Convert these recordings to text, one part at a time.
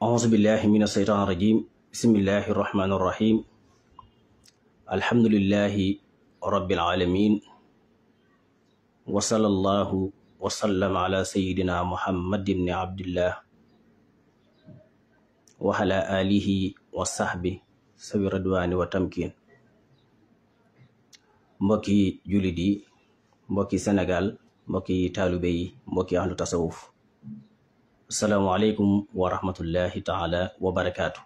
aousubillahi min asheytaan irajim bismillahi irrahmani irrahim alhamdulilahi rabilalamin wasala allahu wasallam ala sayidina muhammad ibni abdillah wa ala alihi wa sahbi sawi radwaani wa tamkin mbokki jullit yi mbokki Sénégal mbokki asalaamualeykum wa rahmatullahi taala wa barakaatu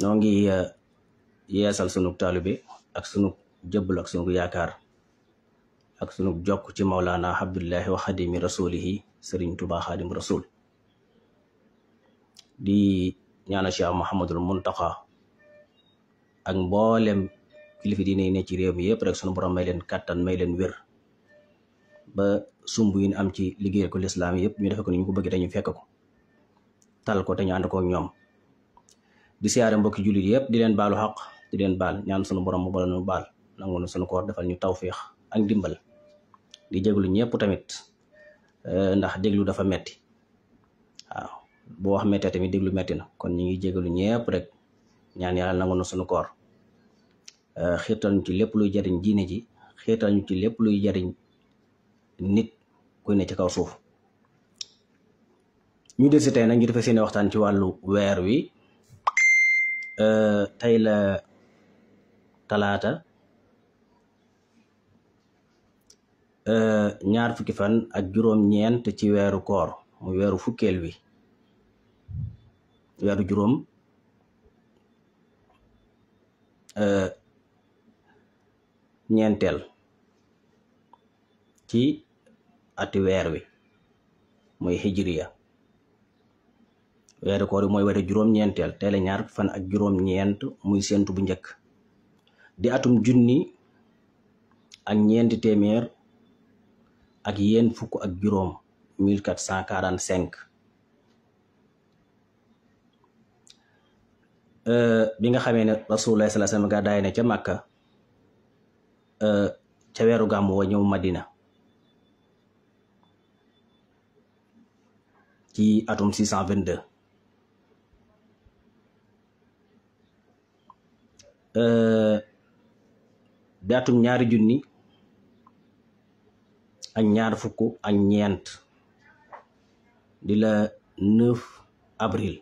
noo ngi uh, yeesal sunug taalibe ak sunug jëbbal ak sunug yaakaar ak sunug jokk ci mawlaana abdullahi wa xadimi rasulihi sëriñ tubaa xaadim rasul di ñaana muhammadul muntaqa ak mboolem kilifi diine yi ne ci réew mi yëpp rek sunu borom may leen kàttan may leen wér sumb yi ñu am ci liggéeyal ko lislaam yëpp ñu defe ko ñu ko bëggee dañu fekk ko tal ko te ànd ko ñoom di siyaare mbokki jullit yëpp di leen baalu xaq di leen baal ñaan sunu borom mu bala nu baal nangu na sunu koor defal ñu tawféex ak ndimbal di jéglu ñëpp tamit eh, ndax déglu dafa metti waaw boo wax mettee déglu metti na kon ñu ngi jégalu ñëpp rek ñaan yàlla nangu na sunu koor eh, xiirtal ñu ci lépp luy jariñ jiine ji xiirtal ñu ci lépp luy jariñ nit ku ne ci kaw suuf ñu del si tey nag ñu defee seeni waxtaan ci wàllu weer wi euh, tey la talaata euh, ñaar fukki fan ak juróom-ñeent ci weeru koor mu weeru fukkeel wi weeru juróom euh, ñeenteel ci ati weer wi mooy hijriya weeru koor yi mooy weeru juróom-ñeenteel teel ñaar fan ak juróom-ñeent muy séntu bu njëkk di atum junni ak ñeenti téeméer ak yéen fukk ak juróom 1445 euh, bi nga xamee ne rasulullah sallallahu alayhi wasallam ga daay ne ca màkka euh, ca weeru gàmmu wa ñëw madina ci atum 622 bi euh, atum ñaari junni ak ñaar fukk ak ñeent di la 9 avril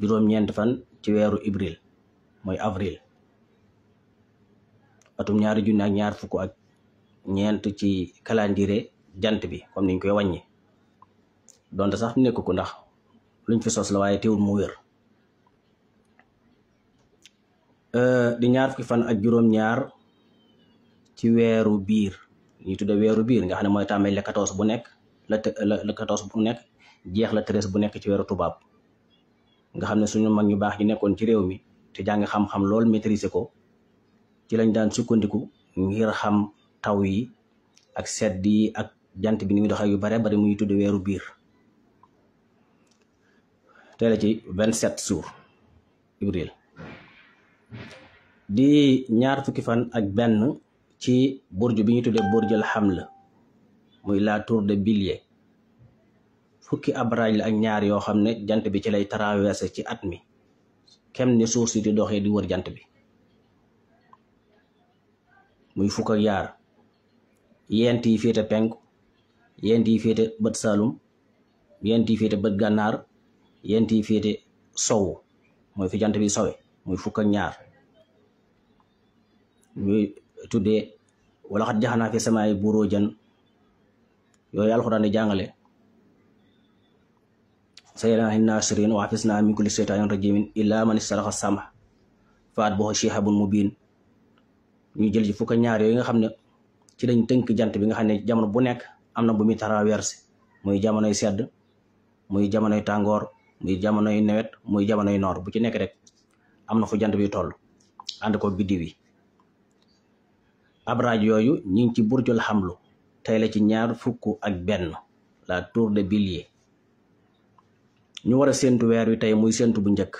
juróom-ñeent fan ci weeru ibril mooy avril atum ñaari junni ak ñaar fukk ak ñeent ci calendrier jant bi kom niñ koy wàññi donte sax nekk ko ndax luñ fi sos la waaye teewul mu wér euh, di ñaar fukki fan ak juróom-ñaar ci weeru biir ñu tudde weeru biir nga xam ne mooy tàmmee le bu nekk la bu nekk jeex la treize bu nekk ci weeru tubaab nga xam ne suñu mag ñu baax ñu nekkoon ci réew mi te jàngi xam-xam lool maîtriser ko ci lañ daan sukkandiku ngir xam taw yi ak sedd yi ak jant bi ni muy doxee yu bare bari muy tudde weeru biir teele ci vingt sept jours ibril di ñaar fukki fan ak benn ci burju bi ñuy tuddee burjul haml muy la tour de bélier fukki abraaj la ak ñaar yoo xam ne jant bi ci lay traversé ci at mi kem ni suuf si di doxee di wër jant bi muy fukk ak yaar yent yi féete penku yent yi féete bët saalum yent yi féete bët gànnaar yent yi féete sow mooy fi jant bi sowe mooy fukk ak ñaar ñuy tuddee wala xat jaxanaa fi samaay buuroo jën yooyu alxuraan di jàngale sayna naasirin wa xafisnaa min kulli seytaanin rajimin illaa man istalaxa sama faat boo mu biin ñu jël ci fukk ñaar yooyu nga xam ne ci lañ tënk jant bi nga xam ne jamono bu nekk am na bu muy traversé muy jamonoy sedd muy jamonoy tàngoor muy jamonoy nawet muy jamonoy noor bu ci nekk rek am na fu jant bi toll ànd ko biddi wi abraaj yooyu ñi ngi ci burjul xamlu tey la ci ñaar fukk ak benn la tour de bélier ñu war a séntu weer wi tey muy séntu bu njëkk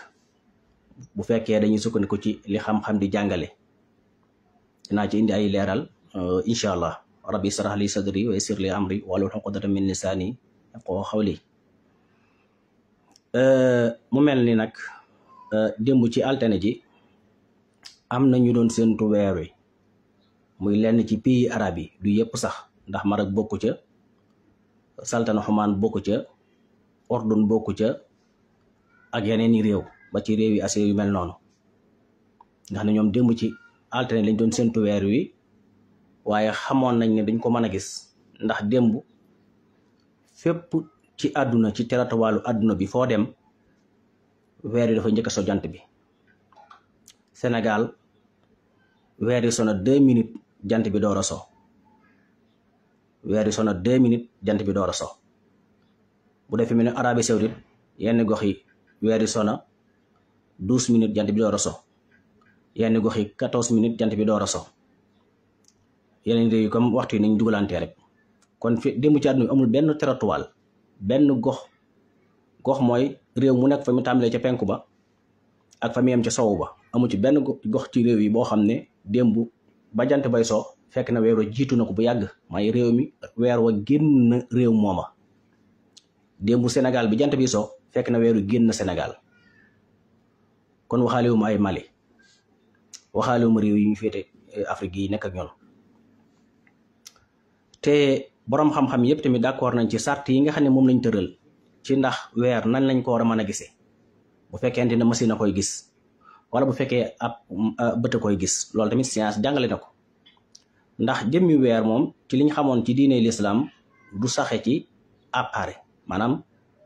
bu fekkee dañuy sukkandiku ci li xam-xam di jàngale dinaa ci indi ay leeral euh, incha allah rabbi israh li sadri wa yassir li amri wahlul uqdatan min lisaani yafqahu qawli Euh, mu mel ni nag euh, démb ci altine ji am na ñu doon séentu weer wi muy lenn ci pays arab yi du yëpp sax ndax Maroc bokku ca saltana Oman bokku ca Ordun bokku ca ak yeneen réew ba ci réew yi Asie yu mel noonu ndax ne ñoom démb ci altine lañ doon séentu weer wi waaye xamoon nañ ne dañ ko mën a gis ndax démb fépp ci àdduna ci teratuwaalu àdduna bi foo dem weeri dafa njëkk a so jant bi senegal weer yi sona deux minutes jant bi doo a so sona deux minutes jant bi door a so bu dee fi mu ne Arabie Saoudite yenn gox yi weeri yi sona douze minutes jant bi door a so yenn gox yi quatorze minutes jant bi doo a so yeneen réew yi comme waxtu yi nañ dugalantee rek kon fi démb ci àdduna bi amul benn teratuwal benn gox gox mooy réew mu nekk fa mu tàmbalee ca penku ba ak fa mu yem ca sowu ba amu ci benn gox ci réew yi boo xam ne démb ba jant bay soo fekk na weer jiitu na ko bu yàgg may réew mi weer wa génn réew mooma démb Sénégal bi jant bi soo fekk na weeru génn Sénégal kon waxaalewuma ay Mali waxaalewuma réew yi ñu féete eh, Afrique yi nekk ak ñoom te boroom xam-xam yépp tamit d'accord nañ ci sart yi nga xam ne moom lañ tëral ci ndax weer nan lañ ko war a mën a gisee bu fekkente ne machine a koy gis wala bu fekkee ab euh, bët a koy gis loolu tamit science jàngale na ko ndax jëmmi weer moom ci liñ xamoon ci diine lislaam du saxee ci appareil maanaam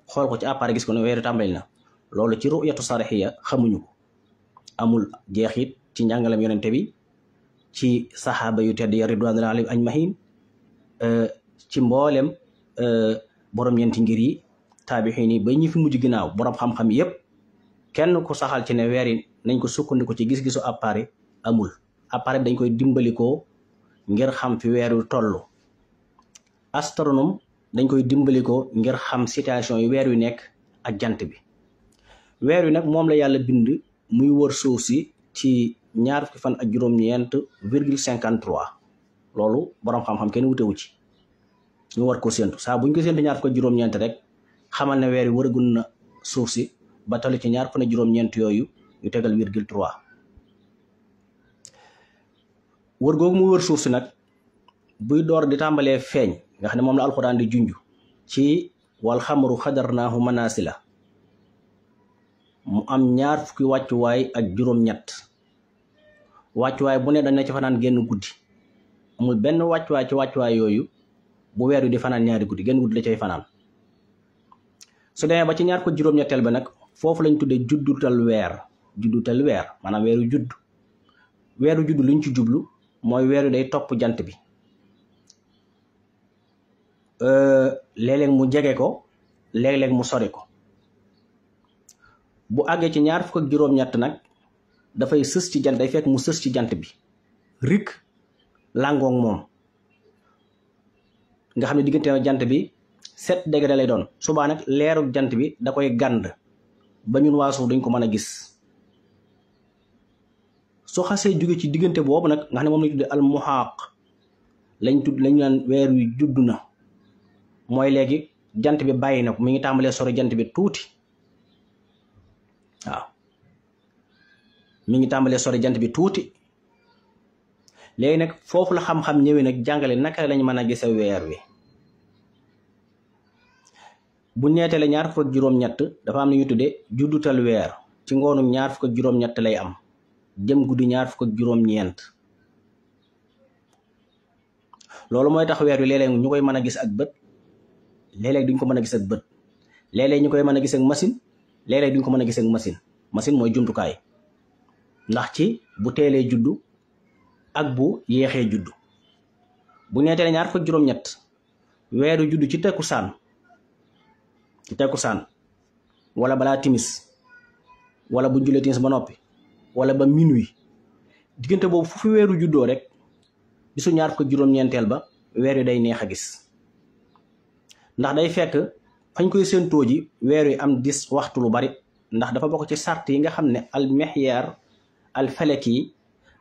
xool ko ci appareil gis ko ne weeru tàmbali na loolu ci ru'yatu sarixiya xamuñu ko amul jeexit ci njàngalem yonente bi ci saxaaba yu tedd ya ridwanullahi alayhim ajmahin euh, ci mboolem euh, borom ñeenti ngir yi taabixiin yi ba ñi fi mujj ginnaaw boroom xam-xam yépp kenn ku saxal ci ne weer yi nañ ko sukkandiku ci gis-gisu appareil amul appareil bi dañ koy dimbalikoo ngir xam fi weer yu toll astronome dañ koy dimbalikoo ngir xam situation yi weer yu nekk ak jant bi weer yu nag moom la yàlla bind muy wër suuf si ci ñaar fukki fan ak juróom-ñeent virgule cinquante trois loolu boroom xam-xam kenn wutewu ci ñu war ko séntu saa buñ ko séntu ñaar fukk ak juróom-ñeent rek xamal ne weer yi wëragul na suuf si ba toll ci ñaar fukk ak juróom-ñeent yooyu yu tegal virgule 3 wër googu mu wër suuf si nag buy door di tàmbalee feeñ nga xam ne moom la alxuraan di junj ci wal xamaru manaasi la mu am ñaar fukki wàccuwaay ak juróom-ñett wàccuwaay bu ne dañ na ci fanaan genn guddi amul benn wàccuwaay ci wàccuwaay yooyu bu weer wi di fanaan ñaari guddi genn guddi la cay fanaan su demee ba ci ñaar ko juróom-ñetteel ba nag foofu lañu tuddee juddutal weer juddutal weer maanaam weeru judd weeru judd luñ ci jublu mooy weer wi day topp jant bi léeg mu jege ko léeg mu sori ko bu àggee ci ñaar fukk ak juróom-ñett nag dafay sës ci jant mu sës ci jant bi rik làngoog moom nga xam ne digganteem jant bi 7 degré lay doon subaa nag leeru jant bi da koy gànd ba ñun waa suuf ko mën a gis soo xasee jóge ci diggante boobu nag nga xam ne moom lañ tuddee al muhaaq lañ tudd lañ naan weer wi na mooy léegi jant bi bàyyi na mi ngi tàmbalee sori jant bi tuuti waaw mi ngi tàmbalee sori jant bi tuuti léegi nag foofu la xam ñëwee nag jàngale naka lañ mën a gise weer wi bu neetalee ñaar fukk ak juróom-ñett dafa am lu ñu tuddee juddutal weer ci ngoonu ñaar fukk ak juróom-ñett lay am jëm guddi ñaar fukk ak juróom-ñeent loolu mooy tax weer wi léeg ñu koy mën a gis ak bët léeg-léeg duñ ko mën a gis ak bët léeg ñu koy mën a gis ak machine léeg-léeg duñ ko mën a gis ak machine machine mooy juntukaay ndax ci bu teelee juddu ak bu yeexee juddu bu neetalee ñaar fukk ak juróom-ñett weeru juddu ci saan ci takkusaan wala balaa timis wala bu julee timis ba noppi wala ba minuit diggante boobu fu fi weeru juddoo rek bisu ñaar fukk juróom-ñeenteel ba weer wi day neex a gis ndax day fekk fañ koy séentoo ji weer wi am dis waxtu lu bari ndax dafa bokk ci sart yi nga xam ne al mexyaar al felek yi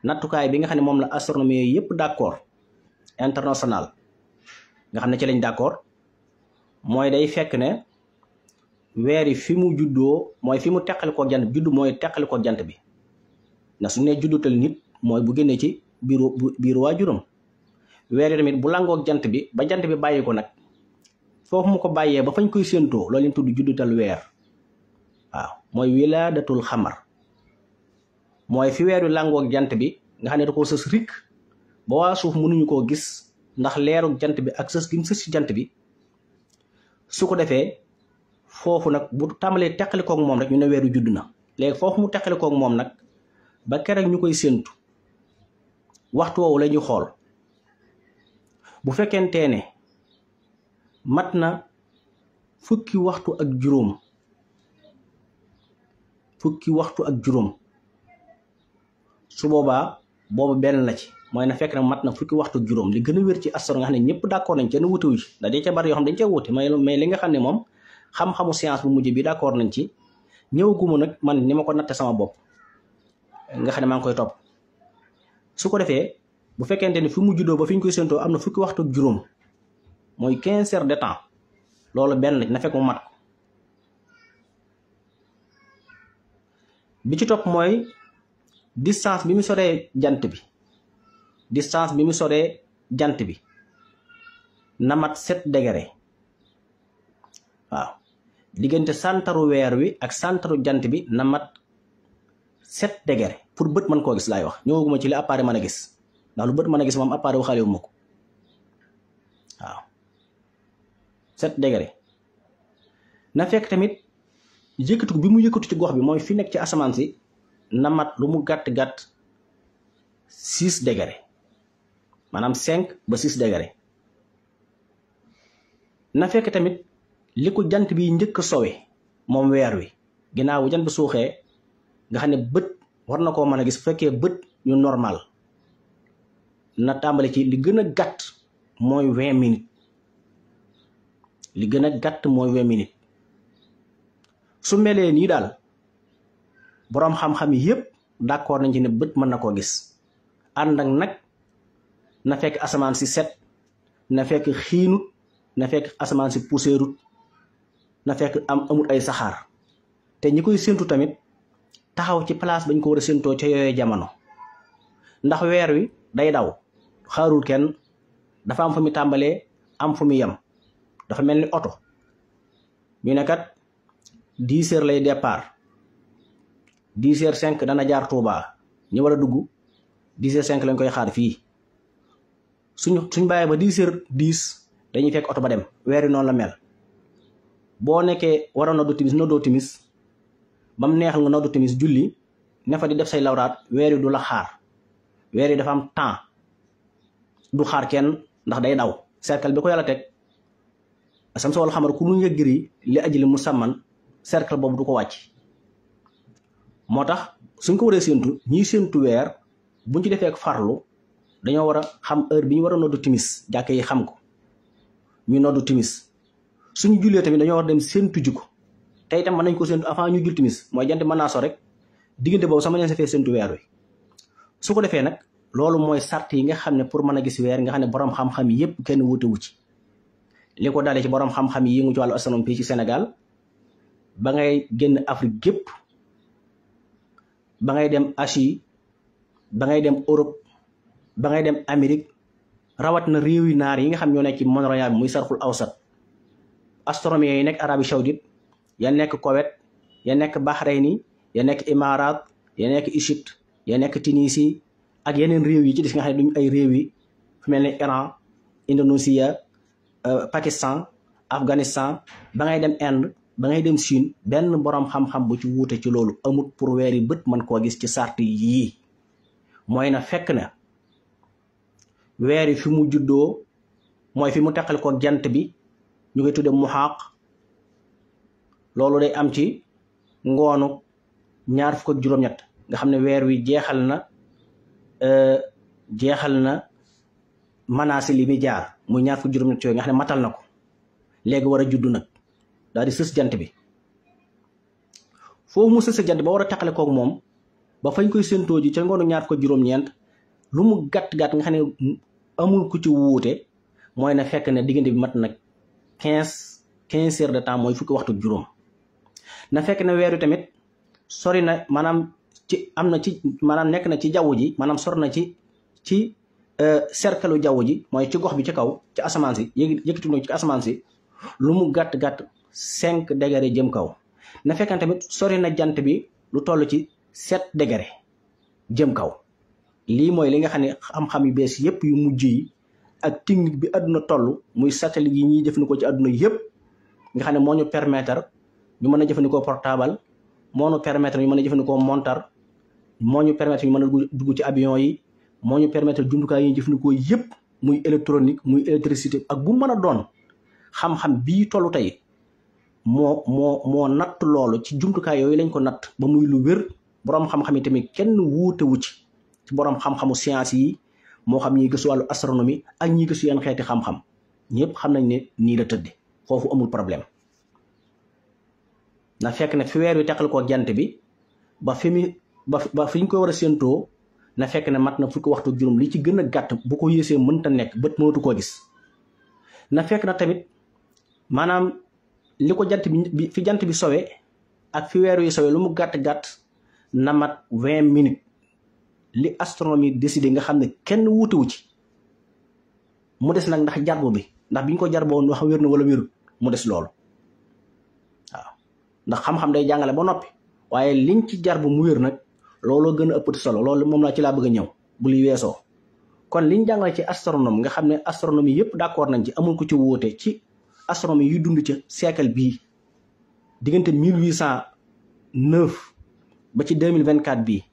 nattukaay bi nga xam ne moom la astronomie yooyu yëpp d'accord international nga xam ne ci lañ d'accord mooy day fekk ne weer yi fi mu juddoo mooy fi mu teqal ko jant juddu mooy teqal ko jant bi ndax su ne juddutal nit mooy bu génnee ci biir waa waajuram weer yi bu langoog jant bi ba jant bi bàyyi ko nag foofu mu ko bàyyee ba fañ koy séentoo loolu lañ tudd juddutal weer waaw mooy wilaadatul xamar mooy fi weer jant bi nga xam ne da koo sës rikk ba waa suuf mënuñu koo gis ndax leeru jant bi ak sës gi sës ci jant bi su ko defee foofu nag bu tàmbalee teqalikoog moom rek ñu ne weeru judd na léegi foofu mu teqalikoog moom nag ba keroog ñu koy séentu waxtu la ñu xool bu fekkentee ne mat na fukki waxtu ak juróom fukki waxtu ak juróom su boobaa boobu benn la ci mooy na fekk na mat na fukki waxtu ak juróom li gën a wér ci astor nga xam ne ñëpp d'accord nañ ca bari yoo may mais li nga xam ne moom xam-xamu science bu mujj bi accord nañ ci ñëw guma nag man ni ma ko natte sama bopp nga xam ne maa ngi koy topp su ko defee bu fekkente ni fu mujjudoo ba fi ñu koy séntoo am na fukki waxtu juróom mooy quinze heures de temps loolu benn na fekk mu mat bi ci topp mooy distance bi mu soree jant bi distance bi mu soree jant bi na mat sept degré waaw diggante santaru weer wi ak santaru jant bi na mat sept degré pour bët mën koo gis laay wax ñëwaguma ci li appareil mën a gis ndax lu bët mën a gis moom appareil waxaale wu ma ko waaw sept degré na fekk tamit yëkkatu bi mu yëkkatu ci gox bi mooy fi nekk ci asamaan si na mat lu mu gàtt gàtt six degré maanaam cinq ba six degré na fekk tamit. li jant bi njëkk a sowe moom weer wi ginnaaw bu jant bi suuxee nga xam ne bët war na koo mën a gis bu fekkee bët ñu normal na tàmbali ci li gën a gàtt mooy vingt minutes li gën a gàtt mooy vingt minutes su melee nii daal boroom xam-xam yépp d'accord nañ ci ne bët mën na koo gis ànd ak nag na fekk asamaan si set na fekk xiinut na fekk asamaan si poussièrut na fekk am amul ay saxaar te ñi koy séntu tamit taxaw ci place bañ ko war a séntoo ca yooyee jamono ndax weer wi day daw xaarul kenn dafa am fu mu tàmbalee am fu mu yem dafa mel ni oto ñu ne kat dix heures lay départ dix heures cinq dana jaar Touba ñu war a dugg dix heures cinq lañ koy xaar fii suñu suñ bàyyee ba dix heures dix dañuy fekk oto ba dem weer wi noonu la mel boo nekkee war a noddu timis noddoo timis ba mu neexal nga noddu timis julli ne fa di def say lawraat weer wi du la xaar weer wi dafa am temps du xaar kenn ndax day daw cercle bi ko yàlla teg asam sa wal xamar ku mu ngëgëri li ajli musamman cercle boobu du ko wàcc moo tax suñ ko waree séentu ñiy séentu weer buñ ci defee farlu dañoo war a xam heure bi ñu war a noddu timis jàkk yi xam ko ñu noddu timis suñu jullee tamit dañoo war dem séntu ji ko tey itam mën nañ ko séntu avant ñu jul timis mooy jant mën rek diggante boobu sama neen sa fee séntu weer wi su ko defee nag loolu mooy sart yi nga xam ne pour mën a gis weer nga xam ne borom xam-xam yi yëpp kenn wuute ci li ko dalee ci boroom xam-xam yi yëngu ci wàllu astronomie fii ci Sénégal ba ngay génn Afrique gépp ba ngay dem Asie ba ngay dem Europe ba ngay dem Amérique rawat na réew yu naar yi nga xam ñoo ne ci monoroya bi muy sarxul awsat astronomie yi nekk Arabie Saoudite ya nekk Koweït ya nekk Bahreïn ya nekk Imarat ya nekk Égypte ya nekk Tunisie ak yeneen réew yi ci des nga xam ay réew yi fu mel ni Iran Indonésie euh, Pakistan Afghanistan ba ngay dem Inde ba ngay dem siin benn boroom xam-xam bu ci wuute ci loolu amut pour weeri bët mën koo gis ci sart yii mooy na fekk na weeri fi mu juddoo mooy fi mu teqal ko jant bi ñu koy tudde mu xaq loolu day am ci ngoonu ñaar fukk ak juróom-ñett nga xam ne weer wi jeexal na euh, jeexal na manaasi li muy jaar mu ñaar fu juróom nga xam ne matal na ko léegi war a juddu nag daal di bi foofu mu sës jant ba war a taqale koog moom ba fañ koy séentoo ji ca ngoonu ñaar fukk lu mu gàtt gàtt nga xam ne amul ku ci wuute mooy na fekk ne diggante bi mat nag quinze quinze heures de temps mooy fukki waxtu juróom na fekk na weer tamit sori na maanaam ci am na ci maanaam nekk na ci jaww ji maanaam sor na ci ci euh, cercle jaww ji mooy ci gox bi ci kaw ci asamaan si yéegi yëkkati ci asamaan si lu mu gàtt gàtt cinq degré jëm kaw na fekk na tamit sori na jant bi lu toll ci sept degré jëm kaw lii mooy li nga xam ne xam-xam yu bees yépp yu mujj yi ak technique bi àdduna toll muy satellite yi ñuy jëfandikoo ci àdduna yëpp nga xam ne moo ñu permettre ñu mën a jëfandikoo portable moo nu permettre ñu mën a jëfandikoo montar moo ñu permettre ñu mën a dugg ci avion yi moo ñu permettre jumtukaay yi jëfandikoo yëpp muy électronique muy électricité ak bu mën a doon xam-xam bii tollu tey moo moo moo natt loolu ci jumtukaay yooyu lañ ko natt ba muy lu wér boroom xam-xam tamit kenn wuute wu ci ci boroom xam-xamu science yi moo xam ñi gis wàllu astronomie ak ñi gëstu yenn xeeti xam-xam ñëpp xam nañ ne nii la tëdde foofu amul problème na fekk ne fi weer wi teqal ko jant bi ba fi mu ba ba ko war a séentoo na fekk ne mat na fukki waxtu juróom li ci gën a gàtt bu ko yéesee mënta nekk bët mënatu koo gis na fekk na tamit maanaam li ko jant bi fi jant bi sowee ak fi weer wi sowe lu mu gàtt gàtt na mat vingt minutes li astronomie décidé nga xam ne kenn wuutewu ci mu des nag ndax jarbo bi ndax bi ñu ko jarboon wax wér na wala wérut mu des loolu waaw ndax xam-xam day jàngale ba noppi waaye liñ ci jarbu mu wér nag looloo gën a ëppati solo loolu moom laa ci laa bëgg a ñëw bu li weesoo kon liñ jàngale ci astronome nga xam ne astronomie yëpp d'accord nañ ci amul ko ci wuute ci astronomie yu dund ca siècle bi diggante mille huit cent neuf ba ci deux mille vingt-quatre bii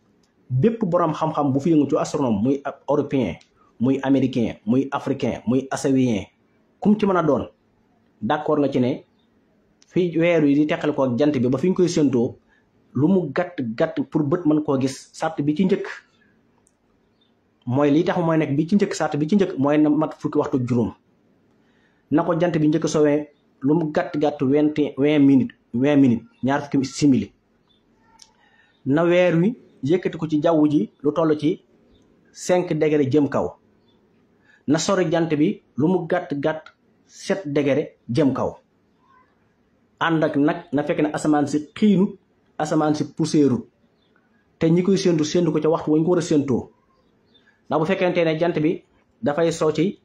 bépp borom xam-xam bu fi yëngu ci astronome muy européen muy américain muy africain muy asawien kum ci mën a doon d'accord nga ci ne fi weer wi di teqal ko jant bi ba fi ñu koy séentoo lu mu gàtt gàtt pour bët mën koo gis sart bi ci njëkk mooy li tax mooy nekk bi ci njëkk sart bi ci njëkk mooy na mat fukki waxtu juróom na ko jant bi njëkk sowee lu mu gàtt gàtt vingt vingt minutes vingt minutes ñaar simili na weer wi yëkkati ko ci jawwu ji lu toll ci cinq degré jëm kaw na sori jant bi lu mu gàtt-gàtt sept degré jëm kaw ànd ak nag na fekk ne asamaan si xiinut asamaan si puseerut te ñi koy séntu séntu ko ca waxtu wañ ko war a séntoo bu fekkente ne jant bi dafay soo ci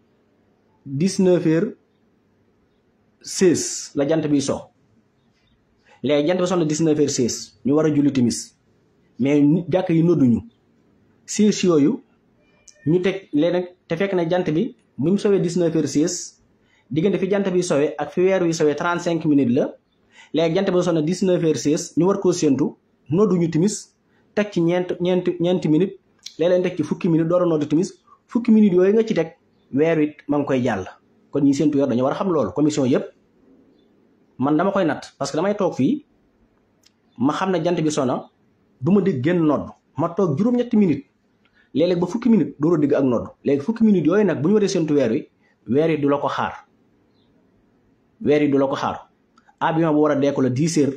dix-neuf heures la jant bi so léegi jant bi sonn dix-neuf heures seize ñu war a julli timis mais jàkk yi nodduñu siis yooyu ñu teg léegi te fekk na jant bi bi mu sowee dix-neuf heures six diggante fi jant bi sowee ak fi weer wi sowee trente cinq minutes la léegi jant ba sonna dix-neuf heures six ñu war koo séentu nodduñu timis teg ci ñeent ñeenti ñeenti minutes léeg-léeg teg ci fukki minutes door a noddu timis fukki minutes yooyu nga ci teg weer wi ma ngi koy jàll kon ñi séentu weer dañu war a xam loolu commission yëpp man dama koy nat parce que damay toog fii ma xam ne jant bi sona du ma dégg genn nodd ma toog juróom-ñetti minute léeg-léeg ba fukki minute door a dégg ak nodd léegi fukki minute yooyu nag bu ñu waree séntu weer wi weer yi du la ko xaar weer yi du la ko xaar avion bu war a deeko la dix heures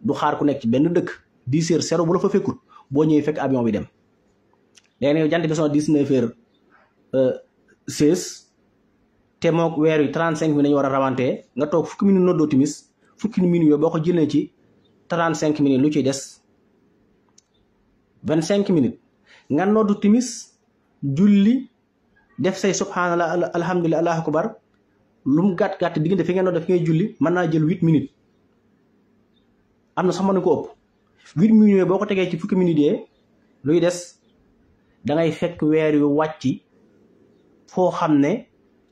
du xaar ku nekk ci benn dëkk dix sero bu la fa fekkul boo ñëwee fekk abion bi dem léegi nag jant bi soo dix-neuf heures euh, seize te mook weer wi trente cinq minutes dañu war a rawantee nga toog fukki minute noddoo timis fukki minutes yooyu boo ko jëlee ci trente cinq lu ciy des vingt cinq minutes nga noddu timis julli def say subhanallah alhamdulilah allahu akbar lu mu gàtt gàtt diggante fi nga nodd fi ngay julli mën naa jël huit minutes am na sax mën na ko ëpp huit minutes boo ko tegee ci fukki minutes yee luy des da ngay fekk weer yu wàcc foo xam ne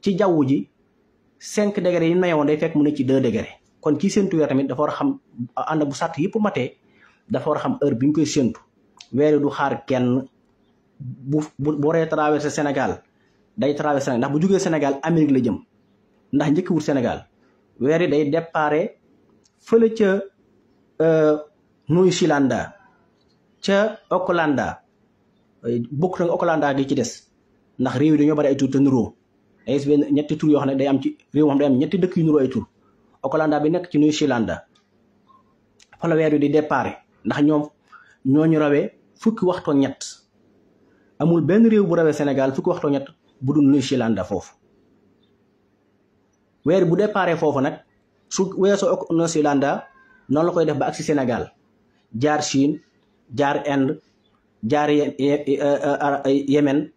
ci jaww ji cinq degré yi nayoon day fekk mu ne ci deux degré kon kii séntu weer tamit dafa war a xam ànd bu sàtt yëpp mate dafa war a xam heure bi ñu koy séntu weer du xaar kenn bu bu bu traversé Sénégal day traversé Sénégal ndax bu jógee Sénégal Amérique la jëm ndax njëkk wut Sénégal weer yi day deparé fële ca euh, New Zealand ca Auckland euh, bokk na Auckland gi ci des ndax réew yi ñoo bari ay tur te nuroo day ñetti tur yoo xam ne day am ci réew moo xam am ñetti dëkk yu nuroo ay tur Auckland bi nekk ci New silanda fa la weer di déparé ndax ñoom ñoo ñu rawee. fukki waxtoo ñett amul benn réew bu rawee Sénégal fukki waxto ñett bu dul Nigéland foofu weer bu déparé foofu nag su weesoo ak Nigéland noonu la koy def ba agsi Sénégal jaar Chine jaar Inde jaar Yémen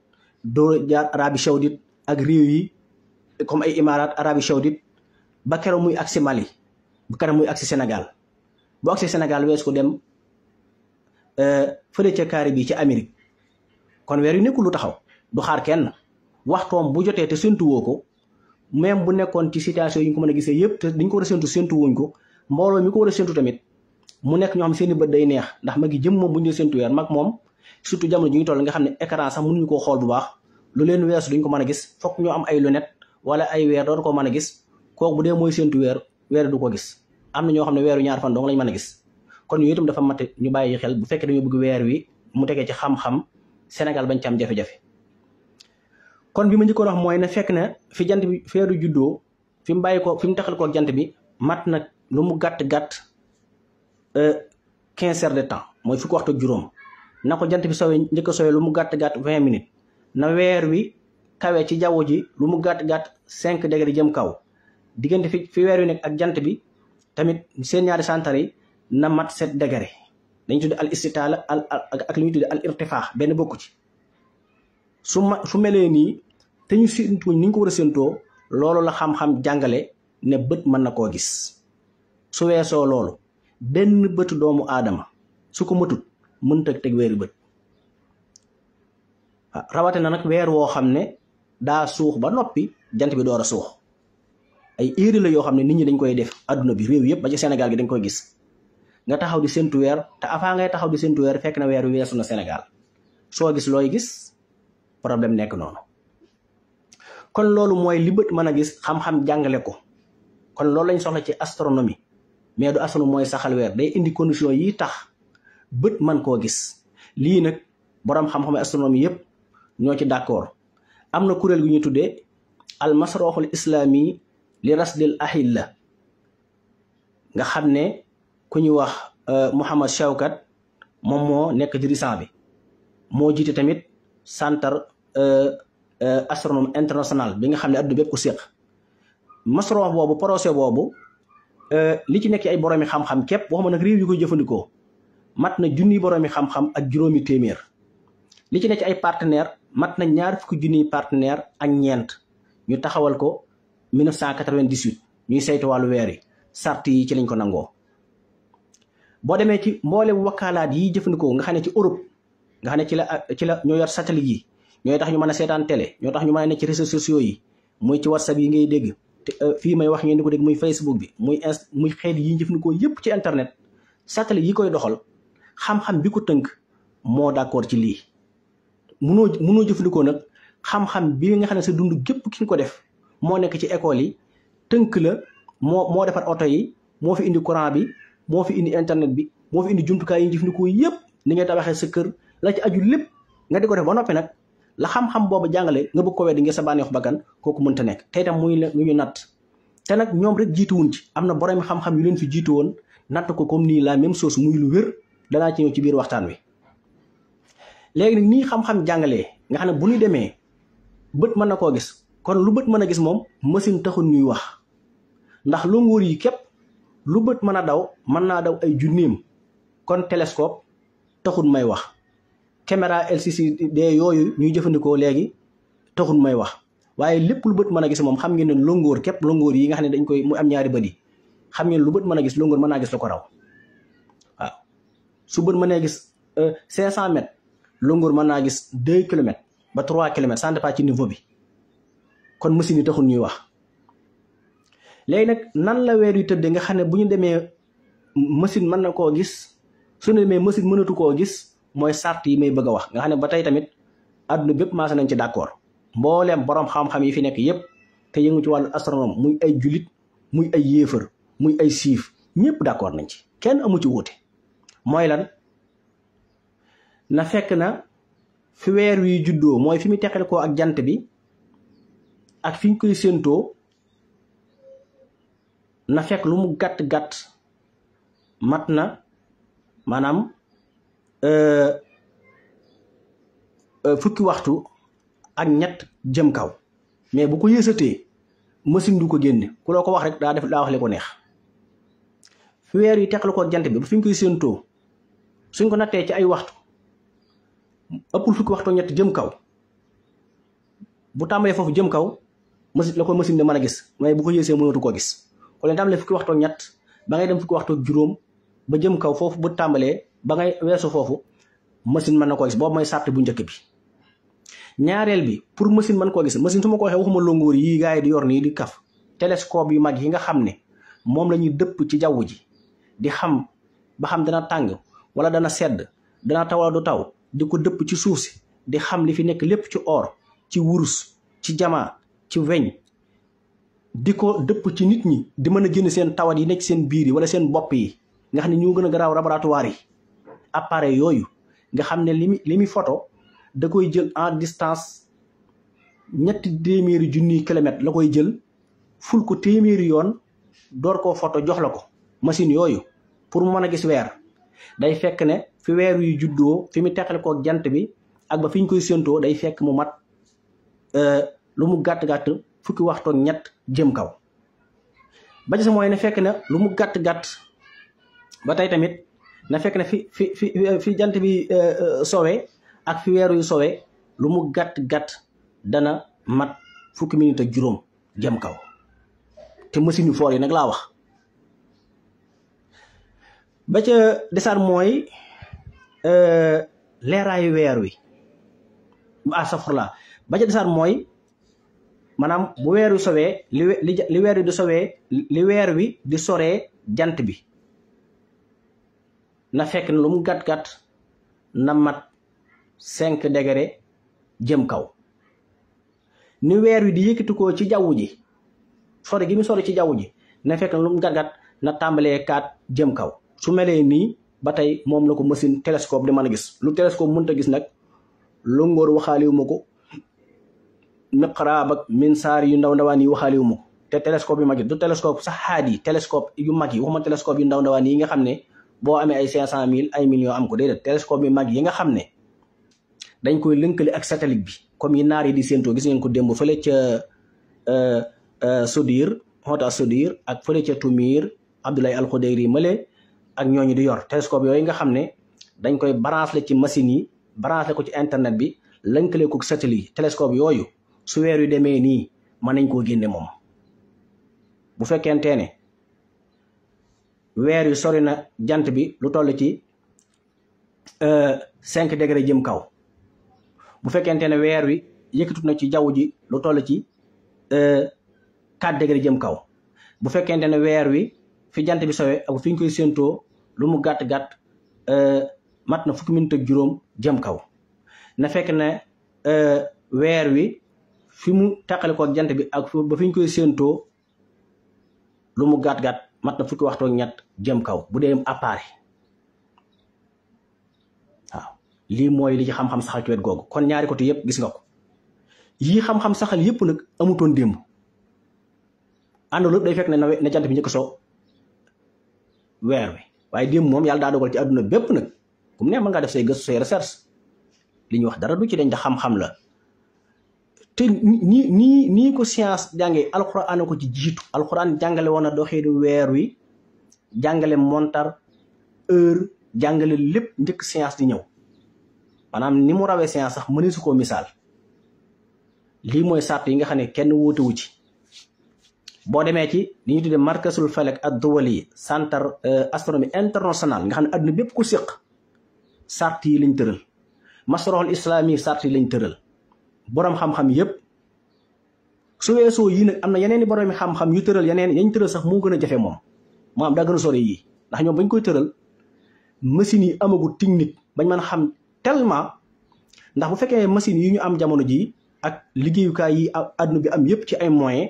doo jaar Arabie Saoudite ak réew yi comme ay Émirats Arabie Saoudite ba keroog muy agsi Mali ba keroog muy agsi Sénégal bu agsi Sénégal weesu ko dem. Euh, fële ca kaari bi ci Amérique kon weer yu nekkul lu taxaw du xaar kenn waxtoom bu jotee te séntu woo ko meen bu nekkoon ci situation yi ñu ko mën a gisee yëpp te dañ ko war séntu wuñ ko mbooloo mi ko war a tamit mu nekk ñoo xam seen i day neex ndax magi jëm moom bu ñu séntu weer mag moom surtout jamono ji ñu toll nga xam ne écran sax koo xool bu baax lu leen weesu duñ ko mën a gis fokk ñoo am ay lunette wala ay weer doon ko mën a gis kooku bu dee mooy séntu weer weer du ko gis am na ñoo xam ne weeru ñaar fan dong lañ mën a gis kon yooyu itam dafa mat ñu bàyyi xel bu fekkee dañoo bëgg weer wi mu tegee ci xam-xam Sénégal bañ ci am jafe-jafe kon bi ma njëkkoon wax mooy na fekk na fi jant bi feeru juddoo fi mu bàyyi ko fi mu taxal ko jant bi mat na lu mu gàtt-gàtt euh, quinze heures de temps mooy fukki waxtu juróom na ko jant bi sowee njëkk a sowee lu mu gàtt-gàtt vingt minutes na weer wi kawee ci jaww ji lu mu gàtt-gàtt cinq degré jëm kaw diggante fi fi weer nekk ak jant bi tamit seen ñaari santar yi na mat sept degré dañ tudd al istitaala al ak li ñuy tudd al irtifaax benn bokku ci su ma melee nii te ñu séentu ni ñu ko war a séentoo loolu la xam-xam jàngale ne bët mën na koo gis su weesoo loolu benn bëtu doomu aadama su ko matut mënta teg weeru bët ah, rawate na nag weer woo xam ne daa suux ba noppi jant bi door a suux ay heure la yoo xam ne nit ñi dañ koy def àdduna bi réew yëpp ba ci senegal gi dañ koy gis nga taxaw di séntu weer te avant ngay taxaw di séntu weer fekk na weer wi weesu na Sénégal soo gis looy gis problème nekk noonu kon loolu mooy li bët mën a gis xam-xam jàngale ko kon loolu lañ soxla ci astronomie mais du astronomie mooy saxal weer day indi condition yi tax bët mën koo gis lii nag boroom xam-xam astronomie yëpp ñoo ci d'accord am na kuréel gu ñu tuddee al masroxul islaami li rasdil ahilla nga xam ne ku ñu wax euh, Mouhamad Chawkat moom moo nekk dirigeant bi moo jiite tamit centre euh, euh, astronome international bi nga xam ne addu bépp ko séq masroor boobu projet boobu li ci nekk ay boroomi xam-xam képp waxuma nag réew yu koy jëfandikoo mat na junniy boroomi xam-xam ak juróomi téeméer li ci nekk ay partenaire mat na ñaar fukki junni partenaire ak ñeent ñu taxawal ko 1998 ñuy saytu wàllu weer yi sart yi ci lañ ko nangoo boo demee ci mboolem wakaalaat yi jëfandikoo nga xam ne ci Europe nga xam ne ci la ci la ñoo yor satellite yi ñooy tax ñu mën a seetaan télé ñoo tax ñu man a ne ci réseaux sociaux yi muy ci whatsapp yi ngay dégg te euh, fii may wax ngeen di ko dégg muy facebook bi muy inst muy xeet yi jëfandikoo yëpp ci internet satellite yi koy doxal xam-xam bi ko tënk moo d'accord ci lii munoo munoo jëfandikoo nag xam-xam bi nga xam ne sa dund gépp ki nga ko def moo nekk ci école yi tënk la moo moo defar yi moo fi indi courant bi moo fi indi internet bi moo fi indi jumtukaay yi ñu jëfandikoo yëpp ni ngay tabaxee sa kër la ci lépp nga di ko def ba noppi nag la xam-xam boobu jàngale nga bëgg ko weddi nga sa bànneexu bakkan kooku mënta nekk te itam muy lu ñu natt te nag ñoom rek jiituwuñ ci am na borom xam-xam yu leen fi jiitu woon natt ko comme nii la même chose muy lu wér danaa ci ñëw ci biir waxtaan wi léegi nag nii xam-xam jàngalee nga xam ne bu ñu demee bët mën na koo gis kon lu bët mën a gis moom machine taxul ñuy wax ndax lu bët mën a daw man naa daw ay junneem kon télescope taxul may wax caméra LCD yooyu ñuy jëfandikoo léegi taxul may wax waaye lépp lu bët mën a gis moom xam ngeen ne longoor képp longoor yi nga xam ne dañ koy mu am ñaari bët yi xam ngeen lu bët mën a gis longoor mën naa gis la ko raw waaw su bët mënee gis 500 euh, mètres longoor mën naa gis 2 kilomètres ba 3 kilomètres ça dépend ci niveau bi kon machine yi taxul ñuy wax. léegi nag nan la weer yu tëdd nga xam ne bu ñu demee machine mën na koo gis su ñu demee machine mënatu koo gis mooy sart yi may bëgg a wax nga xam ne ba tey tamit adduna bépp maase nañ ci d'accord mbooleem boroom xam-xam yi fi nekk yépp te yëngu ci wàllu astronome muy ay julit muy ay yéefar muy ay siif ñëpp d'accord nañ ci kenn amu ci wuute mooy lan na fekk na fi weer wi juddoo mooy fi mu teqal koo ak jant bi ak fi ñu koy séentoo na fekk lu mu gàtt gàtt mat na maanaam euh, euh, fukki waxtu ak ñett jëm kaw mais bu ko yësatee machine du ko génne ku loo ko wax rek daa def daa wax li ko neex fi weer yi teqal ko jant bi ba fi ñu koy séentoo suñ ko nattee ci ay waxtu ëppul fukki waxtu ñett jëm kaw bu tàmbalee foofu jëm kaw machine la ko machine di man a gis mais bu ko yësee mënatu koo gis wala nga tàmbalee fukki waxtu ñett ba ngay dem fukki waxtu ak juróom ba jëm kaw foofu bu tàmbalee ba ngay weesu foofu machine man na koo gis boobu mooy sàrt bu njëkk bi ñaareel bi pour machine mën koo gis machine su ma ko waxee waxuma longoor yi gars yi di yor nii di kaf télescope yu mag yi nga xam ne moom la ñuy dëpp ci jaww ji di xam ba xam dana tàng wala dana sedd dana taw wala du taw di ko dëpp ci suuf si di xam li fi nekk lépp ci or ci wurus ci jamaa ci weñ di ko dëpp ci nit ñi di mën a génn seen tawat yi nekk seen biir yi wala seen bopp yi nga xam ne ñoo gën a garaaw laboratoire yi appareil yooyu nga xam ne li muy li muy photo da koy jël en distance ñetti téeméeri junniy kilomètre la koy jël ful ko téeméeri yoon door ko photo jox la ko machine yooyu pour mu mën a gis weer day fekk ne fi weer yu juddoo fi mu teqale kook jant bi ak ba fi ñu koy séntoo day fekk mu mat euh, lu mu gàtt-gàtt fukki waxtoog ñett jëm kaw ba ci sa mooy ne fekk na lu mu gàtt-gàtt ba tey tamit na fekk na fi fi fi fi jant bi euh, euh, soowee ak fi weeru yu soowee lu mu gàtt-gàtt dana mat fukki minute ak juróom jëm kaw te machine yu foor yi nag laa wax ba ca desaat mooy euh, leeraayu weer wi asafurla ba ca desaat mooy maanaam bu weer wi sowee li li weer wi di sowee li weer wi di soree jant bi na fekk ne lu mu gàtt-gàtt na mat cinq degré jëm kaw ni weer wi di yëkkati koo ci jaww ji sori gi mu sori ci jaww ji na fekk ne lu mu gàtt-gàtt na tàmbalee kaat jëm kaw su melee nii ba tey moom la ko machine télescope di man a gis lu télescope mënut a gis nag lu ngóor waxaaliwu ma ko miqraab ak minsaar yu ndaw ndawaan yi waxaale wu ma te télescope yu mag yi du télescope sax xaad yi télescope yu mag yi waxuma télescope yu ndaw ndawaan yi nga xam ne bo amee ay cinq cent mille ay millions am ko déedéet télescope yu mag yi nga xam ne dañ koy lënkale ak satellite bi comme yi naar yi di séentoo gis ngeen ko démb fële ca euh, euh, Sodir Hota Sodir ak fële ca Tumir Abdoulaye Al Khoudayri ak ñooñu di yor télescope yooyu nga xam ne dañ koy branché ci machine yi branché ko ci internet bi lënkale ko satellite télescope yooyu su weer wi demee nii mën nañ koo génne moom bu fekkente ne weer wi sori na jant bi lu toll ci euh, cinq degré jëm kaw bu fekkente ne weer wi yëkkatut na ci jaww ji lu toll ci euh, quatre degré jëm kaw bu fekkente ne weer wi fi jant bi sowee ak fi koy séentoo lu mu gàtt-gàtt euh, mat na fukki minute juróom jëm kaw na fekk weer wi fi mu tàqale ko ak jant bi ak ba fi ñu koy séentoo lu mu gat gàtt mat na fukki waxtu ak ñett jëm kaw bu dee appareil waaw lii mooy li ci xam-xam saxal ci wet googu kon ñaari côté yëpp gis nga ko yii xam-xam saxal yëpp nag amutoon démb ànd lépp day fekk ne na jant bi njëkk soo weer wi waaye démb moom yàlla daa dogal ci àdduna bépp nag ku mu ne ngaa def say gëstu say recherche li ñuy wax dara du ci dañ da xam-xam la te nii ni nii ko science jàngee alxuraan ko ci jiitu alxuraan jàngale woon na doxeenu weer wi jàngale montar heure jàngale lépp njëkk science di ñëw maanaam ni mu rawee science sax mëneesu ko misaal lii mooy sart yi nga xam ne kenn wóotewu ci boo demee ci li ñu tuddee markasul falak ak dowali centre euh, astronomie internationale nga xam ne adduna bépp ku séq sart yi lañ tëral masroxul islamique sart yi lañ tëral boroom xam-xam yépp su weesoo yii nag am na yeneen i boroom xam-xam yu tëral yeneen yañ tëral sax moo gën a jafe moom moo am daa gën a sore yii ndax ñoom bañ koy tëral machines yi amagul technique bañ mën a xam tellement ndax bu fekkee machines yi ñu am jamono ji ak liggéeyukaay yi àdduna bi am yépp ci ay moyen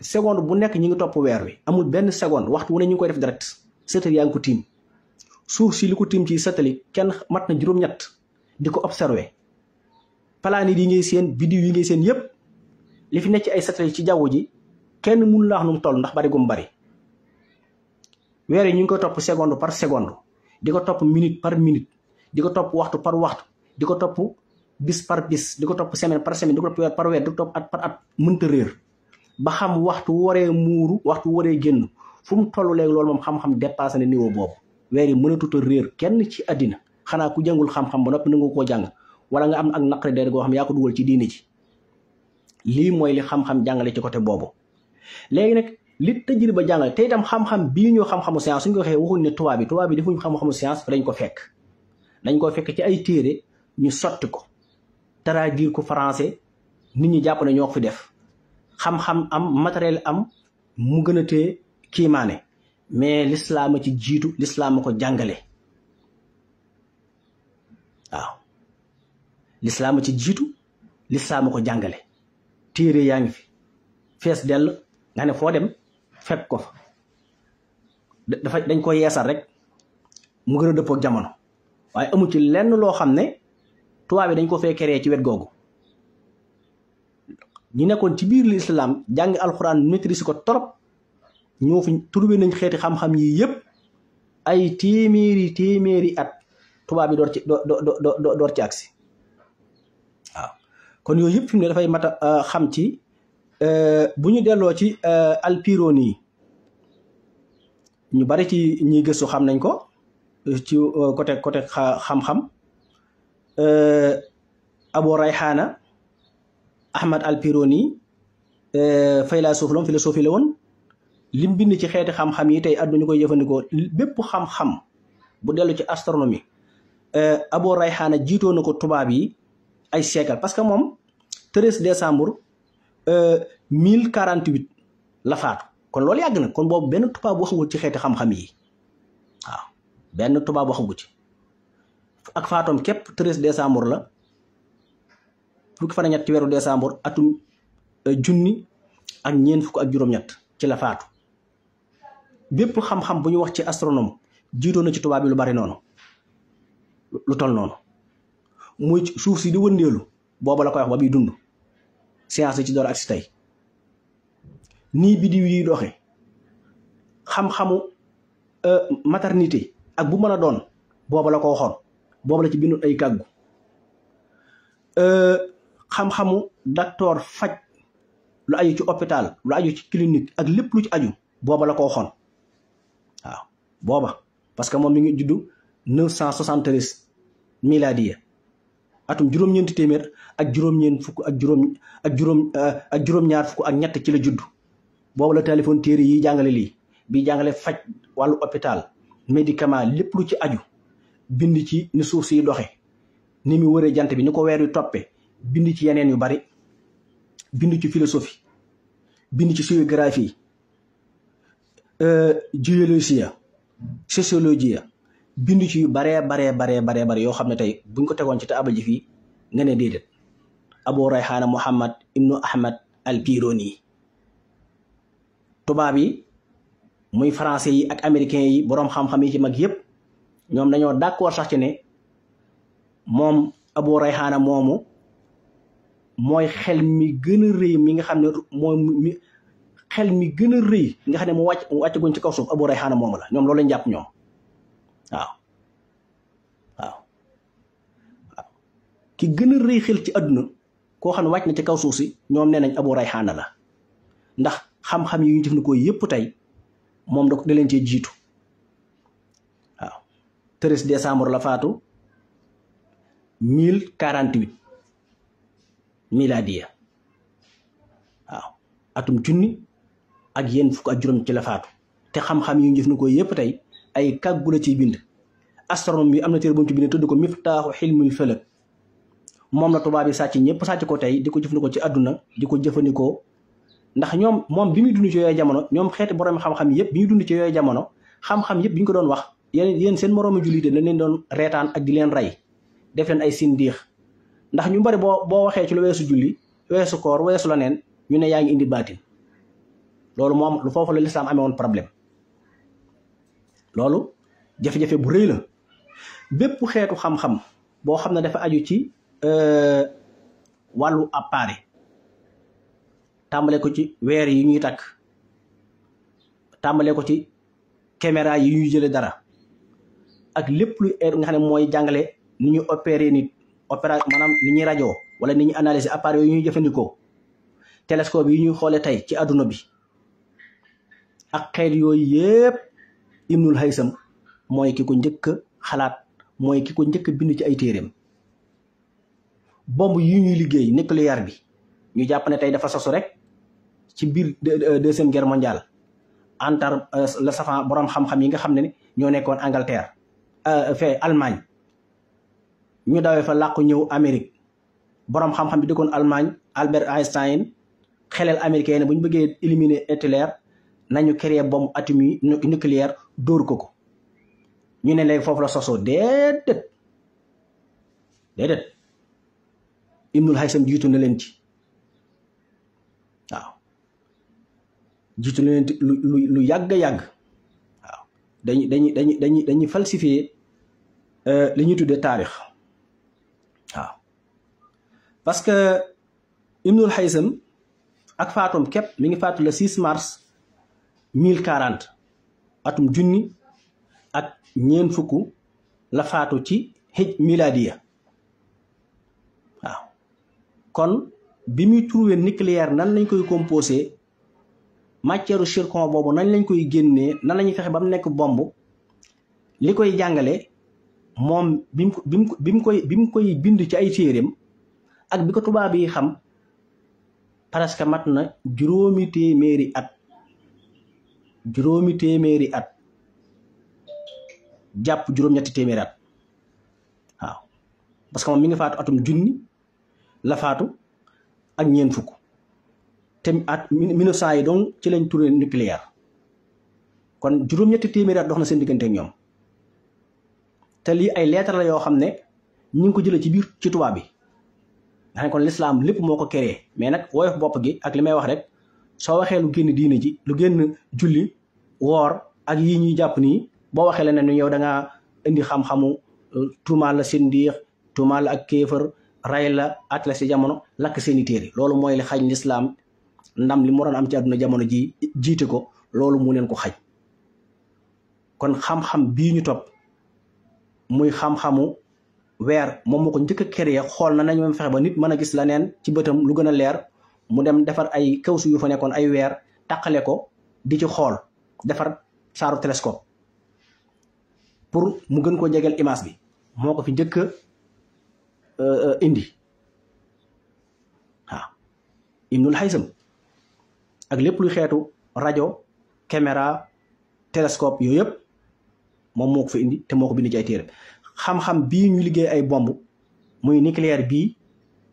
seconde bu nekk ñi ngi topp weer wi amul benn seconde waxtu wu ne ñu ngi koy def direct satellite yaa ngi ko tiim suuf si li ko tiim ci satelit kenn mat na juróom-ñett di ko observé planète yi ngay seen biddiw yi ngay seen yëpp li fi nekk ci ay satellite ci jaww ji kenn mënu la wax nu mu toll ndax bari gum bari weer yi ñu ngi ko topp seconde par seconde di ko topp minute par minute di ko topp waxtu par waxtu di ko topp bis par bis di ko topp semaine par semaine di ko topp weer par weer di ko topp at par at mënta réer ba xam waxtu waree muuru waxtu waree génn fu mu toll loolu moom xam-xam dépassé na niveau boobu weer yi mënatut a réer kenn ci àddina xanaa ku jàngul xam-xam ba noppi nangu koo jàng wala nga am ak naqari der goo xam yaa ko dugal ci diini ci lii mooy li xam-xam jàngale ci côté boobu léegi nag te tajriba jàngale te itam xam-xam bii ñu xam-xamu science suñ ko waxee waxuñ ne tubaab bi tubaab bi defuñ xam-xamu science dañ ko fekk dañ ko fekk ci ay téere ñu sotti ko traduire ko français nit ñi jàpp ne ñoo fi def xam-xam am matériel am mu gën a tee kiimaane mais lislaam ci jiitu lislaama ko jàngale waaw lislaama ci jiitu lislaama ko jàngale téere yaa ngi fi fees dell nga ne foo dem fekk ko fa dafa dañ ko yeesal rek mu gën a dëppook jamono waaye amu ci lenn loo xam ne tubaab yi dañ ko fee ci wet googu ñi nekkoon ci biir lislaam jàngi alxuraan maîtrise ko torop ñoo fi trouvé nañ xeeti xam-xam yi yëpp ay téeméeri téeméeri at tubaab yi door ci door ci agsi kon yooyu yëpp fi ne dafay mat euh, xam ci euh, bu ñu delloo ci euh, Al-Biruni yi ñu bari ci ñii gëstu xam nañ ko ci côté côté xam-xam Abu Rayhana Ahmad Al-Biruni faylaasuuf la woon philosophe woon lim bind ci xeeti xam-xam yi tey àdduna ñu koy jëfandikoo bépp xam-xam bu dellu ci astronomie Abu Rayhana jiitoo na ko tubaab yi ay siècle parce que moom 13 décembre 1048 euh, la faatu kon loolu yàgg na kon boobu benn tubaab waxagul ci xeeti xam-xam yi waaw benn tubaab waxagul ci ak faatoom képp 13 décembre la fukki fan ak ñett ci weeru décembre atum euh, junni ak ñeent fukk ak juróom-ñett ci la faatu bépp xam-xam bu ñu wax ci astronome jiitoo na ci tubaab lu bari noonu lu tol noonu muy suuf si di wëndeelu booba la koy wax ba muy dund science ci door ak si tey nii biddiw yi doxe xam-xamu euh, maternité ak bu mën a doon booba la ko waxoon booba la ci bindu ay kàggu euh, xam-xamu docteur faj lu aju ci hôpital lu aju ci clinique ak lépp lu ci aju booba la ko waxoon waaw booba parce que moom mi ngi juddu neuf cent soixante-treize miladiya atum juróom-ñeenti téeméer ak juróom-ñeent fukk ak juróom ak juróom euh, ak juróom-ñaar fukk ak ñett ci la judd boobu la téléphone téere yi jàngale lii bi jàngale faj wàllu hôpital médicament lépp lu ci aju bind ci ni suuf siy doxe ni mu waree jant bi ni ko weer toppe bind ci yeneen yu bari bind ci philosophie bind ci géographie euh, géologie sociologie bindu ci yu baree baree baree baree bare yoo xam ne tey buñ ko tegoon ci taaba ji fii nga ne déedéet Abu xaana Muhammad ibnu Ahmad al Biruni tubaab yi muy français yi ak américains yi boroom xam-xam yi ci mag yëpp ñoom dañoo d'accord sax ci ne moom Abu xaana moomu mooy xel mi gën a rëy mi nga xam ne moom mi xel mi gën a rëy nga ne mu wàcc wàccaguñ ci kaw suuf Abu Rayhaana moomu la ñoom loolu lañ jàpp ñoom waaw waaw waaw ki gën a rëy xel ci àdduna koo xam ne wàcc na ci kaw suuf si ñoom nee nañ abu rayxaana la ndax xam-xam yi ñu def ni ko yëpp tey moom da da leen jiitu waaw treize décembre la faatu mille quarante huit miladiya waaw atum junni ak yenn fukk ak juróom ci la faatu te xam-xam yi ñu jëfandikoo yëpp tey ay kàggu la ciy bind astronome bi am na téere bu mu ci bind tudd ko miftaaxu xilmul fëlëg moom la tubaab yi sàcc ñëpp sàcc ko tey di ko jëfandikoo ci àdduna di ko jëfandikoo ndax ñoom moom bi muy dund ci yooyu jamono ñoom xeeti borom xam-xam yëpp bi ñu dund ci yooyu jamono xam-xam yëpp bi ñu ko doon wax yéen yéen seen moroomi jullit dañ leen doon reetaan ak di leen rey def leen ay sindiix ndax ñu bari boo boo waxee ci lu weesu julli weesu koor weesu la neen ñu ne yaa ngi indi baatin loolu moom lu foofu la lislaam amee woon problème loolu jafe-jafe bu rëy la bépp xeetu xam-xam boo xam ne dafa aju ci euh, wàllu appareil tàmbale ko ci weer yi ñuy takk tàmbale ko ci caméra yi ñuy jële dara ak lépp lu er, nga xam ne mooy jàngale ni ñu opéré nit opéra maanaam ni ñuy rajo wala ni ñuy analyser appareil yi ñuy jëfandikoo télescope yi ñuy xoolee tey ci adduna bi ak xeet yooyu yépp ibnul haysam mooy ki ko njëkk xalaat mooy ki ko njëkk bind ci ay téeréem bomb yu ñuy liggéey nucléaire bi ñu jàpp ne tey dafa sosu rek ci biir deuxième guerre mondiale antar euh, la safan borom xam-xam yi nga xam ne ne ñoo nekkoon Angleterre euh, fee almaañ ñu dawee fa làqu ñëw Amérique boroom xam-xam bi dëkkoon Allemagne Albert Einstein xelal américain bu ñu bëggee éliminer Hitler nañu créer bombe atomique nucléaire dóor ko ko ñu ne léegi foofu la sosoo déedéet déedéet Ibnul Haysam jiitu na leen ci waaw jiitu na leen lu lu yàgg a yàgg waaw dañuy dañuy dañuy dañuy dañuy falsifier euh, li ñuy tuddee taarix waaw parce que Ibnul Haysam ak faatoom képp mi ngi faatu le 6 mars 1040. atum junni ak ñeent fukk la faatu ci xëj miladiya waaw kon bi muy trouvé nucléaire nan lañ koy composé matière zircon boobu nañ lañ koy génnee nan lañuy fexe ba mu nekk bomb li koy jàngale moom bi mu koy bi koy bind ci ay téeréem ak bi ko tubaab yi xam presque mat na juróomi téeméeri at juróomi téeméeri at jàpp juróom-ñetti téeméeri at waaw parce moom mi ngi faatu atum junni la faatu ak ñeen fukk te at mille neuf cent yi ci lañ turé nucléaire kon juróom-ñetti téeméeri at dox na seen diggante ñoom te lii ay lettre la yoo xam ne ñu ngi ko jëlee ci biir ci tubaab bi nga xam ne kon l'islam lépp moo ko créé mais nag woyof bopp gi ak li may wax rek soo waxee lu génn diine ji lu génn julli woor ak yi ñuy jàpp ni boo waxee leneen yow da ngaa indi xam-xamu euh, tuumaal la seen ndiix tuumaal la ak kéefër ray la at la si jamono lakk seen i téere loolu mooy li xañ lislaam ndam li mu waroon am ci àdduna jamono ji jiite ko loolu mu leen ko xañ kon xam-xam bii ñu topp muy xam-xamu weer moom moo njëkk a créé xool na nañ moom fexe ba nit mën a gis leneen ci bëtam lu gën a leer mu dem defar ay kawsu yu fa nekkoon ay weer taqale ko di ci xool defar saaru télescope pour mu gën koo jegeel image bi moo ko fi njëkk a euh, indi waaw Ibnul Haysam ak lépp luy xeetu rajo caméra télescope yooyu yëpp moom moo ko fa indi te moo ko bind ci ay téere xam-xam bii ñu liggéey ay bomb muy nucléaire bii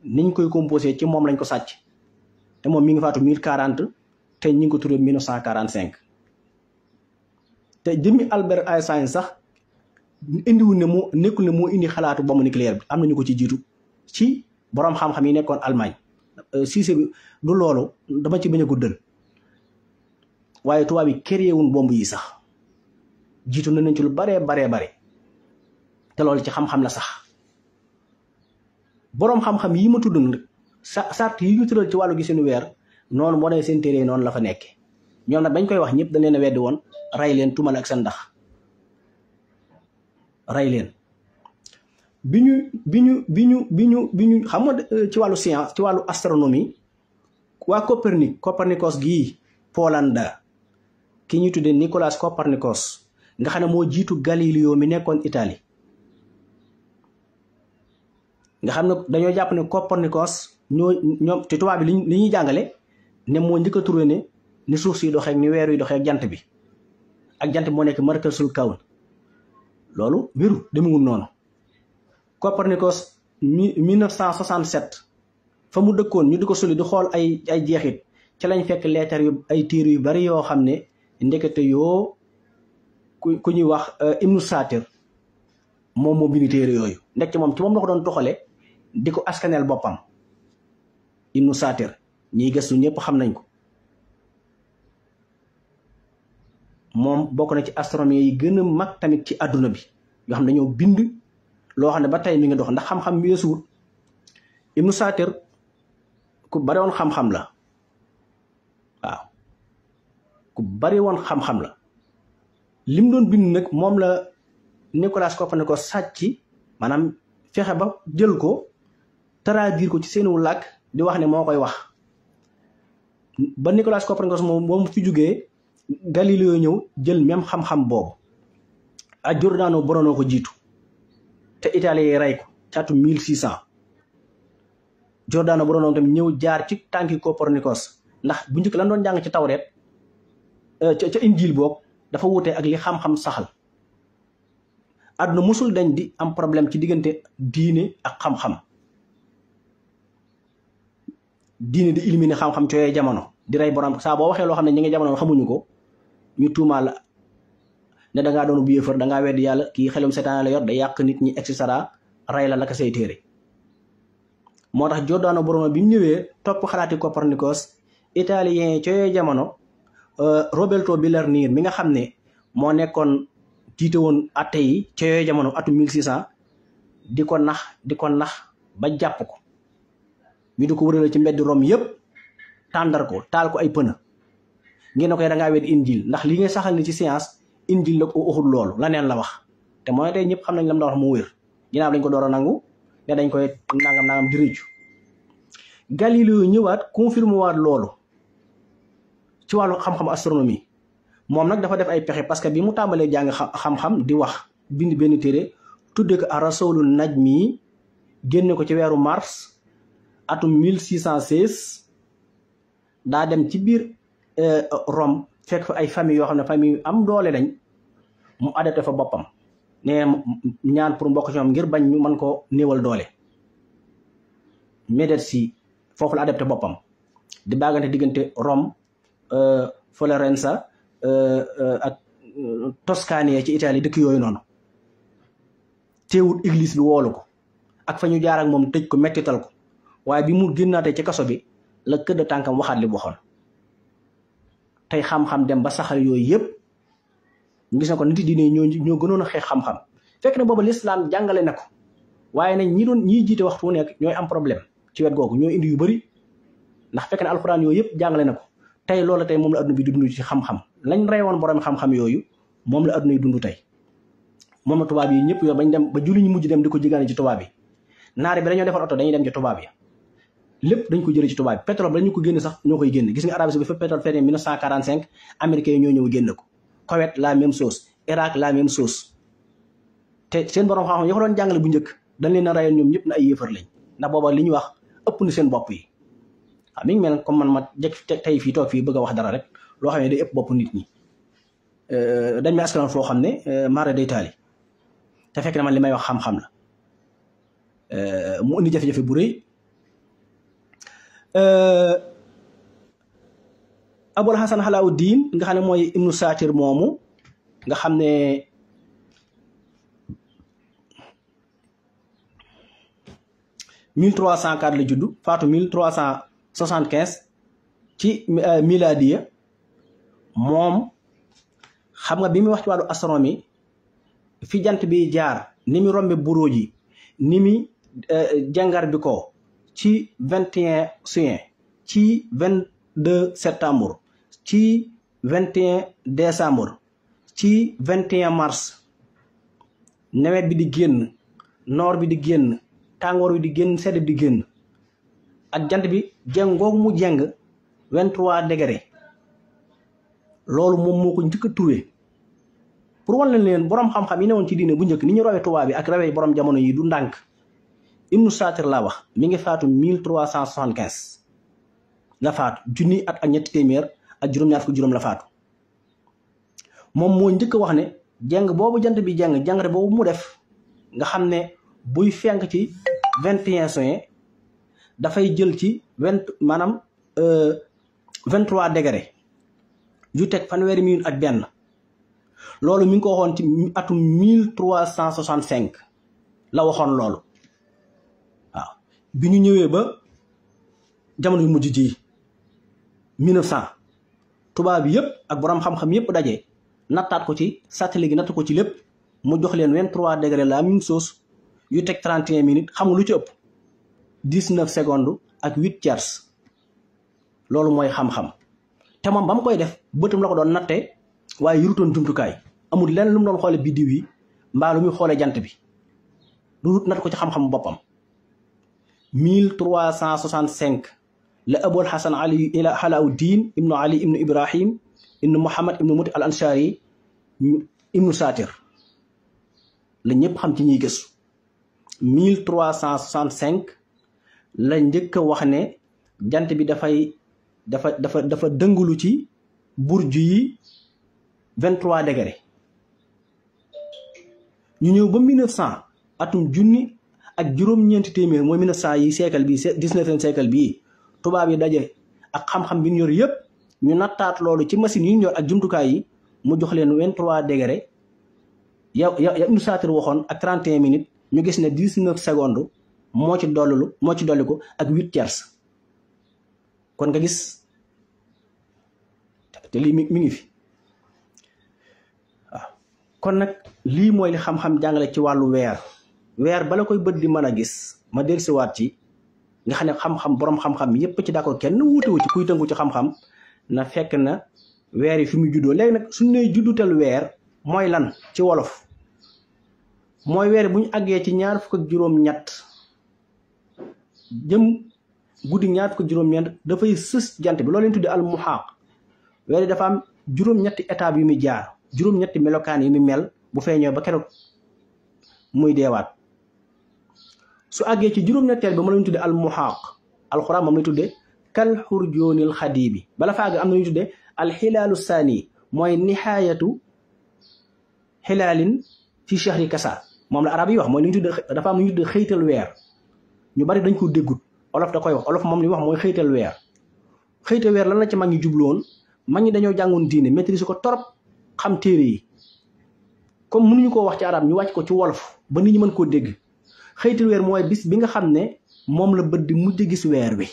niñ koy composé ci moom lañ ko sàcc te moom mi ngi faatu mille quarante te ñu ngi ko tuddee mille neuf cent te jëmmi Albert Einstein sax indiwul ne moo nekkul ne moo indi xalaatu bombe nucléaire bi am na ñu ko ci jiitu ci boroom xam-xam yi nekkoon Allemagne euh, Cissé bi du loolu dama ci bañ a guddal waaye tubaab yi créé bomb yi sax jiitu na nañ ci lu baree baree bare te loolu ci xam-xam la sax boroom xam-xam yi ma tudd nag sa sart yi ñu tëral ci wàllu gi gisinu weer noonu moo dee seen téere noonu la fa nekkee ñoom nag bañ koy wax ñëpp da leen a weddi woon ray leen tumal ak seen ndax ray leen bi ñu bi ñu bi ñu xam nga euh, ci wàllu science ci wàllu astronomie waa Copernic Copernicus gi Polanda ki ñuy tuddee Nicolas Copernicus nga xam ne moo jiitu Galileo mi nekkoon itali nga xam ne dañoo jàpp ne Copernicus ñoo ñoom te tubaab li li ñuy jàngale ne moo njëkk trouvé ne ni suuf si doxee ni weer yi doxee ak jant bi ak jant bi moo nekk markasul kawn loolu wéru demewul noonu Copernicus mi 1967 fa mu dëkkoon ñu di ko suli di xool ay ay jeexit ci lañ fekk leetar yu ay téere yu bari yoo xam ne ndekete yoo ku ku ñuy wax euh, Ibnu moom moo yooyu ndek moom ci moom la doon toxale di ko askaneel boppam ibnu saatir ñiy gëstu ñëpp xam nañ ko moom bokk na ci astronomie yi gën a mag tamit ci àdduna bi yoo xam ne dañoo bind loo xam ne ba tey mi ngi dox ndax xam-xam mi yeesuwut ibnu saatir ku bari woon la waaw ku bari woon xam-xam la lim doon bind nag moom la Nicolas Copernicus sàcc maanaam fexe ba jël ko traduire ko ci seenu làkk di wax ne moo koy wax ba Nicolas Copernicus moom moom fi jugee Galileo ñëw jël même xam-xam boobu a Giordano Bruno ko jiitu te italien yi rey ko ci atum 1600 Giordano Bruno tamit ñëw jaar ci tànki Copernicus ndax bu njëkk lan jàng ci tawreet euh, ca ca injil boobu dafa wuute ak li xam-xam saxal àdduna musul dañ di am problème ci diggante diine ak xam-xam. diine di éliminer xam-xam ci yooyu jamono di rey borom saa boo waxee loo xam ne ñi nga jamono xamuñu ko ñu tuumaal ne dangaa doon bu yëfër dangaa weddi yàlla kii xelum seetaan la yor da yàq nit ñi et cetera rey la laka say téere moo tax Giordano Bruno bi mu ñëwee topp xalaati Copernicus italien ci yooyu jamono euh, Roberto Bellarmine mi nga xam ne moo nekkoon jiite woon atte yi ci yooyu jamono atum di ko nax di ko nax ba jàpp ko ñu di ko wërale ci mbeddi Rome yëpp tàndar ko taal ko ay pëna ngeen ne koy da ngaa wedd injil ndax li ngay saxal ni ci science injil la ko waxul loolu la neen la wax te mooy tey ñëpp xam nañ lam la mu wér ginnaaw lañ ko door a nangu ne dañ koy nangam nangam di réccu Galileo ñëwaat confirme waat loolu ci wàllu xam-xam astronomie moom nag dafa def ay pexe parce que bi mu tàmbalee jàng xam-xam di wax bind benn téere tudde ko a rasoolu naj mii génne ko ci weeru mars atum 1616 daa dem ci biir euh, Rome fekk fa ay famille yoo xam ne famille yu am doole lañ mu adapté fa boppam nee ñaan pour mbokk ci moom ngir bañ ñu mën ko néewal doole médecin si foofu la adapté boppam di baagante diggante Rome euh, Florensa euh, ak yee ci Italie dëkk yooyu noonu teewut église bi woolu ko ak fa ñu jaar moom tëj ko mettital ko waaye bi mu génnaatee ci kaso bi la këdd tànkam waxaat li mu waxoon tey xam-xam dem ba saxal yooyu yëpp ñu gis ne ko nit diine ñoo ñoo gënoon a xeex xam-xam fekk na boobu lislaam jàngale na ko waaye nag ñi doon ñiy jiite waxtu nekk ñooy am problème ci wet googu ñooy indi yu bëri ndax fekk na alxuraan yooyu yëpp jàngale na ko tey loola tey moom la adduna bi dund ci xam-xam lañ reyoon borom xam-xam yooyu moom la adduna yi dund tey moom la tubaab yi ñëpp yoo bañ dem ba julli ñu mujj dem di ko jigaane ci tubaab yi naari bi dañoo defar oto dañuy dem ci tubaab lépp dañ ko jëlee ci tubaab pétrole bi dañu ko génne sax ñoo koy génne gis nga Arabie Saoudite bi fa pétrole feeñee 1945 ñoo ñëw génne ko Koweït la même chose Irak la même chose te seen borom xam-xam doon jàngale bu njëkk dañ leen a rayoon ñoom ñëpp na ay yéefar lañ booba li ñu wax ëpp na seen bopp yi waaw mi ngi mel comme man ma jëkk tey fii toog fii bëgg a wax dara rek loo xam ne day ëpp bopp nit ñi euh, dañ may askan xam ne euh, mara te fekk na man li may wax xam-xam la euh, mu indi jafe-jafe bu rëy Euh, abul hasan xalaawuddin nga xam ne mooy ibnu saatir moomu nga xam ne mille trois cent quatre la juddu faatu mille trois cent soixante quinze ci euh, miladiya moom xam nga bi muy wax ci wàllu astronomie fi jant bi jaar ni mu rombe buróo ji ni mu euh, jàngar bi ko ci vingt et un ci vingt deux septembre ci vingt et un décembre ci vingt et mars nawet bi di génn noor bi di génn tàngoor bi di génn sedd bi di génn ak jant bi jeng googu mu jeng vingt trois degré loolu moom moo ko njëkk a trouvé pour wan leen leen boroom xam-xam yi newoon ci diine bu njëkk ni ñu rawee tubaab bi ak rawee borom jamono yi du ndànk ibnu saatir laa wax mi ngi faatu mille trois cent soixante quinze la faatu junni at ak ñetti téeméer ak juróom-ñaar fukki juróom la faatu moom moo njëkk wax ne jàng boobu jant bi jàng jàngate boobu mu def nga xam ne buy fenk ci vingt et un juin dafay jël ci vingt maanaam euh, vingt trois degré ju teg fanweeri minute ak benn loolu mu ngi ko waxoon ci atum mille trois cent soixante cinq la waxoon loolu bi ñu ñëwee ba jamono yu mujj ji 1900 tubaab yëpp ak boroom xam-xam yëpp daje nattaat ko ci satellite gi natt ko ci lépp mu jox leen 23 degré la même chose yu teg 31 minutes xam nga lu ci ëpp 19 secondes ak 8 tiers loolu mooy xam-xam te moom ba mu koy def bëtam la ko doon natte waaye yurutoon jumtukaay amul lenn lu mu doon xoole biddiw yi mbaa muy xoole jant bi lu nat ko ci xam-xam boppam. mille trois cent soixante cinq la abul xasan ali ila xalaw diin ibnu ali ibnu ibrahim ibnu muhammad ibnu muti al ansari ibnu saatir la ñëpp xam ci ñuy gëstu mille trois cent soixante cinq la njëkk a wax ne jant bi dafay dafa dafa dafa dëngulu ci burju yi vingt trois degré ñu ñëw ba atum junni ak juróom-ñeenti téeméer mooy mille neuf cent yi siècle bii dix-neuvième siècle bii tubaab yi daje ak xam-xam bi ñu yor yëpp ñu nattaat loolu ci machine yu ñu yor ak jumtukaay yi mu jox leen vingt-trois degré ya ya ya Ibn Saatir waxoon ak trente minutes ñu gis ne dix-neuf secondes moo ci dollulu moo ci dolli ko ak huit tiers kon nga gis te lii mi mi ngi fi waaw kon nag lii mooy li xam-xam jàngale ci wàllu weer weer bala koy bët di mën a gis ma delsiwaat ci nga xam ne xam boroom borom xam-xam yépp ci d'accord kenn wuutewu ci kuy tënku ci xam-xam na fekk na weer yi fi mu juddoo léegi nag suñu nee juddutal weer mooy lan ci wolof mooy weer bu ñu àggee ci ñaar fukk ak juróom-ñett jëm guddi ñaar fukk juróom-ñett dafay sës jant bi loolu leen tuddi al muhaaq weer yi dafa am juróom-ñetti étape yu muy jaar juróom-ñetti melokaan yi muy mel bu feeñoo ba keroog muy deewaat su àggee ci juróom-ñetteel ba moom la ñu tuddee al muhaaq alxuraan moom la ñu tuddee kal xurjoonil xadiibi bala faaga am na ñu tuddee al xilaalu saani mooy nihaayatu xilaalin fi shahri kasa moom la arab yi wax mooy li ñu tuddee dafa am lu ñu tuddee xëytal weer ñu bari dañ koo déggut olof da koy wax olof moom li wax mooy xëytal weer xëytal weer lan la ci mag ñi jubloon mag ñi dañoo jàngoon diine maîtriser ko torop xam téere yi comme mënuñu koo wax ci arab wàcc ko ci wolof ba nit ñi mën koo dégg xëytul weer mooy bis bi nga xam ne moom la bët di mujj gis weer wi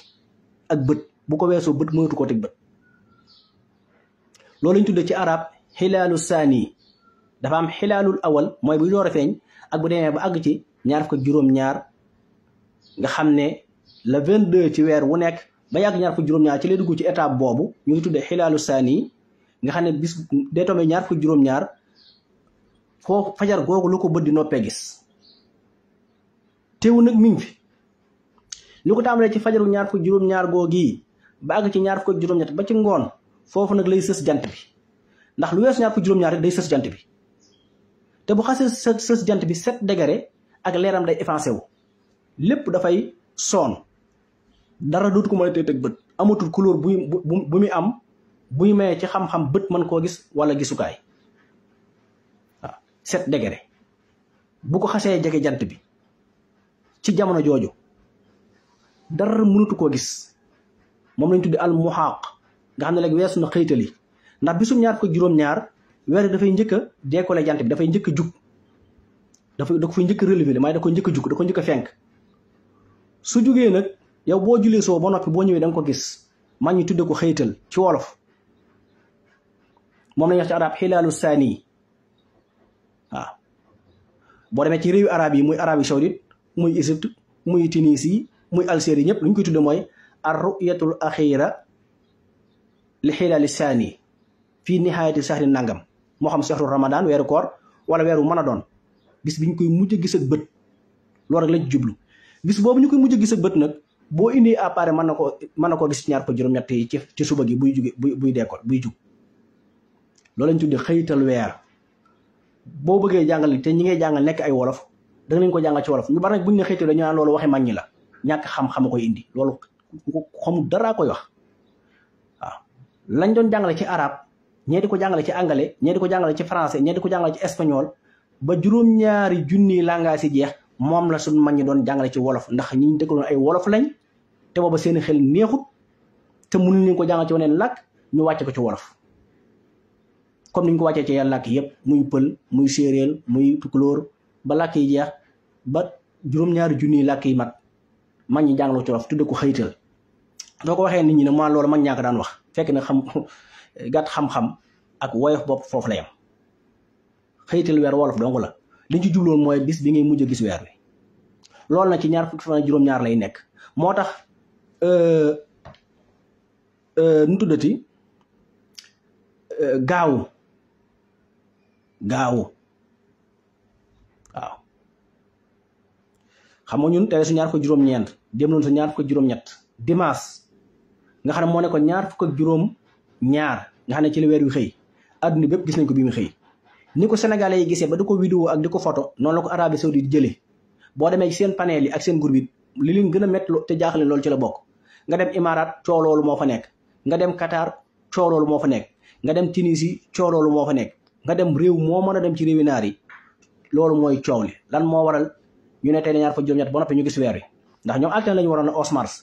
ak bët bu ko weesoo bët mënatu ko teg bët loolu ñu tuddee ci arab xilaalu saani dafa am xilaalul awal mooy bu door a feeñ ak bu demee ba àgg ci ñaar fukk juróom nga xam ne le 22 ci weer wu nekk ba yàgg ñaar fukk juróom-ñaar ci lay dugg ci étape boobu ñu ngi tuddee xilaalu saani nga xam ne bis day tombé ñaar fukk juróom-ñaar foo fajar googu lu ko bët di noppee gis. teewu nag mi ngi fi lu ko tàmbalee ci fajaru ñaar fukk juróom-ñaar googi ba àgg ci ñaar fukk juróom-ñett ba ci ngoon foofu nag lay sës jant bi ndax lu weesu ñaar fukk juróom-ñaar rek day sës jant bi te bu xasee sës jant bi sept degré ak leeram day effacé wu lépp dafay soon dara dootu ko mën a tëj bët amatul couleur bu bu muy am buy mayee ci xam bët mën koo gis wala gisukaay waaw degré bu ko xasee jege jant bi ci jamono jooju dara mënatu koo gis moom lañ tuddee al muhaaq nga xam ne léegi weesu na xëytali ndax bisum ñaar ko juróom-ñaar weer dafay njëkk a décoller jant bi dafay njëkk a dafay da ko fay njëkk a relever maanaam da ko njëkk a jug da ko njëkk fenk su jugee nag yow boo julee soo ba noppi boo ñëwee da ko gis man ñu ko xëytal ci wolof moom la ñuy ci arab xilaalu saani waaw boo demee ci réewu arab yi muy arab yi saoudite muy Égypte muy Tunisie muy Algérie ñëpp lu ñu koy tudde mooy ar ruyatul axira li xilaali saani fii nihaayati sahri nangam moo xam sahru ramadan weeru koor wala weeru mën a doon bis bi ñu koy mujj a gis ak bët loolu rek lañ jublu bis boobu ñu koy mujj a gis bët nag boo indee appareil mën na ko mën na koo gis ñaar ko juróom-ñett ci suba gi buy juge buy buy dekkool buy jug loolu lañ tuddee xëyital weer boo bëggee jàngale te ñi ngay jàngal nekk ay wolof danga leen ko jàngal ci wolof ñu bari nag buñ ne xëytu dañu naan loolu waxi mag ñi la ñàkk xam-xam koy indi koy wax waaw lañ doon jàngale ci arab ñee ko jàngale ci anglais ñee ko jàngale ci français ñee ko jàngale ci espagnol ba juróom-ñaari junni langage si jeex moom la suñ mag ñi doon jàngale ci wolof ndax ñi ñu dëkkaloon ay wolof lañ te booba seen xel neexut te mënuñ leen ko jàngal ci waneen làkk ñu wàcce ko ci wolof comme niñ ko wàccee ci yàlla làkk yëpp muy pël muy séeréel muy tukulóor ba làkk jeex ba juróom ñaar junniy làkk yi mat mag ñi jàngaloo colof tudde ko xëytal soo ko waxee ni ñi ne maa loolu mag ñaa daan wax fekk na xam gàtt xam ak woyof bopp foofu la yam xëytal weer wolof dong la liñ ci jubloon mooy bis bi ngay mujj a gis weer wi loolu na ci ñaar fukki fan juróom-ñaar lay nekk moo tax euh, euh, nu tuddati euh, gaawu gaawu xam nga ñun te su ñaar fukk juróom-ñeent dem loon su ñaar fukk nga xam moo ne ñaar fukk ak juróom-ñaar nga xam ne ci la weer wi xëy adduna bépp gis nañ ko bi mu xëy ni ko sénégalais yi gisee ba di ko vidéo ak di ko foto noonu la ko Arabie Saoudite di jëlee boo demee seen panel yi ak seen groupe yi li leen gën a métti te jaaxle loolu ci la bokk nga dem Imaaraat coow loolu moo fa nekk nga dem Qatar coow loolu moo fa nekk nga dem Tunisie coow loolu moo fa nekk nga dem réew moo mën a dem ci réewi yi loolu mooy coow li ñu ne tey ne ñaar fukk juróom-ñett ba noppi ñu gis weer wi ndax ñoom altine la ñu waroon a mars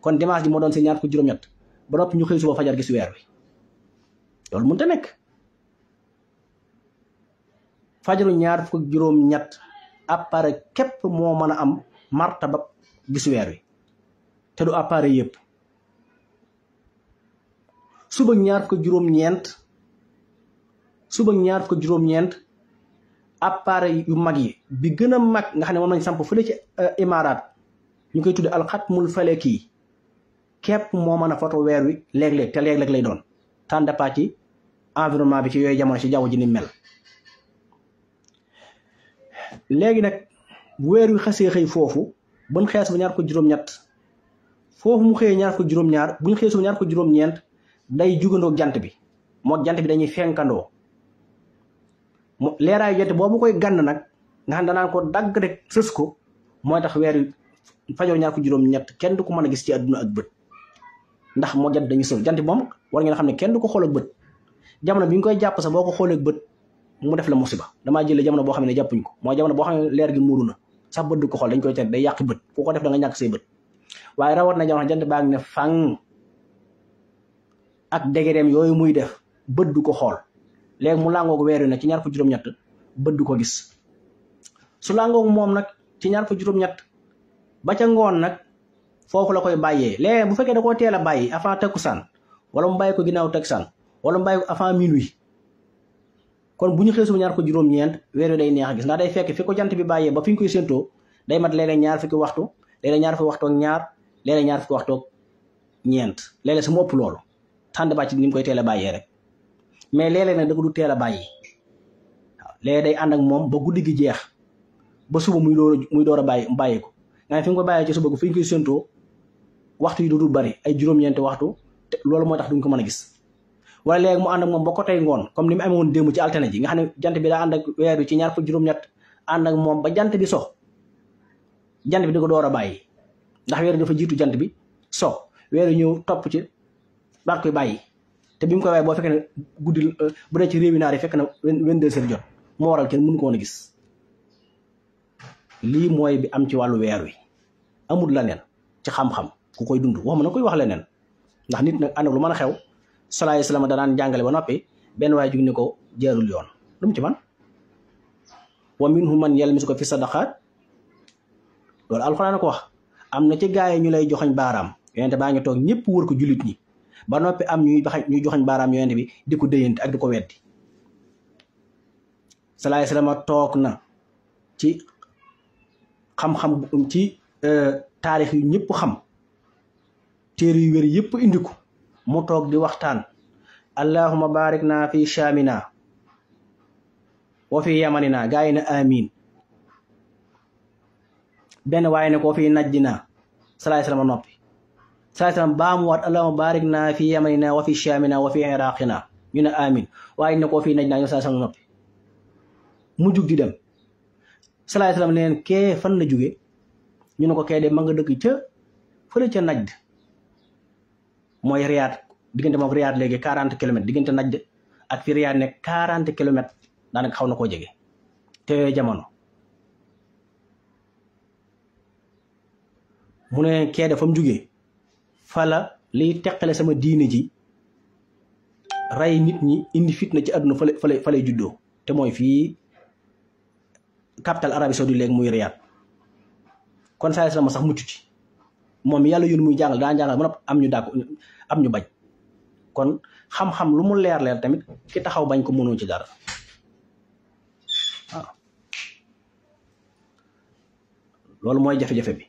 kon dimanche bi moo doon seen ñaar fukk juróom-ñett ba noppi ñu xëy suba fajar gis weer wi loolu mënut nekk fajaru ñaar fukk juróom-ñett képp moo mën a am martaba gis weer wi te du appareil yëpp suba ñaar juróom-ñeent suba ñaar fukk juróom-ñeent appareil yu mag yi bi gën a mag nga xam ne moom nañ samp fële ci euh, imaaraat ñu koy tudde alxatmul falaki yi képp moo mën a foto weer wi léeg-léeg te léeg-léeg lay doon tàndapaat ci environment bi ci yooyu jamono ci jaww ji ni mel léegi nag weer wi xasee xëy foofu buñ xëy suba ñaar ko juróom-ñett foofu mu xëyee ñaar ko juróom-ñaar buñ xëyee ñeent day jugandoo jant bi moo jant bi dañuy fenkandoo mu leeraayu jant boobu koy gànn nag nga xam danaan ko dagg rek sës ko mooy tax weer wi fajar ñaar juróom-ñett kenn du ko mën a gis ci àdduna ak bët ndax moo jant dañu sëf jant moom war ngeen xam ne kenn du ko xool ak bët jamono ñu koy jàpp sax boo ko xoolee ak mu def la musiba damaa jëlee jamono boo xam ne jàppuñ ko mooy jamono boo xam ne leer gi muuru na sax bët du ko xool dañ koy tere day yàq bët ku ko def da nga ñàkk say bët waaye rawat na jamono jant baa ngi ne fang ak degereem yooyu muy def bët du ko xool léegi mu làngoog weer na ci ñaar fa juróom-ñett du ko gis su làngoog moom nag ci ñaar fa ba ca ngoon nag foofu la koy bàyyee léegi bu fekkee da koo teel a bàyyi avant takkusaan wala mu bàyyi ko ginnaaw takkusaan wala mu bàyyi ko avant minuit kon bu ñu xëy ñaar ko juróom-ñeent weer day neex a gis ndax day fekk fi jant bi bàyyee ba fi ñu koy séentoo day mat léeg ñaar fukki waxtu ñaar fukki waxtu ak ñaar léeg-léeg ñaar fukki ñeent léeg-léeg su mu loolu tànd bàcc ni mu koy teel a bàyyee rek mais léeg-léeg da ko du teel a bàyyi waaw day ànd ak moom ba guddi gi jeex ba suba muy door muy door a bàyyi bàyyi ko nga ne fi nga ko bàyyee ci suba fi ñu koy séntoo yi dootul bari ay juróom waxtu te loolu moo tax duñ ko mën a gis wala léegi mu ànd ak moom ba ko tey comme ni mu amee woon démb ci altine nga xam ne jant bi daa ànd ak weer bi ci ñaar fukk juróom-ñett ànd ak moom ba jant bi so jant bi di ko door a bàyyi ndax weer dafa jiitu jant bi so weer ñëw topp ci daal bàyyi te bi mu koy waaye boo fekkee ne guddi bu dee ci réewi naar yi fekk na vingt-deux heures jot moo waral kenn mënu ko woon a gis lii mooy bi am ci wàllu weer wi amul leneen ci xam-xam ku koy dund wax ma na koy wax leneen ndax nit nag ànd lu mën a xew salaay salaam danaan jàngale ba noppi benn waaye jug ne ko jaarul yoon lu mu ci man wa minhum man yalmisuka fi sadaqaat loolu alxuraan ko wax am na ci gaa yi ñu lay joxoñ baaraam yonente baa ngi toog ñëpp wër ko jullit ñi ba noppi am ñuy joxañ ñuy joxañ baaraam yonent bi diko ko ak di ko weddi salaay salaama toog na ci xam-xam ci euh, taarix yu ñëpp xam téere yu wér yëpp indi mu toog di waxtaan allahuma barik naa fi shaamina wa fi yamanina gaa yi ne amin benn waaye ne ko fi najjina salaay salaama noppi saa sallam baamuwaat allahuma barik naa fi na wa fi shaamina wa fi iraqina ñu ne amin waaye ne koo fii naj naa ñu saa jug di dem salaay salaam ne leen kee fan la jóge ñu ne ko kee ma nga dëkk ca ca najd mooy riyaad diggante moom riyaad léegi quarante kilomètres diggante najd xaw na koo jege te jamono mu fala liy teqale sama diine ji rey nit ñi indi fitna ci àdduna fa fale falay juddoo te mooy fii capital Arabie Saoudite léegi muy Riyad kon saa la ma sax mucc ci moom yàlla yoon muy jàngal daa jàngal ba am ñu dàkku am ñu bañ kon xam-xam lu mu leer leer tamit ki taxaw bañ ko mënoo ci dara loolu mooy jafe-jafe bi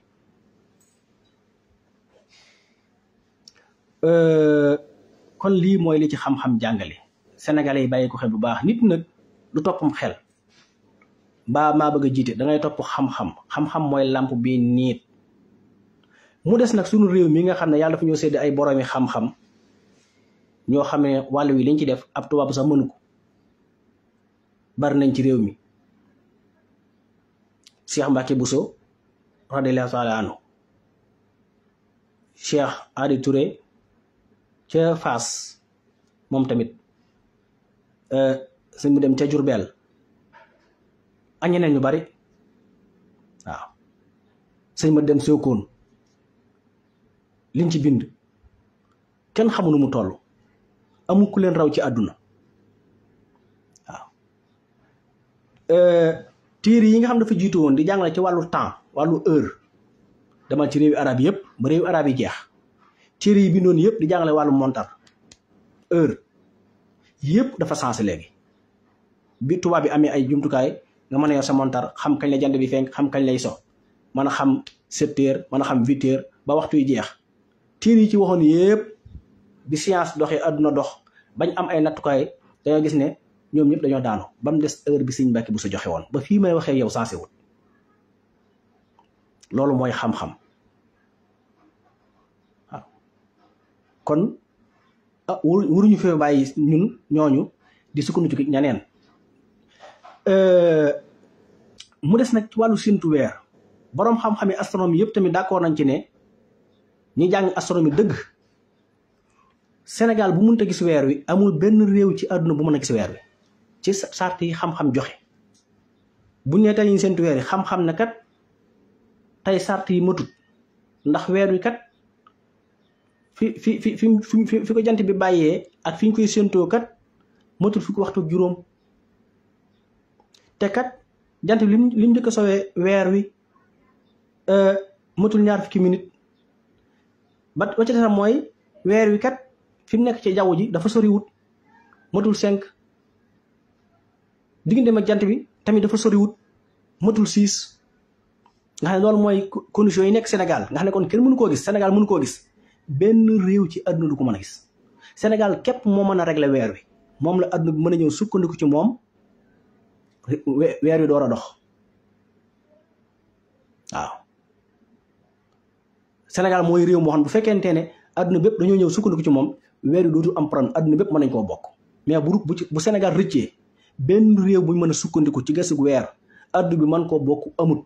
Euh, kon lii mooy li ci xam-xam jàngale sénégalais yi bàyyi ko xel bu baax nit nag du toppam xel baa ma bëgg a jiite dangay topp xam-xam xam mooy làmp bi niit mu des nag suñu réew mi nga xam ne yàlla dafa ñoo sédd ay boroomi xam-xam ñoo xam ne wàll wi lañ ci def ab tubaab sax mënu ko bari nañ ci réew mi Cheikh Mbacke Bousso radiyallahu taala anhu ca fas moom tamit euh, sëñ bi dem ca Jurbel ak ñeneen ñu bari waaw sëñ ma dem Sokone liñ ci bind kenn xamu nu mu toll amul leen raw ci àdduna waaw euh, téere yi nga xam dafa jiitu woon di jàngale ci wàllu temps wàllu heure demal ci réewi arab yëpp ba réewi arab yi jeex téere bi noonu yëpp di jàngale wàllu montar heure yëpp dafa sens léegi bi tubaab bi amee ay jumtukaay nga mën a yor sa montar xam kañ la jant bi fenk xam kañ lay so mën a xam sept heures mën a xam huit heures ba waxtu yi jeex téere yi ci waxoon yëpp bi science doxee àdduna dox bañ am ay nattukaay dañoo gis ne ñoom ñëpp dañoo daanu bam des heure bi sëñ Mbàkke bu sa joxe woon ba fii may waxee yow sensé wut loolu mooy xam-xam kon ah waruñu fee bàyyi ñun ñooñu di sukkunu ci ñaneen euh, mu des nag ci wàllu séntu weer boroom xam-xami astronomie yëpp tamit d'accord nañ ci ne ñi jàng astronomie dëgg senegal bu mun te gis weer wi amul benn réew ci àdduna bu mën a gis weer wi ci sart yi xam-xam joxe bu ne tey ñu séntu weer yi xam-xam ne kat tey sart yi matut ndax weer wi kat fi fi fi fi fi ko jant bi bàyyee ak fi ñu koy séntoo kat matul fukki waxtu juróom te kat jant bi lim lim njëkk a sowee weer wi euh, matul ñaar fukki minute ba mooy weer wi kat fi mu nekk ci jaww ji dafa wut matul cinq digganteem ak jant bi tamit dafa soriwut matul six nga xam ne loolu mooy condition yi nekk Sénégal nga xam ne kon kenn mënu koo gis Sénégal mënu koo gis. benn réew ci àdduna du ko mën a gis Sénégal képp moo mën a régler weer wi moom la àdduna bi mën a ñëw sukkandiku ci moom weer wi door a dox waaw mooy réew moo xam bu fekkente ne àdduna bépp dañoo ñëw sukkandiku ci moom weer wi dootu am bépp mën nañ koo bokk mais bu bu bu Sénégal rëccee benn réew buñ mën a sukkandiku ci gu weer àdduna bi mën koo bokk amut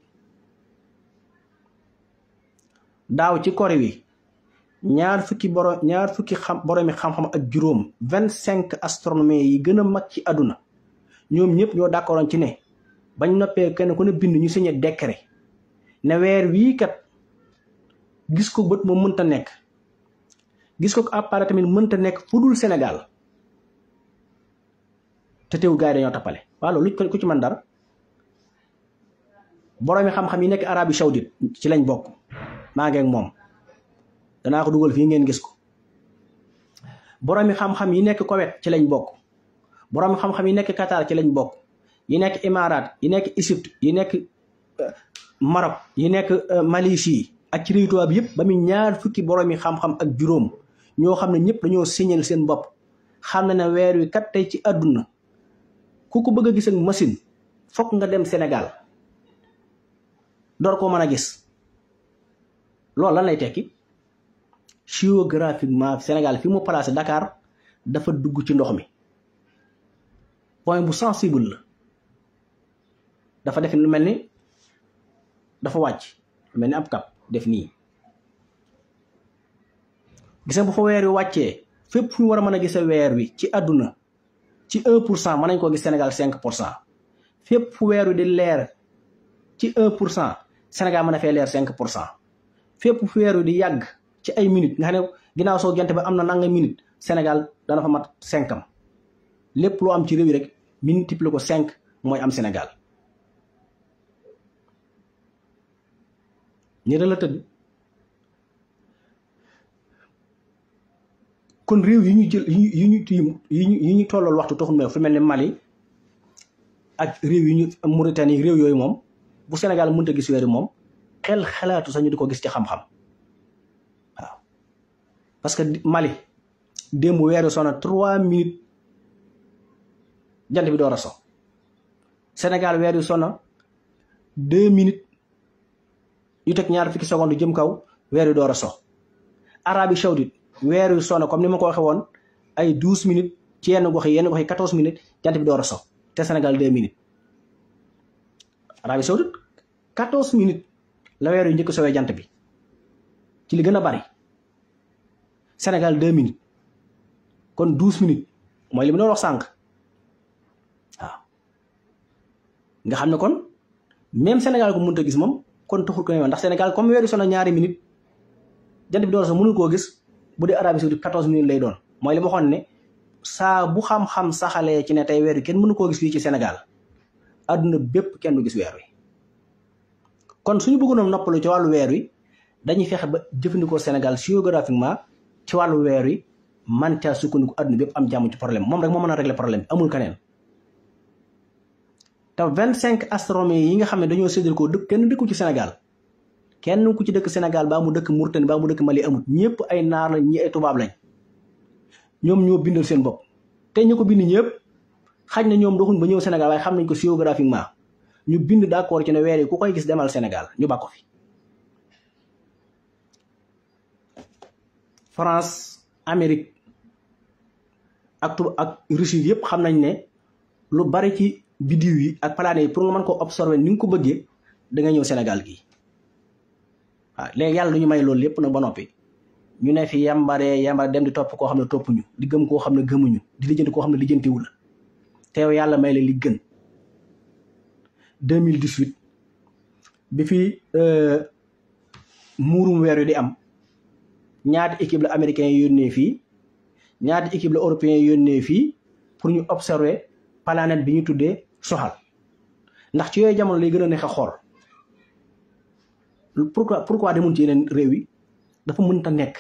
daaw ci kori wi ñaar fukki ñaar fukki xam boromi xam-xam ak juróom vingt cinq astronomie yi gën a mag ci àdduna ñoom ñëpp ñoo d'accordoon ci ne bañ noppee kenn ku ne bind ñu signé décret ne weer wii kat gis ko bët moom mënta nekk gis ko appareil tamit mënta nekk fu dul Sénégal te teewu gars yi dañoo tappale waaw loolu ku ci man dara boromi xam-xam yi nekk Arabie Saoudite ci lañ bokk maa ngi moom. danaa ko dugal fii ngeen gis ko boroomi xam-xam yi nekk Koweït ci lañ bokk boroomi xam yi nekk Qatar ci lañ bokk yi nekk Émirats yi nekk Égypte yi nekk euh, Maroc yi nekk euh, Malaisie ak ci réew tubaab yëpp ba muy ñaar fukki boroomi xam-xam ak juróom ñoo xam ne ñëpp dañoo signal seen bopp xam na weer wi kat tey ci àdduna ku ko bëgg a gis ak machine fokk nga dem Sénégal door koo mën a gis loolu lan lay tekki géographiquement Sénégal fi mu placé Dakar dafa dugg ci ndox mi point bu sensible la dafa def lu mel ni dafa wàcc mel ni ab kap def nii gis bu fa weer wi wàccee fépp fu war a mën a gise weer wi ci àdduna ci un pour cent mën nañ koo gis Sénégal cinq pour cent fépp fu weer wi di leer ci un pour cent Sénégal mën a fee leer cinq pour cent fépp fu weer wi di yàgg ci ay minutes nga xam ne ginnaaw soo gente ba am na nangam minutes Sénégal dana fa mat cinq am lépp loo am ci réew yi rek multiplier ko mooy am Sénégal ñi la tëdd kon réew yi ñu jël yi ñu tiim yi ñu ñu tollool waxtu taxul ma fu mel ni Mali ak réew yi ñu Mauritanie réew yooyu moom bu Sénégal mënta gis weeri moom xel xalaatu sax ñu di ko gis ci xam-xam parce que Mali démb weeru sona trois minutes jant bi door a so Sénégal weer yu sona deux minutes yu teg ñaar fukki seconde jëm kaw weer yu door a so Arabie Saoudite weer sona comme ni ma ko waxee woon ay douze minutes ci yenn gox yenn gox yi quatorze minutes jant bi door a so te Sénégal deux minutes Arabie Saoudite quatorze minutes la weer yu njëkk sowee jant bi ci li gën a bari Sénégal deux minutes kon douze minutes mooy li ma doon wax sànq waaw nga xam ne kon même Sénégal ko mënut a gis moom kon taxul ko ne ndax Sénégal comme weeru sono ñaari minutes jant bi doon sax mënul koo gis bu dee Arabie Saoudite quatorze minutes lay doon mooy li ma waxoon ne saa bu xam-xam saxalee ci ne tey weer wi kenn mënu koo gis fii ci Sénégal adduna bépp kenn du gis weer wi kon suñu bëggoon a noppalu ci wàllu weer wi dañuy fexe ba jëfandikoo Sénégal géographiquement ci wàllu weer wi man caa sukkandiku adduna bépp am jàmm ci problème moom rek moo mën a régler problème amul keneen te vingt cinq astronomie yi nga xam ne dañoo séddal koo dëkk kenn dëkku ci Sénégal kenn ku ci dëkk Sénégal ba mu dëkk Mauritanie ba mu dëkk Mali amut ñëpp ay naar lañ ñi ay tubaab lañ ñoom ñoo bindal seen bopp te ñu ko bind ñëpp xaj na ñoom doxuñ ba ñëw Sénégal waaye xam nañ ko géographiquement ñu bind d'accord ci ne weer yi ku koy gis demal Sénégal ñu bàkko fi France Amérique ak ak Russie yëpp xam nañ ne lu bari ci biddiw yi ak palaane yi pour nga mën ko observer ni nga ko bëggee da ñëw Sénégal gi waaw léegi yàlla lu ñu may loolu lépp nag ba noppi ñu ne fi yambare yambare dem di topp koo xam ne topp ñu di gëm koo xam ne gëmuñu di lijjanti koo xam ne lijjantiwu la teew yàlla may la li gën 2018 bi fi euh, muurum weer yu di am ñaata équipe la américain yi yónnee fii ñaata équipe la européen yi yónnee fii pour ñu observer planète bi ñu tuddee soxal ndax ci yooyu jamono lay gën a neex a xool pourquoi pourquoi mun ci yeneen réew yi dafa mënta nekk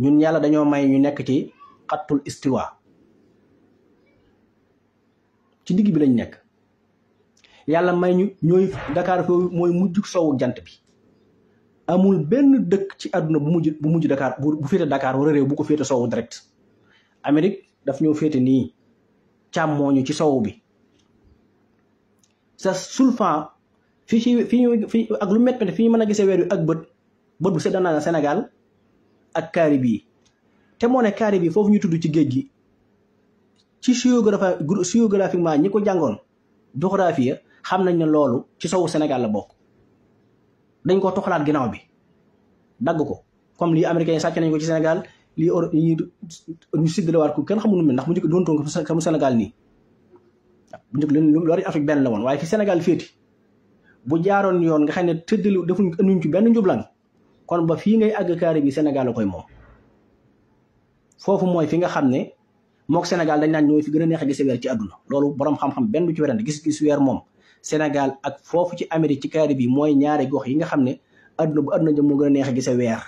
ñun yàlla dañoo may ñu nekk ci xattul istiwa ci digg bi lañ nekk yàlla may ñu ñooy Dakar foofu mooy mujjug sowu jant bi amul benn dëkk ci àdduna bu mujj bu mujj Dakar bu féete Dakar wala réew bu ko féete soowu direct Amérique daf ñëw féete nii càmmooñu ci sow bi sa sulfan fii ci fi ak lu métti fi ñu mën a gisee weer wi ak bët bët bu sedda na Sénégal ak Caraïbes yi te moo ne Caraïbes yi foofu ñu tudd ci géej gi ci géographiquement ñi ko jàngoon géographie xam nañ ne loolu ci sowu Sénégal la bokk dañ koo toxalaat ginnaaw bi dagg ko comme lii américain yi sàcc nañ ko ci Sénégal lii Europe yi ñu séddalewaat ko kenn xamuñu mel ndax mu njëkk doon toon ko mu Sénégal nii bu njëkk loolu Afrique benn la woon waaye fi Sénégal féeti bu jaaroon yoon nga xam ne tëddali defuñ anduñ ci benn njublan kon ba fi ngay àgg kaari bi Sénégal la koy moom foofu mooy fi nga xam ne mook Sénégal dañ naan ñooy fi gën a neex gis weer ci àdduna loolu borom xam-xam benn du ci werante gis-gis weer moom Sénégal ak foofu ci Amérique ci Caraïbes bi mooy ñaari gox yi nga xam ne adduna bu adduna jëm moo gën a a gisee weer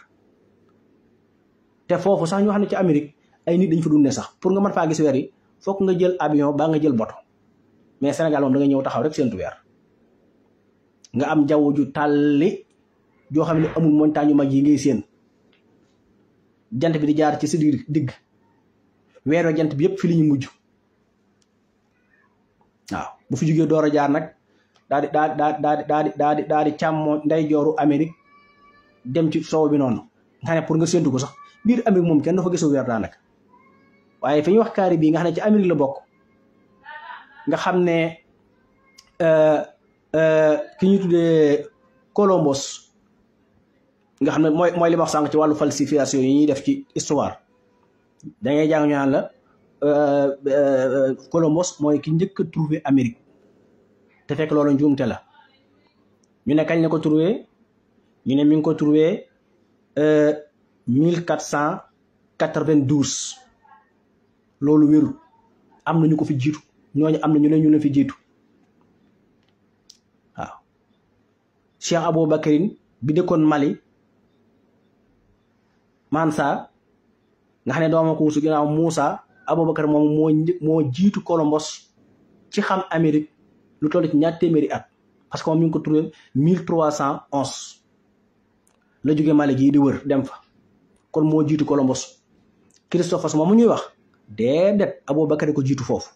te foofu sax ñoo xam ne ci Amérique ay nit dañ fa dundee sax pour nga mën faa gis weer yi fokk nga jël avion baa nga jël boto mais Sénégal moom da ñëw taxaw rek séntu weer nga am jaww ju tàlli joo xam ne amul montagne yu mag yi ngay séen jant bi di jaar ci si digg weeroo jant bi yëpp fi li ñu mujj waaw bu fi jógee door a jaar nag daal di daal di daal di daal di càmmoo ndeyjooru Amérique dem ci soow bi noonu nga ne pour nga séntu ko sax biir Amérique moom kenn dafa gisul weer daanaka waaye fi ñuy wax Caribe bii nga xam ne ci Amérique la bokk nga xam ne euh, euh, ki ñu tuddee Colombos nga xam ne mooy mooy li ma wax sànq ci wàllu falsification yi ñuy def ci histoire da ngay jàng ñu naan la euh, Colombos mooy ki njëkka a trouvé Amérique. te fekk loolu njuumte la ñu ne kañ la ko trouvé ñu ne mi ngi ko trouvé euh, mille quatre cent quatre loolu wérul am na ñu ko fi jiitu ñooñu am na ñu ne ñu la fi jiitu waaw Cheikh Abou Bakarin bi dëkkoon Mali Mansa nga xam ne dooma ko wusu ginnaaw Moussa Aboubacar moom moo moo jiitu Colombos ci xam Amérique lu toll ci ñaar téeméeri at parce que moom ñu ngi ko trouvé mille trois cent onze la jóge Mali gii di wër dem fa kon moo jiitu Colombos Christophos moom mu ñuy wax déedéet Aboubacar ko jiitu foofu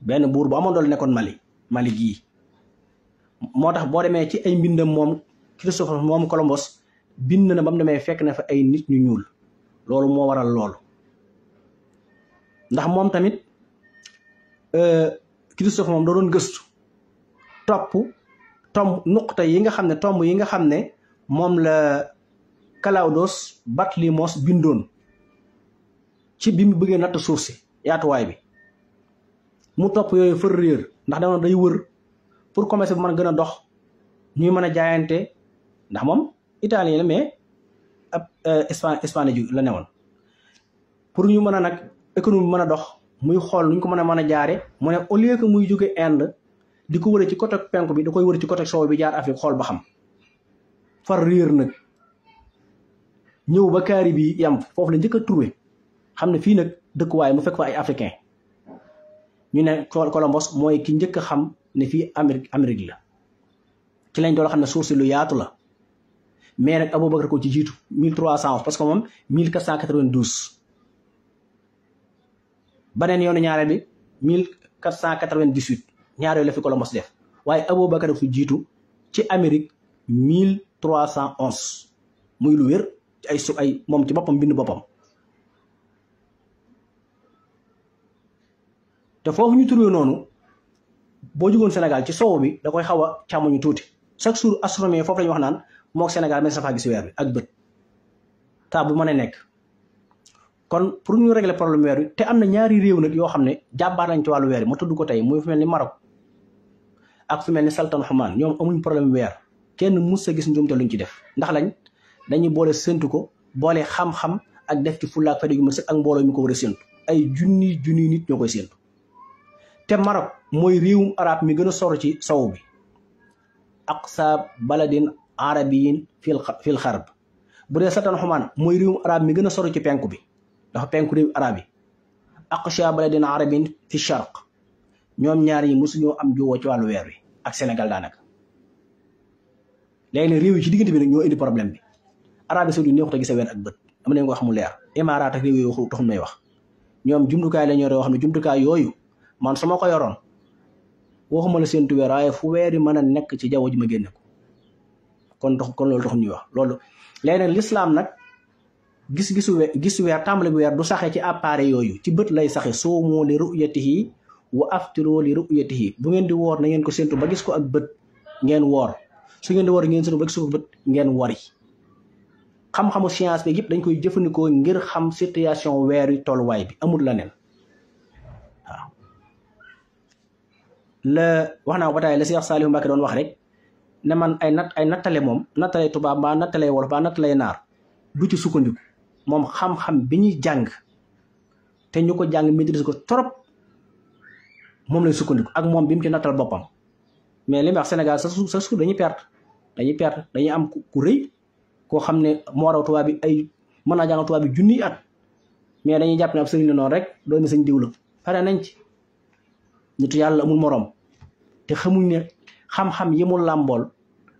benn buur bu amoon doole nekkoon Mali Mali gii moo tax boo demee ci ay mbindam moom Christophos moom Colombos bind na ba mu demee fekk na fa ay nit ñu ñuul loolu moo waral loolu ndax moom tamit Euh, Christophe moom da doon gëstu topp tomb nuqta yi nga xam ne tomb yi nga xam ne moom la Kalawdos Batlimos bindoon ci bi mu bëggee natt suuf si yaatuwaay bi mu topp yooyu fër réer ndax dama day wër pour commerce bi mën a gën a dox ñuy mën a jaayante ndax moom italien la mais ab euh, Espagne Espagne la newoon pour ñu mën a nag économie mën a dox muy xool nuñ ko mën a mën a jaare mu ne au lieu que muy jóge Inde di ko wëre ci côté penku bi da koy wër ci côté soow bi jaar Afrique xool ba xam far réer nag ñëw ba kaari bi yam foofu la njëkk a trouvé xam ne fii nag dëkkuwaay mu fekk fa ay africain ñu ne Columbus mooy ki njëkk a xam ne fii Amérique Amérique la ci lañ doon xam ne suuf si lu yaatu la mais nag Aboubacar ko ci jiitu 1300 parce que moom 1492 baneen yoonu ñaaree bi mille quatre cent quatre-vingt-dix-huit ñaareel la fi Colombos def waaye Aboubacar fi jiitu ci Amérique mille trois cent onze muy lu wér ay su ay moom ci boppam bind boppam te foofu ñu turee noonu boo jugoon Sénégal ci soow bi da koy xaw a càmmoñu tuuti chaque jour astronomie foofu la ñu wax naan mook Sénégal mel safaa gis weer bi ak bët taa bu mën a nekk kon pour ñu régler problème weer wi te am na ñaari réew nag yoo xam ne jàmbaar lañ ci wàllu weer yi ma tudd ko tey muy fu mel ni Maroc ak fu mel ni Saltan Oman ñoom amuñ problème weer kenn mus sa gis njuumte luñ ci def ndax lañ dañuy boole séntu ko boole xam-xam ak def ci fulla ak fayda yu ma ak mbooloo ko war a séntu ay junni junni nit ñoo koy séntu te Maroc mooy réewum arab mi gën a sor ci sow bi ak aqsa baladin arabiyin fil xarb bu dee Saltan Oman mooy réewum arab mi gën a sor ci penku bi dafa penku réew arab yi aqsha baladin arabin fi sharq ñoom ñaar yi mosuñoo am juwoo ci wàllu weer wi ak Sénégal daanaka léegi nag réew yi ci diggante bi nag ñoo indi problème bi arabie saoudite neexut a gis weer ak bët dama ne ko wax mu leer ma ak réew yooyu taxul may wax ñoom jumtukaay la ñu yoo xam jumtukaay yooyu man su ma ko yoroon waxuma la seentu weer waaye fu weer yi mën a nekk ci jaww ji ma génne ko kon loolu taxul ñuy wax loolu léegi nag gis-gisu gis weer tàmbali weer du saxe ci appareil yooyu ci bët lay saxe soomoo li ru'yatihi wa aftiroo li ru'yatihi bu ngeen di woor na ngeen ko séntu ba gis ko ak bët ngeen woor su ngeen di woor ngeen séntu ba gis bët ngeen wori xam-xamu bi yëpp dañ koy jëfandikoo ngir xam situation weer yu tolluwaay bi amul la nen waaw la wax naa ko ba la Cheikh Saliou Mbacké doon wax rek ne man ay nat ay nattale moom nattale tubaab mbaa nattale wolof mbaa nattale naar du ci sukkandiku moom xam-xam bi ñuy jàng te ñu ko jàng maîtrise ko trop moom lay sukkandiku ak moom bi mu ci nattal boppam mais li ma wax Sénégal sa su sa su dañuy perte dañuy perte dañuy am ku rëy koo xam ne moo raw tubaab bi ay mën naa jàng tubaab bi junni at mais dañuy jàpp ne ab sëriñ la noonu rek doomi sëñ diw la pare nañ ci nitu yàlla amul moroom te xamuñ ne xam-xam yi mu làmbool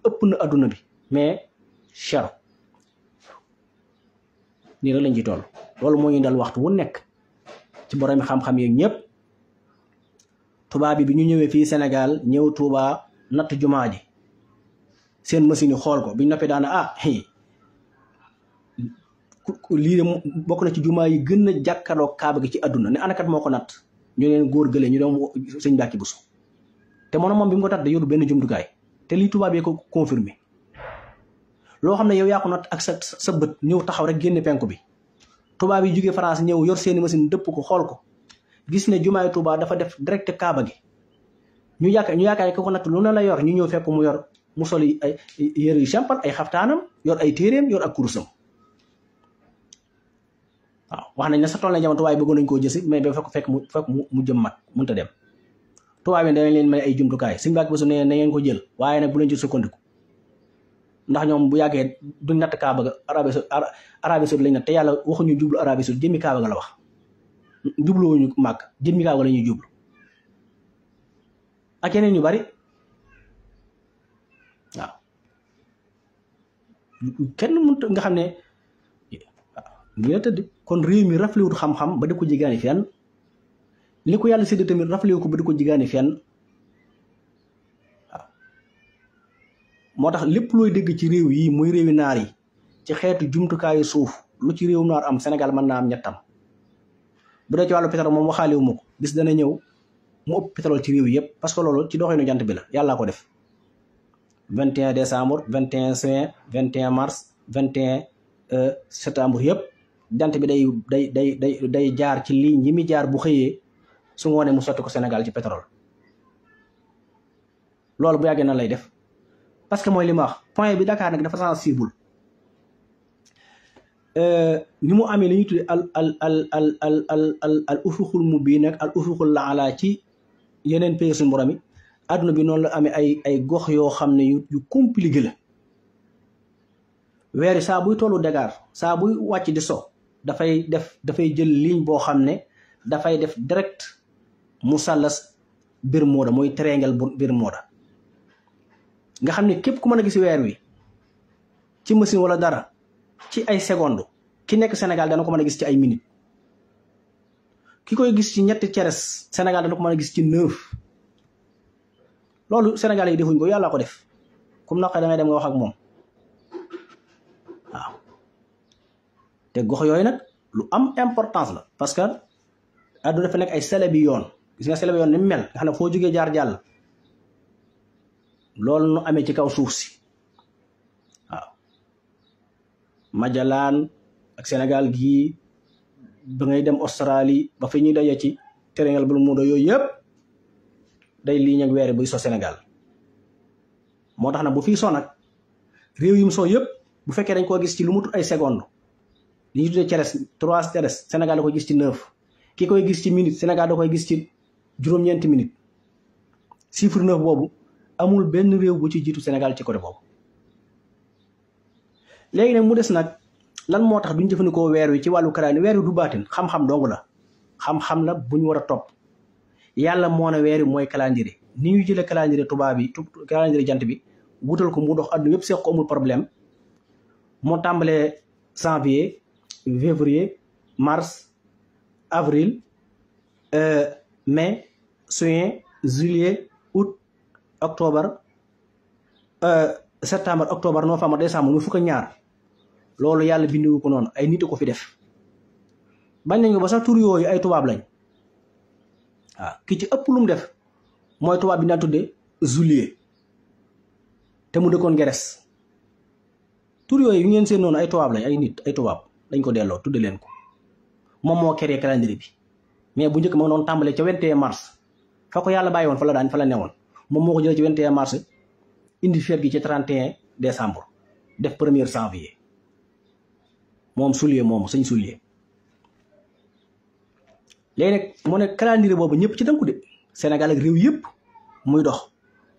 ëpp na adduna bi mais cher nii rek lañ ci toll loolu moo ñu dal waxtu wu nekk ci borom xam-xam yeeg ñëpp tubaab bi bi ñu ñëwee fii Sénégal ñëw Touba natt jumaa ji seen masin yi xool ko bi ñu noppee daana ah lii de bokk ci jumaa yi gën a jàkkaarloo kaaba gi ci àdduna ne anakat moo ko natt ñu leen góor gëlee ñu doon sëñ Mbàkke Buso te moo moom moom bi mu ko tax benn jumtukaay te lii tubaab yee ko confirmé loo xam ne yow yaa ko not ak sa sa bët ñëw taxaw rek génne penku bi tubaab yi jógee France ñëw yor seeni machine dëpp ko xool ko gis ne jumaay Tuubaa dafa def direct kaaba gi ñu yaakaar ñu yaakaar ko nag lu ne la yor ñu ñëw fekk mu yor mu sol ay yére yu simple ay xaftaanam yor ay téeréem yor ak kurusam waaw wax na jamono tubaab yi bëggoon nañ koo jësi mais ba fekk fekk mu fekk mu jëm mat mënut a dem tubaab yi dañ leen jumtukaay suñu bàq ba su ne ko jël waaye nag bu leen sukkandiku ndax ñoom bu yàggee duñ natt kaaba ga Arabie Saoudite Arabie Saoudite lañ natt te yàlla waxuñu jublu Arabie Saoudite jëmmi kaaba ga màgg jëmmi kaaba jublu ak yeneen ñu bari waaw kenn mënut nga xam ne waaw tëdd kon réew mi raflewut xam-xam ba di ko jigaani fenn li ko yàlla sédd tamit raflewu ko ba di ko jigaani fenn moo tax lépp looy dégg ci réew yi muy réewi naar yi ci xeetu jumtukaayu suuf lu ci réew naar am Sénégal mën naa am ñettam bu dee ci wàllu pétrole moom waxaale wu ma ko bis dana ñëw mu ëpp pétrole ci réew yëpp parce que loolu ci doxinu jant bi la yàllaa ko def 21 décembre 21 juin 21 mars 21 euh, septembre yëpp jant bi day day day day day jaar ci ligne yi muy jaar bu xëyee su ngoonee mu sotti ko Sénégal ci pétrole loolu bu yàggee na lay def. parce que mooy li ma point bi Dakar nag dafa sensible euh, ni mu amee li ñuy tuddee al al al al al al al al ufuqul mubiin nag al ufuqul laala ci yeneen pays suñu borom bi noonu la amee ay ay gox yoo xam ne yu yu la weer yi saa buy tollu Dakar saa buy wàcc di so dafay def dafay jël ligne boo xam ne dafay def direct musallas Bermuda mooy triangle Bermuda nga xam ne képp ku mën a gis weer wi ci machine wala dara ci ay seconde ki nekk Sénégal dana ko mën a gis ci ay minute ki koy gis ci ñetti ceres Sénégal dana ko mën a gis ci neuf loolu Sénégal yi defuñ ko yàlla ko def comme naqare damay dem nga wax ak moom waaw te gox yooyu nag lu am importance la parce que àdduna dafa nekk ay sele bi yoon gis nga sele yoon ni mel nga xam ne foo jógee jaar jàll loolu nu amee ci kaw suuf si waaw Majalaan ak Sénégal gii ba ngay dem Australie ba fi ñuy daje ci terrain Bermuda yooyu yëpp day lii ñu weer bu so Sénégal moo tax nag bu fii so nag réew yim soo yëpp bu fekkee dañ koo gis ci lu mu ay seconde li ñu tuddee trois ceres Sénégal da koy gis ci neuf ki koy gis ci minute Sénégal da koy gis ci juróom-ñeenti minute chiffre neuf boobu amul benn réew bu ci jiitu Sénégal ci côté boobu léegi nag mu des nag lan moo tax duñ jëfandikoo weer wi ci wàllu karaan weer wi du baatin xam-xam dong la xam-xam la bu ñu war a topp yàlla moo na weer wi mooy calendrier ni ñuy jëlee calendrier tubaab bi calendrier jant bi wutal ko mu dox àdduna yëpp seq ko amul problème moo tàmbalee janvier février mars avril euh, mais juin juillet octobre euh, septembre octobre novembre décembre muy mu ak ñaar loolu yàlla bindiwu ko noonu ay nit ko fi def bañ nañ ko ba sax tur yooyu ay tubaab lañ waaw ki ci ëpp lu mu def mooy tubaab bi ñu tudde tuddee te mu dëkkoon Grèce tur yooyu yu ngeen seen noonu ay tubaab lañ ay nit ay tubaab dañ ko delloo tudde leen ko moom moo créé calendrier bi mais bu njëkk ma noonu tàmbalee ca 21 mars fa yàlla bàyyi woon fa la daan fa la newoon moom moo ko jëlee ci 21 mars indi feet gi ci 31 décembre def premier janvier moom soulier moom sëñ soulier léegi nag ne calendrier boobu ñëpp ci dënku de Sénégal ak réew yëpp muy dox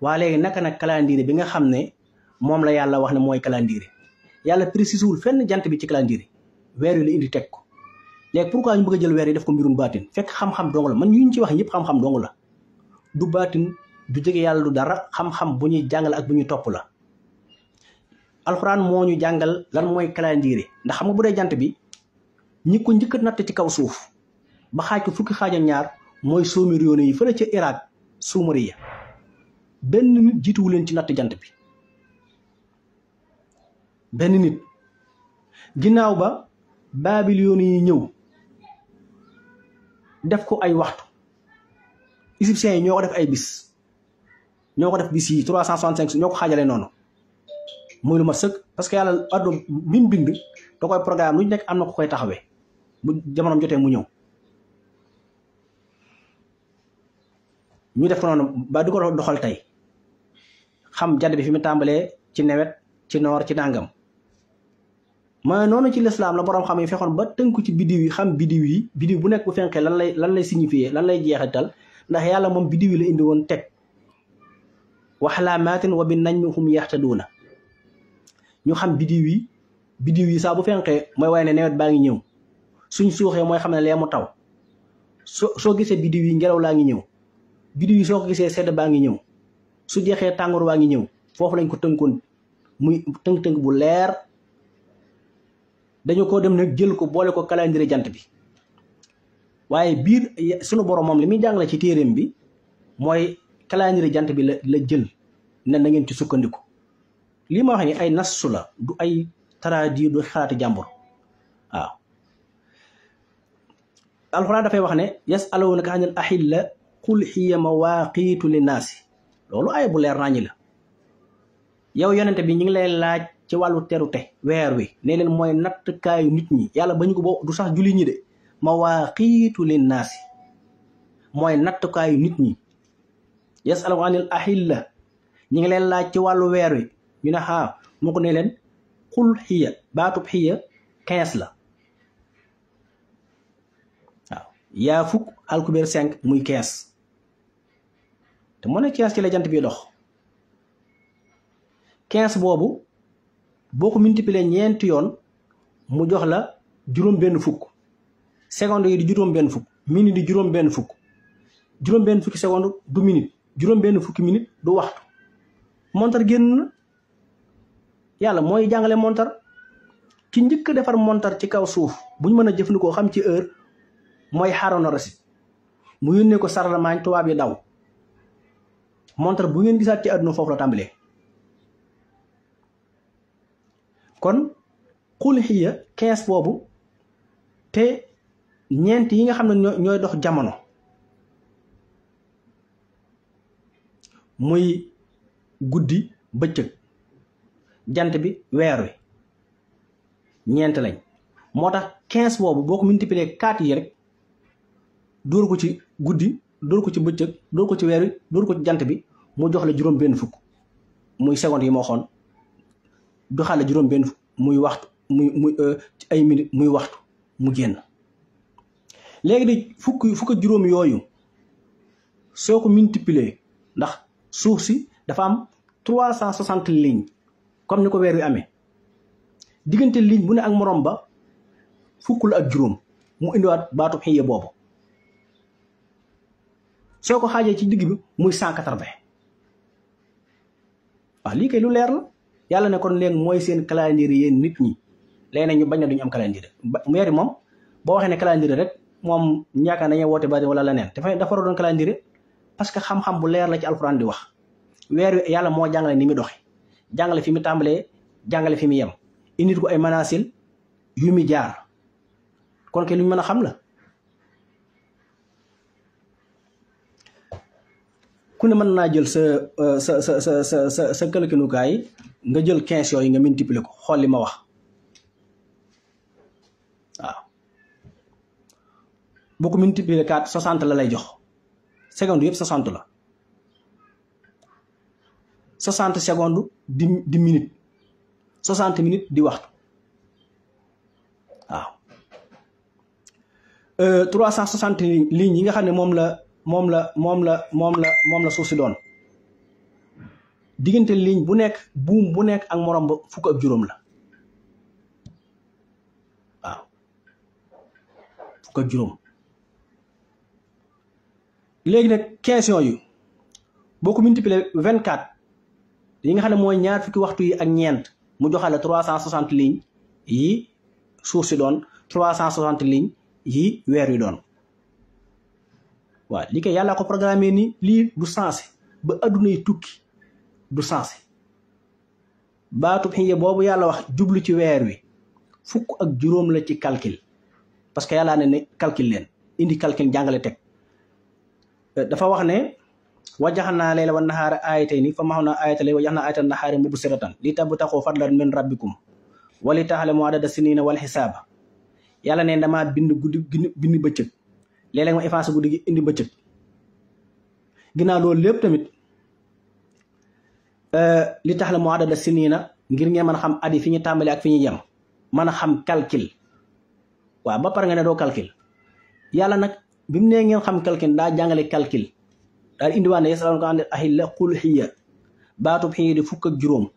waa naka nag calendrier bi nga xam ne moom la yàlla wax ne mooy calendrier yàlla précise wul fenn jant bi ci calendrier weer yi indi teg ko léegi pourquoi ñu bëgg jël weer yi def ko mbirum baatin fekk xam-xam dong la man ñu ñu ci wax yëpp xam-xam dong la du baatin du jege yàlla du dara xam-xam bu ñuy jàngal ak bu ñuy topp la alxuraan moo ñu jàngal lan mooy calendrier ndaxam xam nga bu dee jant bi ñi ko njëkk natt ci kaw suuf ba xaaj ko fukki xaaj ñaar mooy sumériyone yi fële ca Irak Sumériya benn nit jiituwu leen ci natt jant bi benn nit ginnaaw ba babilone yi ñëw def ko ay waxtu égyptiens yi ñoo ko def ay bis ñoo ko def bis yi 365 ñoo ko xaajalee noonu muy lu ma sëkk parce que yàlla addu mi mu bind da koy programme lu ñu nekk am na ko koy taxawe bu jamonoom jotee mu ñëw. ñu def ko noonu ba di ko doxal tey xam jant bi fi mu tàmbalee ci nawet ci noor ci nàngam mooy noonu ci lislaam la boroom xam yi fexoon ba tënku ci biddiw yi xam biddiw yi biddiw bu nekk bu fenkee lan lay lan lay signifier lan lay jeexital ndax yàlla moom biddiw yi la indi woon teg. waxalaamaatin wa bi nañ najmi hum yaxtaduuna ñu xam bidiw yi bidiw yi saa bu fenqee mooy waaye ne nawet baa ngi ñëw suñ suuxee mooy xam ne lee mu taw soo soo gisee bidiw yi ngelaw laa ngi ñëw bidiw yi soo ko gisee sedd baa ngi ñëw su jeexee tàngoor waa ngi ñëw foofu lañ ko tënkoon muy tënk-tënk bu leer dañu ko dem nag jël ko boole ko calendrier jant bi waaye biir sunu borom moom li muy jàngale ci téeréem bi mooy calendrier jant bi la la jël ne na ngeen ci sukkandiku lii ma wax ni ay nassu la du ay taraadi du xalaati jàmbur waaw alxuraan dafay wax ne yasalunaka anil ahilla qul hiya mawaqitu linnaasi loolu ay bu leer nañi la yow yonente bi ñu ngi lay laaj ci wàllu terute weer wi ne leen mooy nattukaayu nit ñi yàlla bañu ko boo du sax julli ñi de mawaaqiitu linnaasi mooy nattukaayu nit ñi yasalu anil la ñi ngi leen laaj ci wàllu weer wi ñu ne xaa mu ko ne leen xul xiya baatub xiya quinze la waaw yaa fukk alkubeer cinq muy quinze te mu ne quinze ci la jant bi dox quinze boobu boo ko multiplier ñeenti yoon mu jox la juróom benn fukk seconde yi di juróom benn fukk minute di juróom benn fukk juróom benn fukki seconde du minute juróom-benn fukki minit du waxtu montar génn na yàlla mooy jàngale montar ki njëkk defar montar ci kaw suuf buñ mën a jëfandikoo xam ci heure mooy Haaruna Rasiid mu yónnee ko Charlemagne tubaab yi daw montar bu ngeen gisaat ci àdduna foofu la tàmbalee kon xul xiya quinze boobu te ñeent yi nga xam ne ñooy dox jamono muy guddi bëccëg jant bi weer wi ñeent lañ moo tax quinze boobu boo ko multiplier quatre yi rek dóor ko ci guddi dóor ko ci bëccëg dóor ko ci weer wi dóor ko ci jant bi mu jox la juróom benn fukk muy seconde yi ma waxoon joxaale juróom benn fukk muy waxtu muy muy euh, ci ay minute muy waxtu mu génn léegi di fukk fukk juróom yooyu soo ko multiplier ndax suuf si dafa am trois cent soixante lignes comme ni ko weer wi amee diggante ligne bu ne ak morom ba fukk la ak juróom mu indiwaat baatu xiyya boobu soo ko xaajee ci digg bi muy cent quatre-vingts waaw lii kay lu leer la yàlla ne kon leen mooy seen calendrier yéen nit ñi léegi nag ñu bañ na duñu am calendrier weer yi moom boo waxee ne calendrier rek moom ñaakaar nañu woote bari wala leneen dafa dafa war a doon parce que xam-xam bu leer la ci alxuraan di wax weer wi yàlla moo jàngale ni mu doxe jàngale fi mu tàmbalee jàngale fi mu yem indil ko ay manaasil yu mu jaar kon ke lu ñu mën a xam la ku ne mën naa jël sa euh, sa sa sa sa sa sa këlkinukaay nga jël quinze yooyu nga multiplier ko xool li ma wax waaw boo ko multiplier kaat soixante la lay jox seconde yëpp soixante la soixante seconde di di minute soixante minutes di waxtu waaw euh, trois cent soixante ligne yi nga xam ne moom la moom la moom la moom la moom la suuf si doon diggante ligne bu nekk buum bu nekk ak morom ba fukk ak juróom la waaw fukk ak juróom léegi nag quinze yooyu boo ko multiplier vingt quatre yi nga xam ne mooy ñaar fukki waxtu yi ak ñeent mu joxal trois cent soixante lignes yi suuf si doon trois cent soixante lignes yi weer wi doon waaw li koy yàllaa ko programme ni lii du sensé ba adduna yi tukki du sensé baatub xiye boobu yàlla wax jublu ci weer wi fukk ak juróom la ci calcul parce que yàllaa ne ne calcul leen indi calcul jàngale teg dafa wax ne wajaxnaa layla wa nahaara aayatayni fa maxnaa aayata lay wajaxnaa aayata nahaari mubsiratan li tabtaxu fadlan min rabbikum wa li taxlamu adada sinina wal xisaaba yàlla ne damaa bind guddi bind bëccëg léeg-léeg ma effacé guddi gi indi bëccëg ginnaaw lépp tamit euh, li taxlamu adada sinina ngir ngeen mën a xam at fi ñu tàmbali ak fi ñu yem mën a xam calcul waaw ba par nga ne doo calcul yàlla nag bi mu nee ngeen xam calcul daa jàngale calcul daal indiwaan ne yasalunaka anil ahilla qul hiya baatub hiya di fukk ak juróom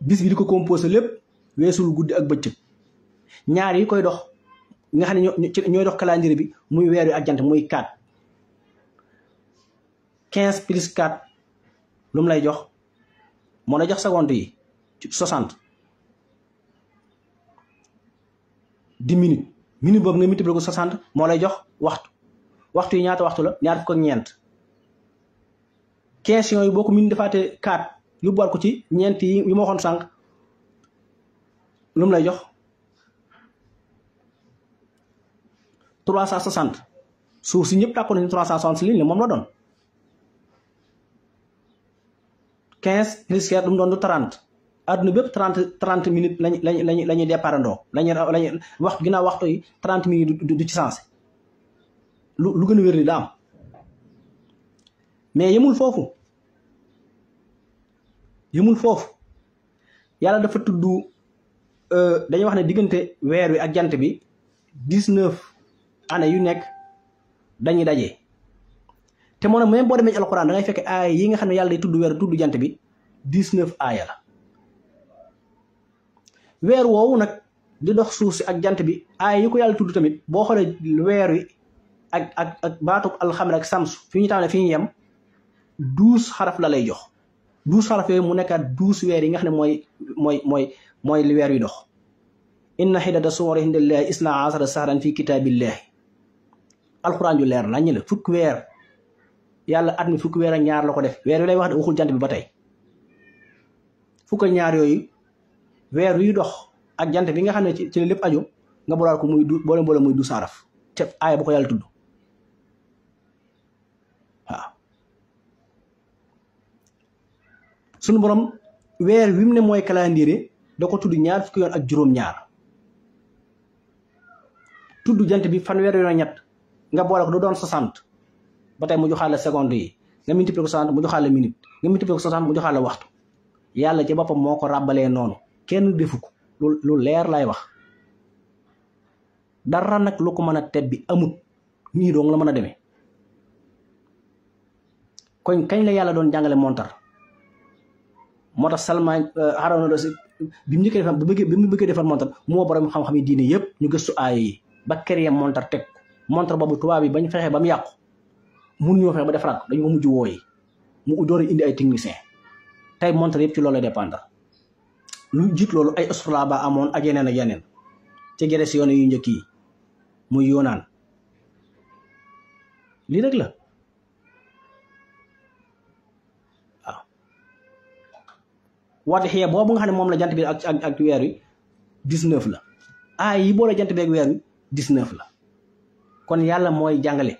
bis bi di ko composé lépp weesul guddi ak bëccëg ñaar yi koy dox nga xam ne ñooy dox calendrier bi muy weer wi ak jant muy 4 15 plus 4 lu mu lay jox moo lay jox seconde yi 60 10 minutes. minute boobu nga multiplier ko 60 moo lay jox waxtu waxtu yi ñaata waxtu la ñaar fukk ak ñeent question yi boo ko mun defaatee 4 yóbbuwaat ci ñeent yi yu ma waxoon sànq lu lay jox 360 suuf si ñëpp tàkkoon nañu 360 li ne moom la doon 15 plus 4 du doon du 30. àdduna bépp trente trente minutes lañ lañ lañ la ñuy départandoo lañu lañu wax ginnaaw waxtu yi trente minutes du ci sensé lu lu gën a wér di da mais yemul foofu yëmul foofu yàlla dafa tudd euh, dañuy wax ne diggante weer wi ak jant bi dix-neuf année yu nekk dañuy daje te moo nag même boo demee ci alxuraan da ngay fekk aaya yi nga xam ne yàlla day tudd weer tudd jant bi dix-neuf aaya la weer woowu nag di dox suuf si ak jant bi aay yi ko yàlla tudd tamit boo xoolee weer wi ak ak ak baatu alxamr ak samsu fi ñu tàmbalee fi ñu yem douze xaraf la lay jox douze xaraf yooyu mu nekkaat douze weer yi nga xam ne mooy mooy mooy mooy li weer wi dox inna xidada suwari indallaahi isna asara sahran fi kitaabillahi alxuraan ju leer nañ ñu la fukki weer yàlla at mi fukki weer ak ñaar la ko def weer wi lay wax de waxul jant bi ba tey fukk ñaar yooyu weer yuy dox ak jant bi nga xam ne ci ci lépp aju nga boolaal ko muy du boole boole muy du saaraf te aaya bu ko yàlla tudd waaw sunu borom weer wi mu ne mooy calendrier da ko tudd ñaar fukki yoon ak juróom-ñaar tudd jant bi fan weer yoon ñett nga boole ko du doon 60 ba tey mu joxaale seconde yi nga multiplié ko 60 mu joxaale minute nga multiplié ko 60 mu joxaale waxtu yàlla ci boppam moo ko ràbbalee noonu. kenn defu ko lu lu leer lay wax dara nag lu ko mën a tebbi amut nii dong la mën a deme koñ kañ la yàlla doon jàngale montar moo tax Salman Harouna euh, Rachid bi mu njëkkee defar bi mu bëggee defar montar moo borom xam-xam yi diine yëpp ñu gëstu aaya yi ba créé montar teg ko montar boobu tubaab yi bañ fexee ba mu yàqu mu ñoo fexe ba defaraat dañu ko mujj wooyi mu door indi ay technicien tey montar yëpp ci loolu lay lu jiit loolu ay ba amoon ak yeneen ak yeneen ci Grèce yoon yu njëkki yi muy yoonaan lii rek la waaw boobu nga xam ne moom la jant bi ak ak ak weer wi dix-neuf la aay yi boole jant bi ak weer wi dix-neuf la kon yàlla mooy jàngale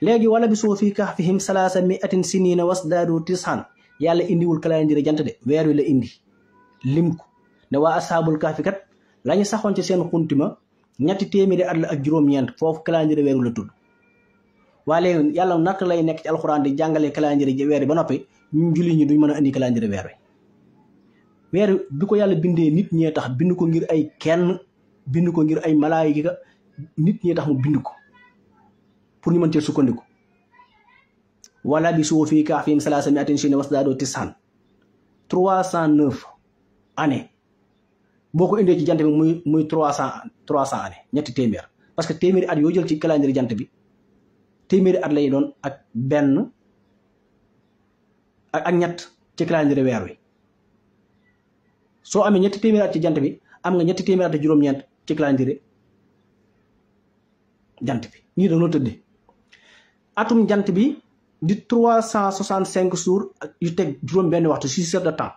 léegi wala bi soo fii kahfihim salaasa mi'atin siniina wasdaadu tis'an yàlla indiwul calendrier jant de weer wi la indi lim ne waa asaabul kaafi kat la ñu saxoon ci seen xuntima ñetti téeméeri at la ak juróom-ñeent foofu calendrier weeru la tudd waa léegi yàlla naka lay nekk ci alxuraan di jàngalee calendrier weer ba noppi ñun julli ñi duñ mën a indi calendrier weer wi weer bi ko yàlla bindee nit ñee tax bind ko ngir ay kenn bind ko ngir ay malaayika nit ñee tax mu bind ko pour ñu mën cee sukkandiku wala bi suufii kaafihim salaasa miatin sinin wasdaadoo tisaan trois cent neuf année boo ko indee ci jant bi muy muy trois cent trois ñetti téeméer parce que téeméeri at yoo jël ci calendrier jant bi téeméeri at lay doon ak benn ak ñett ci calendrier weer soo amee ñetti téeméeri at ci jant bi am nga ñetti téeméeri at juróom-ñeent ci calendrier jant bi ñii dañoo tëddee atum jant bi di trois cent soixante cinq jours yu teg juróom benn waxtu six heures de temps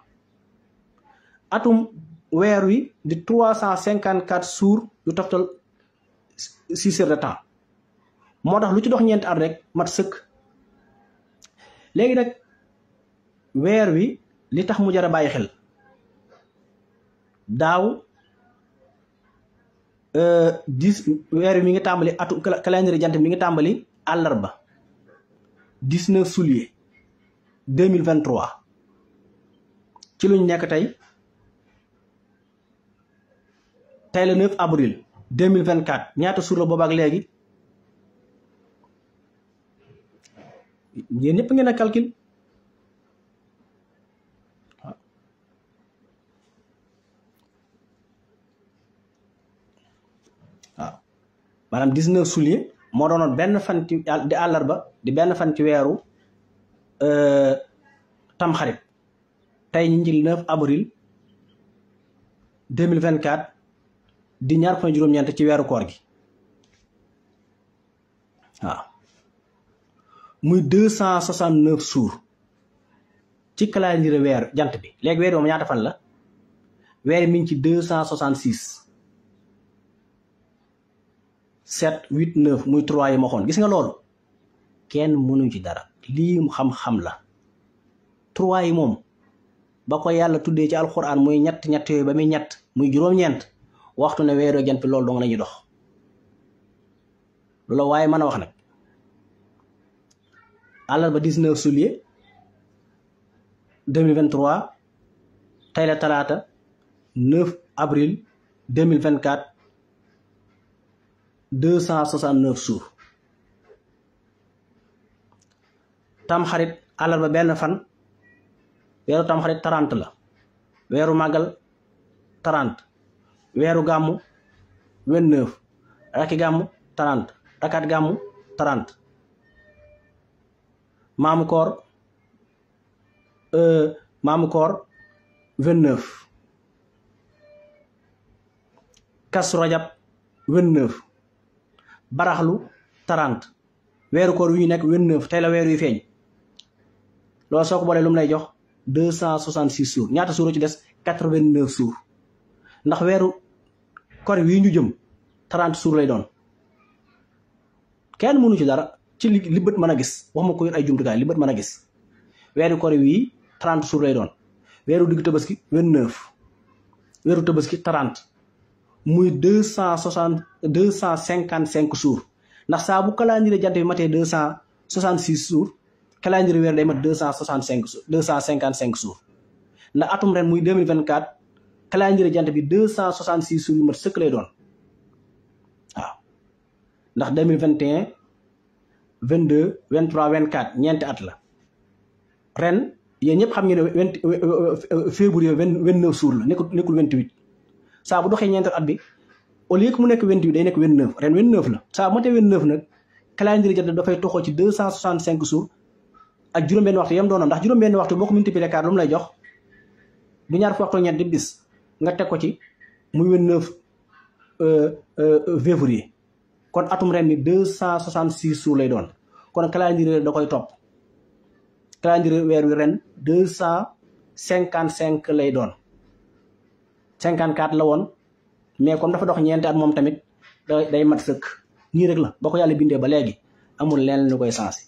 atum weer wi di trois cent cinquante quatre jours yu toftal six heures de temps moo tax lu ci dox ñeenti at rek mat sëkk léegi nag weer wi li tax mu jar a bàyyi xel daaw euh, dix weer wi mi ngi tàmbali atu calendrier jant mi ngi tàmbali àllarba dix neuf juillet deux mille vingt ci luñ nekk tey tey la 9 avril 2024 ñaata suur la boobaak léegi yéen ñëpp ngeen a calcul waaw waaw maanaam 19 moo doonoon benn fanti ci di àllarba di benn fan ci weeru euh, tamxarit tey ñu ngi ci mille avril 2024. di ñaar fan juróom-ñeent ci weeru koor gi waaw muy deux cent soixante neuf ci calendrier weer jant bi léegi weer moom ñaata fan la weer mi ci deux cent soixante six sept muy trois yi ma xoon gis nga lool kenn mënuñ ci dara lii xam-xam la trois yi moom ba ko yàlla tuddee ci alxuraan muy ñett ñett yooyu ba muy ñett muy juróom-ñeent waxtu ne weeroo jant bi loolu dong la ñuy dox loolu waaye mën a wax nag àllarba 19 juillet 2023 tey la talaata 9 avril 2024 269 jours tamxarit àllarba benn fan weeru tamxarit 30 la weeru màggal 30 weeru gàmmu 29 rakki gàmmu 30 rakkaat gàmmu 30 maamu koor euh, maamu koor 29 kasu rajab 29 baraxlu 30 weeru koor wi ñu nekk 29 tey la weer wi feeñ loolu soo ko boolee lu mu lay jox 266 jours ñaata suur ci des 89 suur ndax weeru kor wi ñu jëm 30 jours lay doon kenn mënu ci dara ci li bët mën a gis wax ma ko yor ay jumtukaay li bët mën a gis weeru kor wi 30 jours lay doon weeru digg tabaski 29 weeru tabaski 30 muy 260 255 jours ndax saa bu calendrier jant bi matee 266 jours calendrier weer day mat 265 jours 255 jours ndax atum ren muy 2024 calendrier jant bi deux cent soixante six jours yu mat sëkk lay doon waaw ndax deux mille vingt et un vingt deux vingt trois vingt quatre at la ren yéen ñëpp xam ngeen ne vingt euh, février vingt vingt neuf jours saa bu doxee ñeenti at bi au lieu mu nekk vingt huit day nekk vingt neuf ren vingt neuf la. saa bu matee vingt neuf nag calendrier jant dafay toxoo ci deux cent soixante cinq jours ak juróom-benn waxtu yam doonoon ndax juróom-benn waxtu boo ko multiplier par lu mu lay jox du ñaar fukki waxtu ñeent di bis. nga teg ko ci muy vingt neuf euh, euh, février kon atum ren ni deux cent soixante six jours lay doon kon calendrier da koy topp calendrier weer wi ren deux cent cinquante cinq lay doon cinquante quatre la woon mais comme dafa dox ñeenti at moom tamit day mat sëkk nii rek la ba ko yàlla bindee ba léegi amul leen lu koy sensé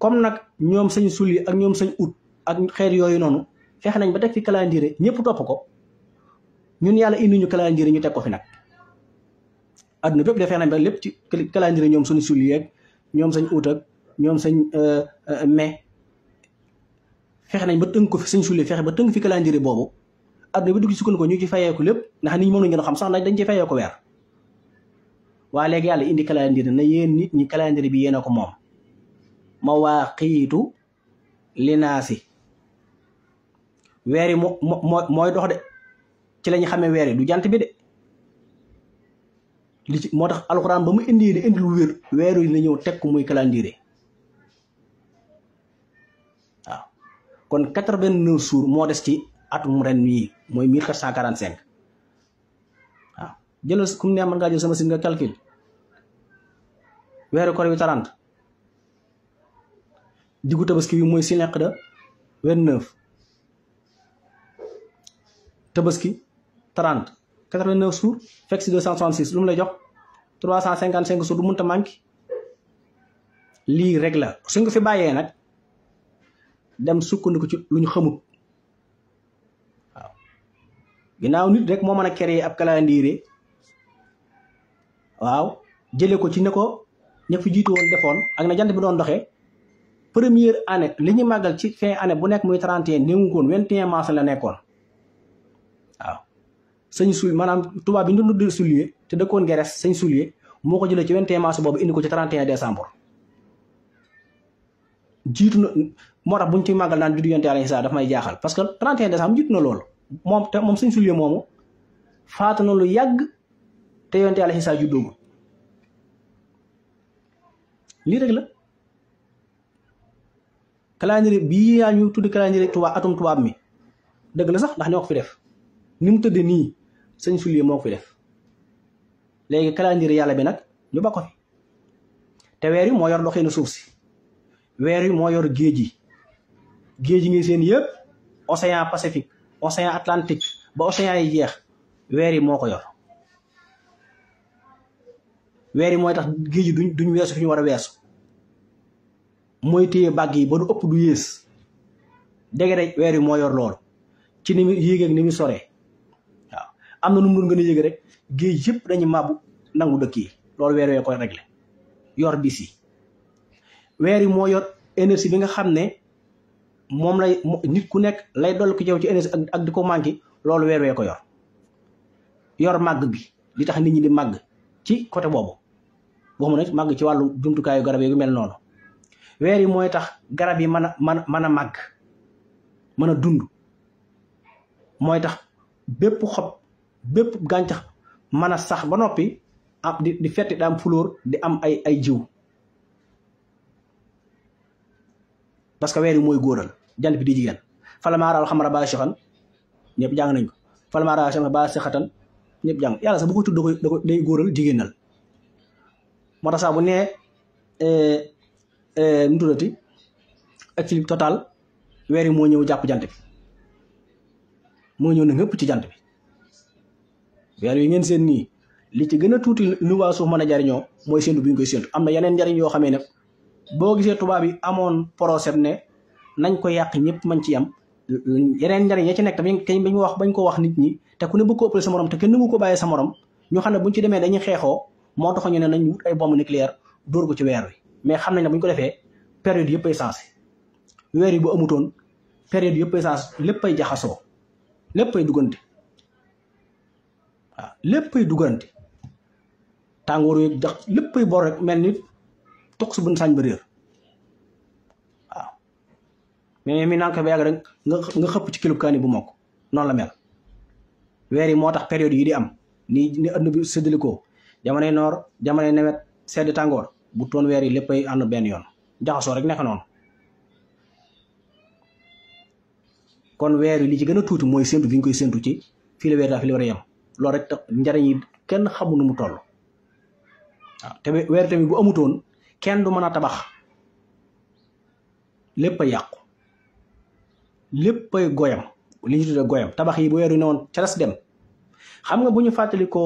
comme nag ñoom sañ sul yi ak ñoom sañ ut ak xeet yooyu noonu fexe nañ ba teg fi calendrier ñëpp topp ko ñun yàlla indi ñu calendrier ñu teg ko fi nag adduna bépp defee nañ ba lépp ci calendrier ñoom suñu sul ñoom sañ ut ñoom sañ euh, euh, mai feex nañ ba tënk ko fi sañ sul fexe ba tënk fi calendrier boobu adduna bi dugg ci ko ñu ci fayeeku lépp ndax nit ñi moom la ñu xam sax dañ ci fayee ko weer waa léegi yàlla indi calendrier na yéen nit ñi calendrier bi yéen a ko moom ma waa xiitu linaasi weer yi moo mooy dox de ci lañu xamee weer du jant bi de li moo tax alxuraan ba mu indi di indi lu wér weer yi ñëw teg ko muy calendrier waaw kon quatre-vingt-neuf jours moo des ci atum ren mii mooy mille quatre cent quarante-cinq waaw jëlal ku mu ne mën ngaa jël sama sin nga calcul weeru koor wi trente diggu tabaski mooy si nekk da vingt-neuf tabaski 30 89 jours fekk si 266 lu mu la jox 355 jours du mënta manqué lii rek la suñ ko fi bàyyee nag dem sukkandiku ci lu ñu xamut waaw ginnaaw nit rek moo mën a créer ab calendrier waaw jëlee ko ci ne ko ña fi woon defoon ak na jant bi doon doxee première anne li ñu màggal ci fin année bu nekk muy 31 néewu koon 21 mars la nekkoon waaw sëñ sul maanaam tubaab bi ñu doon soulier te dëkkoon Grèce sëñ soulier moo ko jëlee ci 21 mars boobu indi ko ci 31 décembre jiitu na buñ ci màggal naan juddu yonte Yàlla jaaxal parce que 31 décembre na loolu moom te moom sañ soulier moomu faatu na lu yàgg te yonte Yàlla Isaa juddoogul lii rek la calendrier bii yaa ñu tudd calendrier tubaab atum tubaab mi dëgg la sax ndax ñoo ko fi def ni mu tëddee nii sëñ Soulier moo ko fi def léegi calendrier yàlla bi nag ñu ba fi te weer wi moo yor doxinu suuf si weer wi moo yor géej yi géej yi ngay seen yëpp océan Pacifique océan Atlantique ba océan yi jeex weer yi moo ko yor weer yi mooy tax géej yi duñ duñ weesu fi ñu war a weesu mooy téye bàgg yi ba du ëpp du yées dégg rek weer yi moo yor loolu ci ni mu ni mu soree am na nu mu doon gën a rek géej yépp dañu màbbu nangu dëkk yi loolu weer wee koy réglé yor bis yi weer yi moo yor énergie bi nga xam ne moom lay nit ku nekk lay dolli ki jaww ci énergie ak di ko manqué loolu weer wee ko yor yor màgg bi li tax nit ñi di màgg ci côté boobu boobu nag màgg ci wàllu jumtukaayu garab yi mel noonu weer yi mooy tax garab yi mën a mën mën a màgg mën a dund mooy tax bépp xob bépp gàncax man a sax ba noppi am di di fetti da am fleur di am ay ay jiw parce que weer wi mooy góoral jant bi di jigéen falammaa ra'awul qamara baashiqan ñëpp jàng nañ ko falammaa ra'awul shamsa baashiqatan ñëpp jàng yàlla sax bu ko tudd day góoral jigéenal moo tax sax bu nee eh, eh, nu tuddati équilibre total weer yi moo ñëw jàpp jant bi moo ñëw na ngëpp ci jant bi weer yi ngeen seen nii li ci gën a tuuti lu waa suuf man a jariñoo mooy séntu bi ñu koy séntu am na yeneen njariñ yoo xamee ne boo gisee tubaab yi amoon procès ne nañ ko yàq ñëpp mañ ci yam yeneen njariñ ya ci nekk tamit kañ bañ wax bañ ko wax nit ñi te ku ne bëgg ko ëppale sa morom te kenn ko bàyyee sa morom ñu xam ne buñ ci demee dañuy xeexoo moo tax ñu ne nañ wut ay bombe nucléaire dóor ko ci weer wi mais xam nañ bu ñu ko defee période yëpp ay sensé weer yi bu amutoon période yëpp ay sensé lépp ay jaxasoo lépp ay duggante waaw léppay duggante tàngoor yu jax léppay bor rek mel nit tox su bën sañ ba réer waaw mais mi naan ko ba yàgg rek nga xëpp ci kilo kaani bu mokk noonu la mel weer yi moo tax période yi di am ni ni àdduna bi séddalikoo jamonoy noor jamonoy nawet sedd tàngoor bu toon weer yi léppay ànd benn yoon jaxasoo rek nekk noonu kon weer li ci gën a tuuti mooy séntu gi ñu koy séntu ci fii la weer daa fi la war a loolu rek ta yi kenn xamu nu mu toll waaw te weer tamit bu amutoon kenn du mën a tabax lépp a yàqu lépp ay goyam li ñu tuddee goyam tabax yi bu weer wi ne woon dem xam nga bu ñu fàttali ko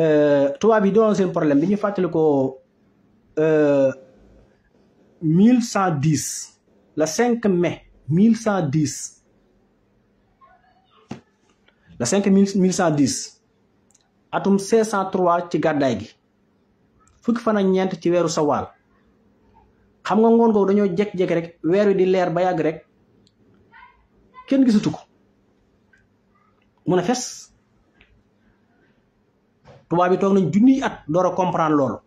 euh, tubaab yi doon problème bi ñu fàttali ko euh, mille cent dix la cinq mais mille cent dix le 5 1110 atum 503 ci gàddaay gi fukki fan ñeent ci weeru sawaal xam nga ngoon googu dañoo jékki-jékki rek weer wi di leer ba yàgg rek kenn gisatu ko mu ne fes tubaab bi toog nañ junni at door a comprendre loolu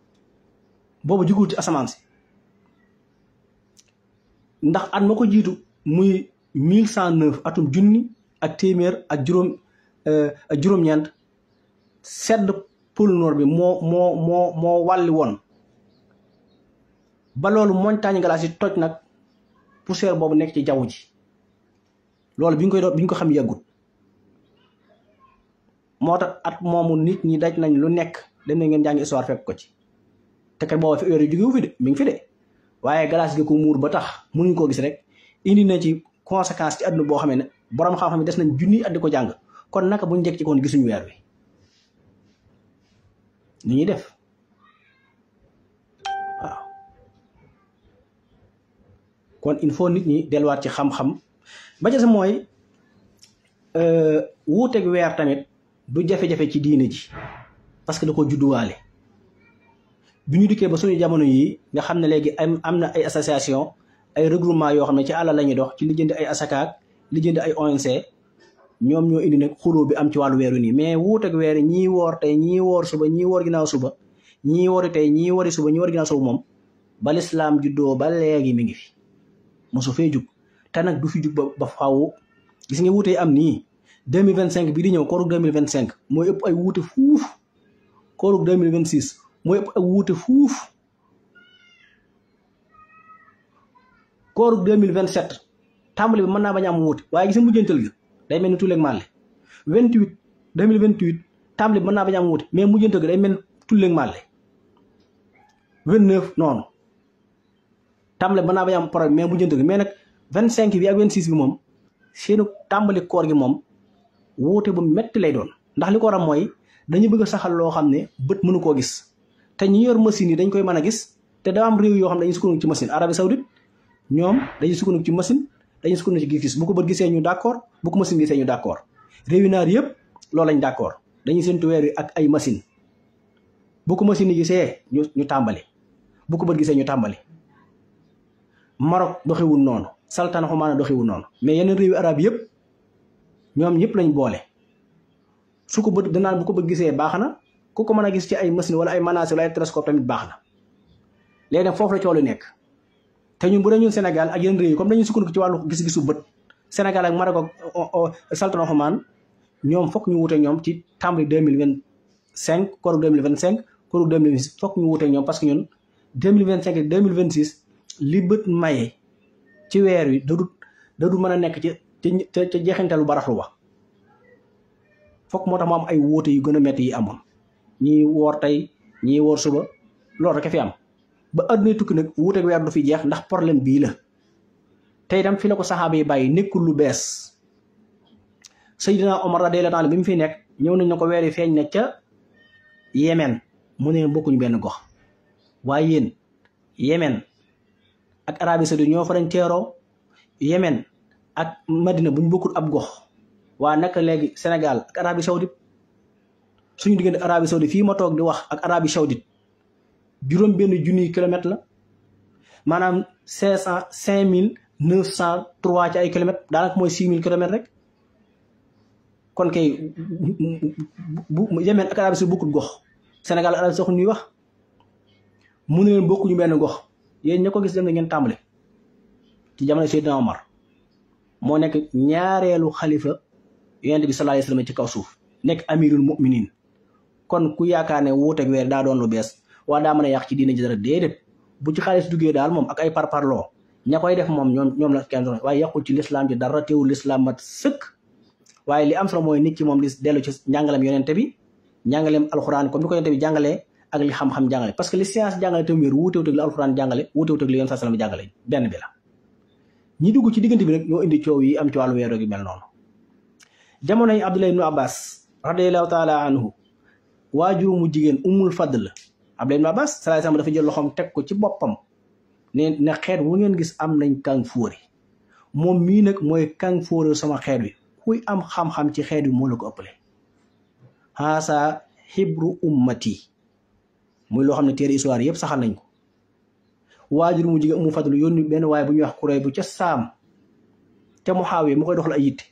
boobu jugul ci asamaan si ndax at ma ko jiitu muy 1109 atum junni ak téeméer ak juróom Euh, juróom-ñeent sedd pôle noor bi moo moo moo moo wàlli woon ba loolu montagne glace yi toj nag poussière boobu nekk ci jaww ji loolu bi ñu koy doon bi ñu ko xam yàggut moo tax at moomu nit ñi daj nañ lu nekk dem na ngeen jàngi histoire fekk ko ci te kat booba jógewu fi de mi ngi fi de waaye glace gi ko muur ba tax mënuñ ko gis rek indi na ci conséquence ci àdduna boo xamee ne borom xam-xam yi des nañ junniy at di ko jàng kon naka bu ñu jekk ci kon gisuñu weer wi nu ñuy def waaw kon il faut nit ñi delluwaat ci xam-xam ba ca sa mooy euh, wuuteeg weer tamit du jafe-jafe ci diine ji parce que da ko judduwaale bi ñu dikkee ba suñu jamono yii nga xam ne léegi am am na ay association ay regroupement yoo xam ne ci àll lañuy dox ci lijjanti ay asakaak lijjanti ay ONC ñoom ñoo indi nag xuloo bi am ci wàllu weer wi mais wuut ak weer yi ñii woor tey ñii woor suba ñii woor ginnaaw suba ñii woori tey ñii woori suba ñii woor ginnaaw suba moom ba lislaam juddoo ba léegi mi ngi fi mosu fee jug te nag du fi jug ba ba faaw gis nga wuute am nii 2025 bii di ñëw koorug 2025 mooy ëpp ay wuute fuuf koorug 2026 mooy ëpp ay wuute fuuf koorug 2027 tàmbali bi mën naa bañ am wuute waaye gis mu mujjantal gi day mel ni tulleeg màlle 28 2028 tàmbali mën naa bañ a am wuute mais mujjante ga day mel ni tulleeg màlle 29 noonu tàmbali mën naa bañ a am problème mais mujjante ga mais nag 25 bi ak 26 bi moom seenu tàmbali koor gi moom wuute bu metti lay doon ndax li ko war a mooy dañu bëgg saxal loo xam ne bët mënu koo gis te ñi yor machine yi dañ koy mën a gis te dafa am réew yoo xam ne dañuy sukkandiku ci machine Arabie Saoudite ñoom dañuy sukkandiku ci machine. dañu sukkandiku ci gis bu ko bët gisee ñu d'accord bu ko machine gisee ñu d'accord réewi naar yëpp lool lañ d'accord dañuy séntu weer wi ak ay machine bu ko machine gisee ñu ñu tàmbali bu ko bët gisee ñu tàmbali Maroc doxewul noonu Saltan Xumaana doxewul noonu mais yeneen réewi arab yëpp ñoom ñëpp lañu boole su ko bët danaan bu ko bët gisee baax na ku ko mën a gis ci ay machine wala ay manacé wala ay télescope tamit baax na léegi nag foofu la coow lu nekk te ñun bu dee ñun Sénégal ak yeneen réew yi comme dañuy sukkandiku ci wàllu gis-gisu bët Sénégal ak Maroc ak Sultan Oman ñoom fokk ñu wute ñoom ci tàmbali deux mille vingt cinq kóorug deux mille vingt cinq kóorug deux mille vingt fokk ñu wute ñoom parce que ñun deux mille vingt cinq ak deux mille vingt li bët maye ci weer wi dadut dadut mën a nekk ci ca ca jeexintalu baraxlu wax fokk moo tax mu am ay wóote yu gën a métti yi amoon ñii woor tey ñii woor suba loolu rek fi am. ba àdduna tukki nag wuuteeg weer du fi jeex ndax problème bii la tey itam fi la ko saxaaba yi bàyyi nekkul lu bees Seydina Omar radiyallaahu anhu bi mu fi nekk ñëw nañ ne ko weer feeñ na ca Yemen mu ne bokkuñu benn gox waaye yéen Yemen ak Arabie ñoo farañ teeroo Yemen ak Madina buñ bokkul ab gox waa naka léegi Sénégal ak Arabie Saoudite suñu diggante Arabie Saoudite fii ma toog di wax ak Arabie Saoudite juróom benn junniy kilomètres la maanaam cinq cent cinq mille neuf cent ci ay kilomètres daanaka mooy six mille kilomètres rek kon kay bu ak Arabie Saoudite bokkul gox Sénégal Arabie Saoudite ñuy wax mu ne leen bokkuñu benn gox yéen ña ko gis dem na ngeen tàmbale ci jamono Seydina Omar moo nekk ñaareelu xalifa yonent bi sallallahu alayhi ci kaw suuf nekk amirul mu'minin kon ku yaakaar ne wuuteeg weer daa doon lu bees waa daa mën a yàq ci diina ji dara déedéet bu ci xaalis duggee daal moom ak ay parparloo ña koy def moom ñoom ñoom la kenn waaye yàqul ci lislaam ji dara teewul lislaam mat sëkk waaye li am solo mooy nit ki moom di dellu ci njàngalem yonente bi njàngalem alxuraan comme ni ko yonente bi jàngalee ak li xam-xam jàngale parce que li science jàngale tam wéer wuutewut ak li alxuraan jàngale wuutewut ak li benn bi la ñi dugg ci diggante bi nag ñoo indi coow yi am ci wàllu weeroo gi mel noonu jamono yi Abdullah ibnu Abbas radiallahu taala anhu waajuru mu jigéen umul fadl Abdel Abbas salaay salaam dafa jël loxoom teg ko ci boppam ne xeet wu ngeen gis am nañ kàng fóori moom mii nag mooy kàng fóori sama xeet wi kuy am xam-xam ci xeet wi moo la ko ëppale haasa xibru ummati muy loo xam ne téere histoire yëpp saxal nañ ko waajur mu jigéen umu fatul yónni benn waaye bu ñuy wax kuréy bu ca saam te mu xaw yi mu koy doxal ay yitte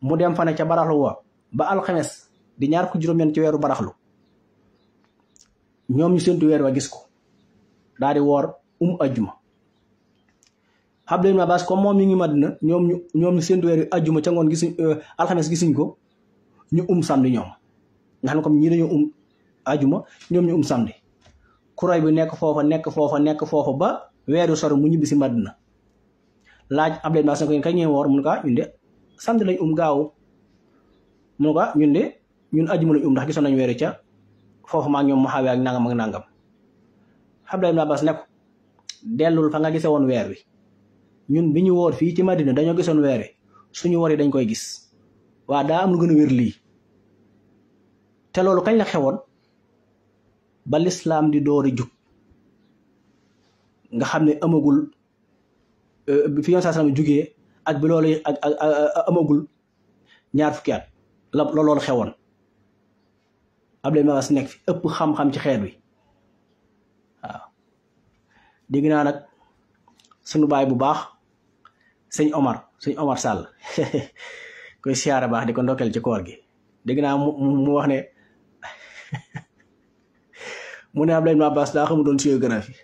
mu dem fa ne ca baraxlu wa ba alxames di ñaar ko juróom-ñeent ci weeru baraxlu ñoom ñu séntu weer wa gis ko daal di woor um ajjuma Abdullah ibn Abbas comme moom mi ngi Madina ñoom ñu ñoom ñu weer wi ajjuma ca ngoon gisuñ euh, alxames gisuñ ko ñu um samedi ñoom nga xam ne comme ñii dañoo um ajjuma ñu um bi nekk foofa nekk foofa nekk foofa ba weeru sor mu ñibbi si Madina laaj Abdullah ibn Abbas ne ko kañ ngeen woor mun kaa ah, ñun de um ah, ñun de ñun ajjuma lañ um ndax gisoon nañu weeru ca foofu maa ngi ñoom mu xawee ak nangam ak nangam Abdullah ibn Abbas ne ko dellul fa nga gise woon weer wi ñun bi ñu woor fii ci Madina dañoo gisoon weer wi suñu woor yi dañ koy gis waa daa am lu gën a wér lii te loolu kañ la xewoon ba lislaam di door a jug nga xam ne amagul euh, fi yoon saa salaam jugee ak bi loolu amagul ñaar fukki at la loolu xewoon Abdoulaye Makhtar nekk fi ëpp xam-xam ci xeet wi waaw dégg naa nag sunu baay bu baax sëñ Omar sëñ Omar Sall koy siyaare baax di ko ndokkeel ci koor gi dégg naa mu wax ne mu ne Abdoulaye Abbas daa xamu doon géographie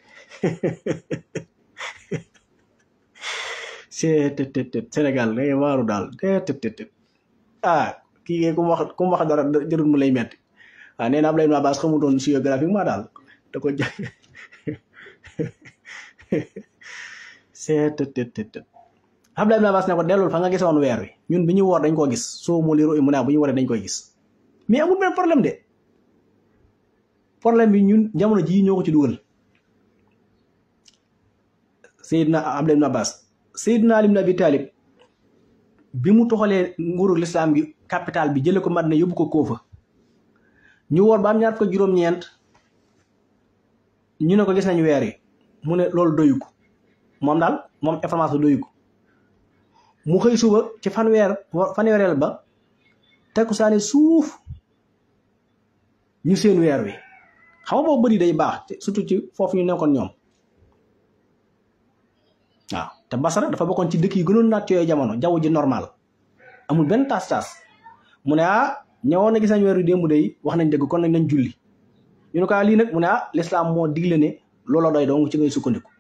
seetet Sénégal da ngay waaru daal te ah kii ku mu wax ku mu wax dara jërul mu lay metti waaw ah, nee na Abdoulaye Ibn Abbas xamutoon géographiquement daal da ko jàng seet tët tët tët Abdoulaye Ibn Abbas ne ko dellul fa nga gisoon weer wi ñun bi ñu woor dañ koo gis soo mu liru mu naa ah, bu ñu waree dañ koy gis mais amul benn bi ñun jamono jii ñoo ko ci dugal Seydina Abdoulaye Ibn Abbas Seydina Ali bi mu toxalee nguuru lislaam gi capital bi jële ko Madina yóbbu ko Koofa ñu woor ba am ñaar ko juróom-ñeent ñu ne ko gis nañu weer yi mu ne loolu doyu ko moom daal moom information doyu ko mu xëy suba ci fanweer fanweereel ba tekku saani suuf ñu seen weer wi xam nga boo bëri day baax surtout ci foofu ñu nekkoon ñoom waaw te Basra dafa bokkoon ci dëkk yi gënoon naat ci yooyu jamono jaww ji normal amul benn tas-tas mu ne ah ñëwoon na gis nañ weeru démb day wax nañ dëgg kon nañ nañ julli ñu ne ko ah, lii nag mu ne ah l'islam moo digle ne looloo doy dong ci ngay sukkandiku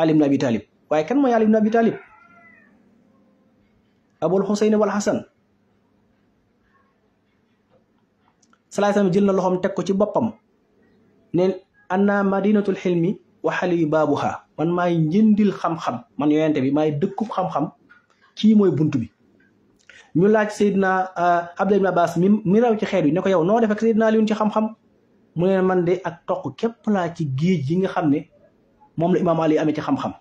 Ali ibn Abi Talib waaye kan mooy Ali na bi Talib Abul Husayn wal Hasan salaay salaam jël na loxoom teg ko ci boppam ne anna madinatul xilmi waxali baabuha man maay njëndil xam-xam man yonente bi maay dëkkub xam-xam kii mooy bunt bi ñu laaj Seydina euh, Abdullah ibn Abbas mi mi raw ci xeet yi ne ko yow noo defee ak Seydina Alioune ci xam mu ne man de ak toq képp laa ci géej yi nga xam ne moom la imaam Ali amee ci xam-xam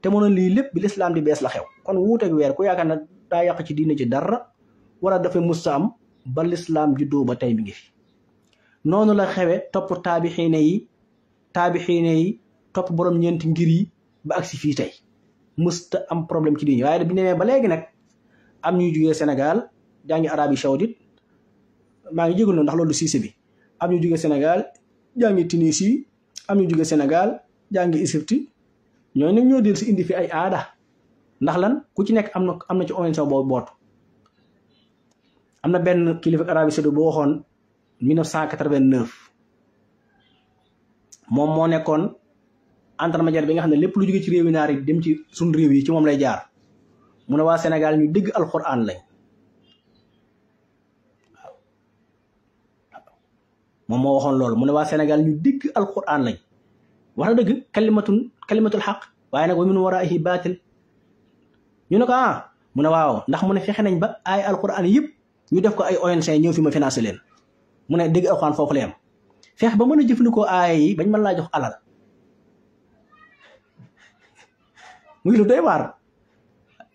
te mu ne lii lépp bi lislaam di bees la xew kon wuuteeg weer ku yaakaar na daa yàq ci diine ci dara wala dafa musta am ba lislaam juddoo ba tey mi ngi noonu la xewe topp taabixiine yi taabixiine yi topp borom ñeenti ngir yi ba agsi fii tey musta am problème ci diine waaye bi ñu demee ba léegi nag am ñuy jugee Sénégal jàngi Arabie Saoudite maa ngi jégalu ndax loolu siise bi am ñuy jugee Sénégal jàngi Tunisie am ñuy jugee Sénégal jàngi Égypte ñooñu nag ñoo del si indi fi ay aada ndax lan ku ci nekk am na am na ci ONG boobu bootu am na benn kilifa Arabie Saoudite boo waxoon 1989 moom moo nekkoon intermédiaire bi nga xam ne lépp lu jóge ci réewi naar yi dem ci suñ réew yi ci moom lay jaar mu waa Sénégal ñu dégg alxuraan lañ moom moo waxoon loolu mu ne waa Sénégal ñu dégg alxuraan lañ wax na dëgg kalimatun kalimatul xaq waaye nag wa min waraihi baatil ñu ne ko ah, mu ne waaw ndax mu ne fexe nañ ba ay alxuraan yëpp ñu def ko ay ONC ñëw fi ma financé leen mu ne dégg alxuraan foofu la feex ba mën a jëfandikoo aaya yi bañ mën laa jox alal muy lu doy waar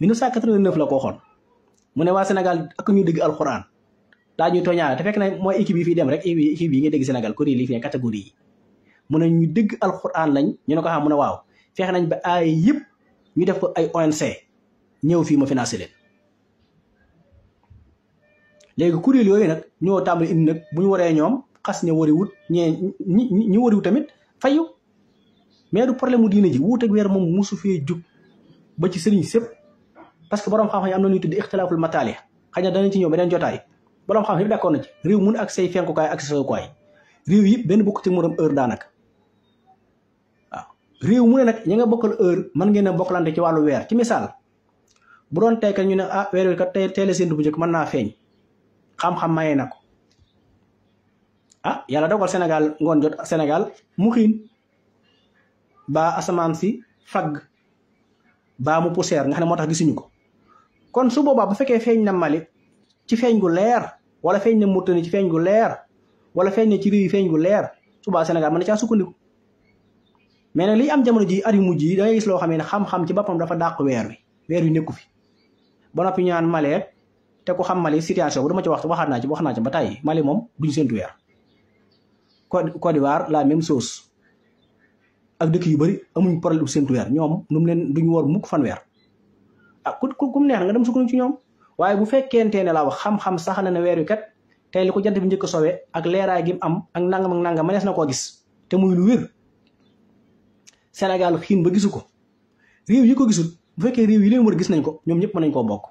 1989 la ko waxoon mu ne waa Sénégal ak ñu dégg alxuraan daa ñuy tooñaale te fekk na mooy équipe yi fiy dem rek équipe yi nga dégg Sénégal kuréel yi fi ne catégorie yi mu ne ñu dégg alxuraan lañ ñu ne xam ah mu ne waaw fexe nañ ba ay yëpp ñu def ko ay ONC ñëw fii ma financé leen léegi kuréel yooyu nag ñoo tàmbali indi nag bu ñu waree ñoom xas ña wari wut ñee ñi ñi wariwut tamit fayu mais du wu problème mu diine ji wuuteeg weer moom mosu fee jug ba ci sëriñ sëpp parce que borom xam-xam am na ñuy tudd ixtilaaful mataali xëy na danañ ci ñëw borom xam-xam yëpp d'accord réew mun ak say fenkukaay ak yëpp benn bokk ci morom heure daanaka réew mu ne nag ñi nga bokkal heure mën ngeen a ci wàllu weer ci misaal bu doon tey ñu ne ah weer tey teel a bu njëkk mën naa feeñ xam-xam maye na ko ah yàlla dogal Sénégal ngoon jot Sénégal mu xiin baa asamaan si fagg baa mu poussière nga xam ne moo tax gisuñu ko kon su boobaa bu fekkee feeñ na Mali ci feeñ gu leer wala feeñ na Mauritanie ci feeñ gu leer wala feeñ na ci réew yi feeñ gu leer subaa Sénégal man na caa sukkandiku mais nag liy am jamono ji at mujj yi da gis loo xam ne xam-xam ci boppam dafa dàq weer wi weer wi nekku fi ba noppi ñaan naan Mali te ku xam Mali situation bu dama ci wax waxaat naa ci wax naa ci ba tàyyi Mali moom duñ séntu weer Côte d'Ivoire la même chose ak dëkk yu bëri amuñ problème bu séntu weer ñoom nu leen duñ woor mukk fan ah ku ku neex na nga dem sukkandiku ci ñoom waaye bu fekkente ne la wax xam-xam sax na ne weer wi kat tey li ko jant bi njëkk a sowe ak leeraay gi am ak nangam ak nangam mënees na koo gis te muy lu wér Sénégal gisu ko réew yi ko gisul bu réew yi leen wër gis nañ ko ñoom ñëpp mën nañ koo bokk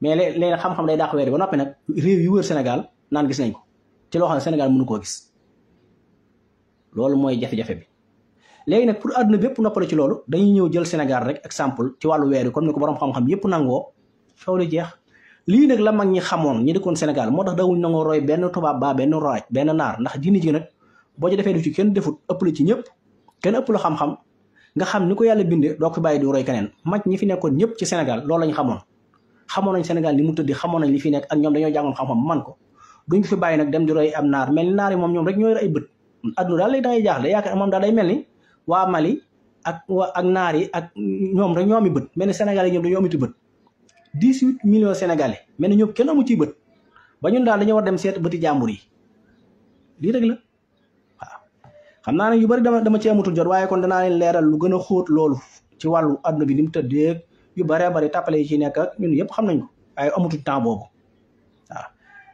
mais léeg-léeg xam-xam day dàq weer wi ba noppi nag réew yi wër Sénégal naan gis nañ ko ci loo xam ne Sénégal mënu koo gis loolu mooy jafe-jafe bi. léegi nag pour àdduna bépp noppale ci loolu dañuy ñëw jël Sénégal rek exemple ci wàllu weer wi comme ni ko borom xam-xam yépp nangoo foofu la jeex lii nag la mag ñi xamoon ñi dëkkoon Sénégal moo tax dawuñ nangoo roy benn tubaab baa benn roaj benn naar ndax diine ji nag boo ci defee du ci kenn defut ëpp la ci ñëpp kenn ëpp xam-xam nga xam ni ko yàlla bindee doo ko bàyyi du roy keneen mag ñi fi nekkoon ñëpp ci Sénégal loolu lañ xamoon xamoon nañ Sénégal li mu tëddi xamoon nañ li fi nekk ak ñoom dañoo jàngoon xam-xam man ko duñ ko fi bàyyi nag dem di roy am naar mel ni naar yi moom ñoom rek ñooy ay bët adduna daal lay dangay mel ni waa Mali ak waa ak naar yi ak ñoom rek ñoomi bët mel ni sénégalais ñoom dañoo amati bët dix huit millions sénégalais mel ni ñoom kenn amu ciy bët ba ñun daal dañoo war dem seet bëti jàmbur yi lii rek la xam naa ne yu bari dama dama ci amatul jot waaye kon danaa leen leeral a xóot loolu ci wàllu adduna bi ni mu tëddee yu baree bari tàppale yi ci nekk ak yëpp xam nañ ko waaye amatul temps boobu waaw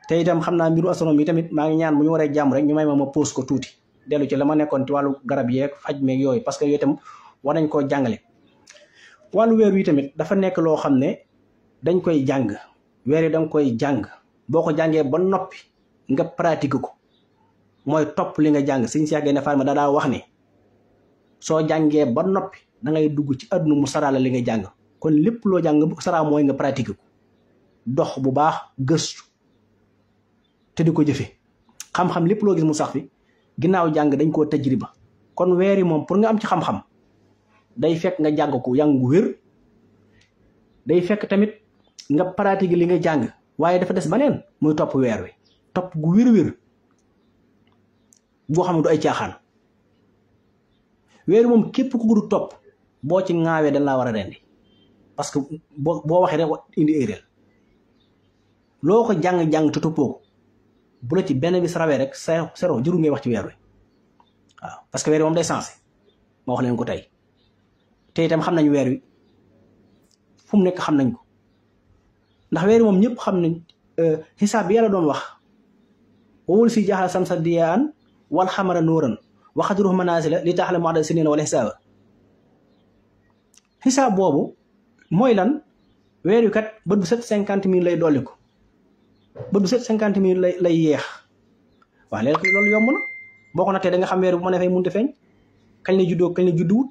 te itam xam naa mbiru astronomie tamit maa ngi ñaan bu ñu waree jàmm rek ñu may ma ma pause ko tuuti dellu ci la ma nekkoon ci wàllu garab yeeg faj meeg yooyu parce que yooyu itam war nañ koo jàngale wàllu weer wi tamit dafa nekk loo xam ne dañ koy jàng weer yi danga koy jàng boo ko jàngee ba noppi nga pratique ko mooy topp li nga jàng sëñ Cheikh Gaïndé Fatma da wax ne soo jàngee ba noppi da dugg ci àdduna mu saraala li nga jàng kon lépp loo jàng bu saraa mooy nga pratique ko dox bu baax gëstu te di ko jëfe xam-xam lépp loo gis mu sax fi ginnaaw jàng dañ koo tajriba kon weer yi moom pour nga am ci xam-xam day fekk nga jàng ko jàng gu wér day fekk tamit nga pratiquer li nga jàng waaye dafa des beneen muy topp weer wi topp gu wér-wér boo xam ne du ay caaxaan weer moom képp ku du topp boo ci ŋaawee dañ laa war a rendi parce que boo boo waxee rek indi éeréel loo ko jàng-jàng te toppoo bu la ci benn bis rawee rek sa sero jëru ngay wax ci weer wi waaw parce que weer wi moom day sensé ma wax leen ko tey te itam xam nañ weer wi fu mu nekk xam nañ ko ndax weer wi moom ñëpp xam nañ euh, xisaab bi la doon wax wowul si jaaxal samsa diyaan wal xamara nooran waxadruhu la li taaxale mu adal sinina wala xisaaba xisaab boobu mooy lan weer wi kat bët bu set cinquante mille lay dolli ko ba du set cinquante minutes lay lay waa waaw léegi loolu yomb na boo ko nattee da nga xam weer bu ma ne fay mënut a feeñ kañ la juddoo kañ la judduwut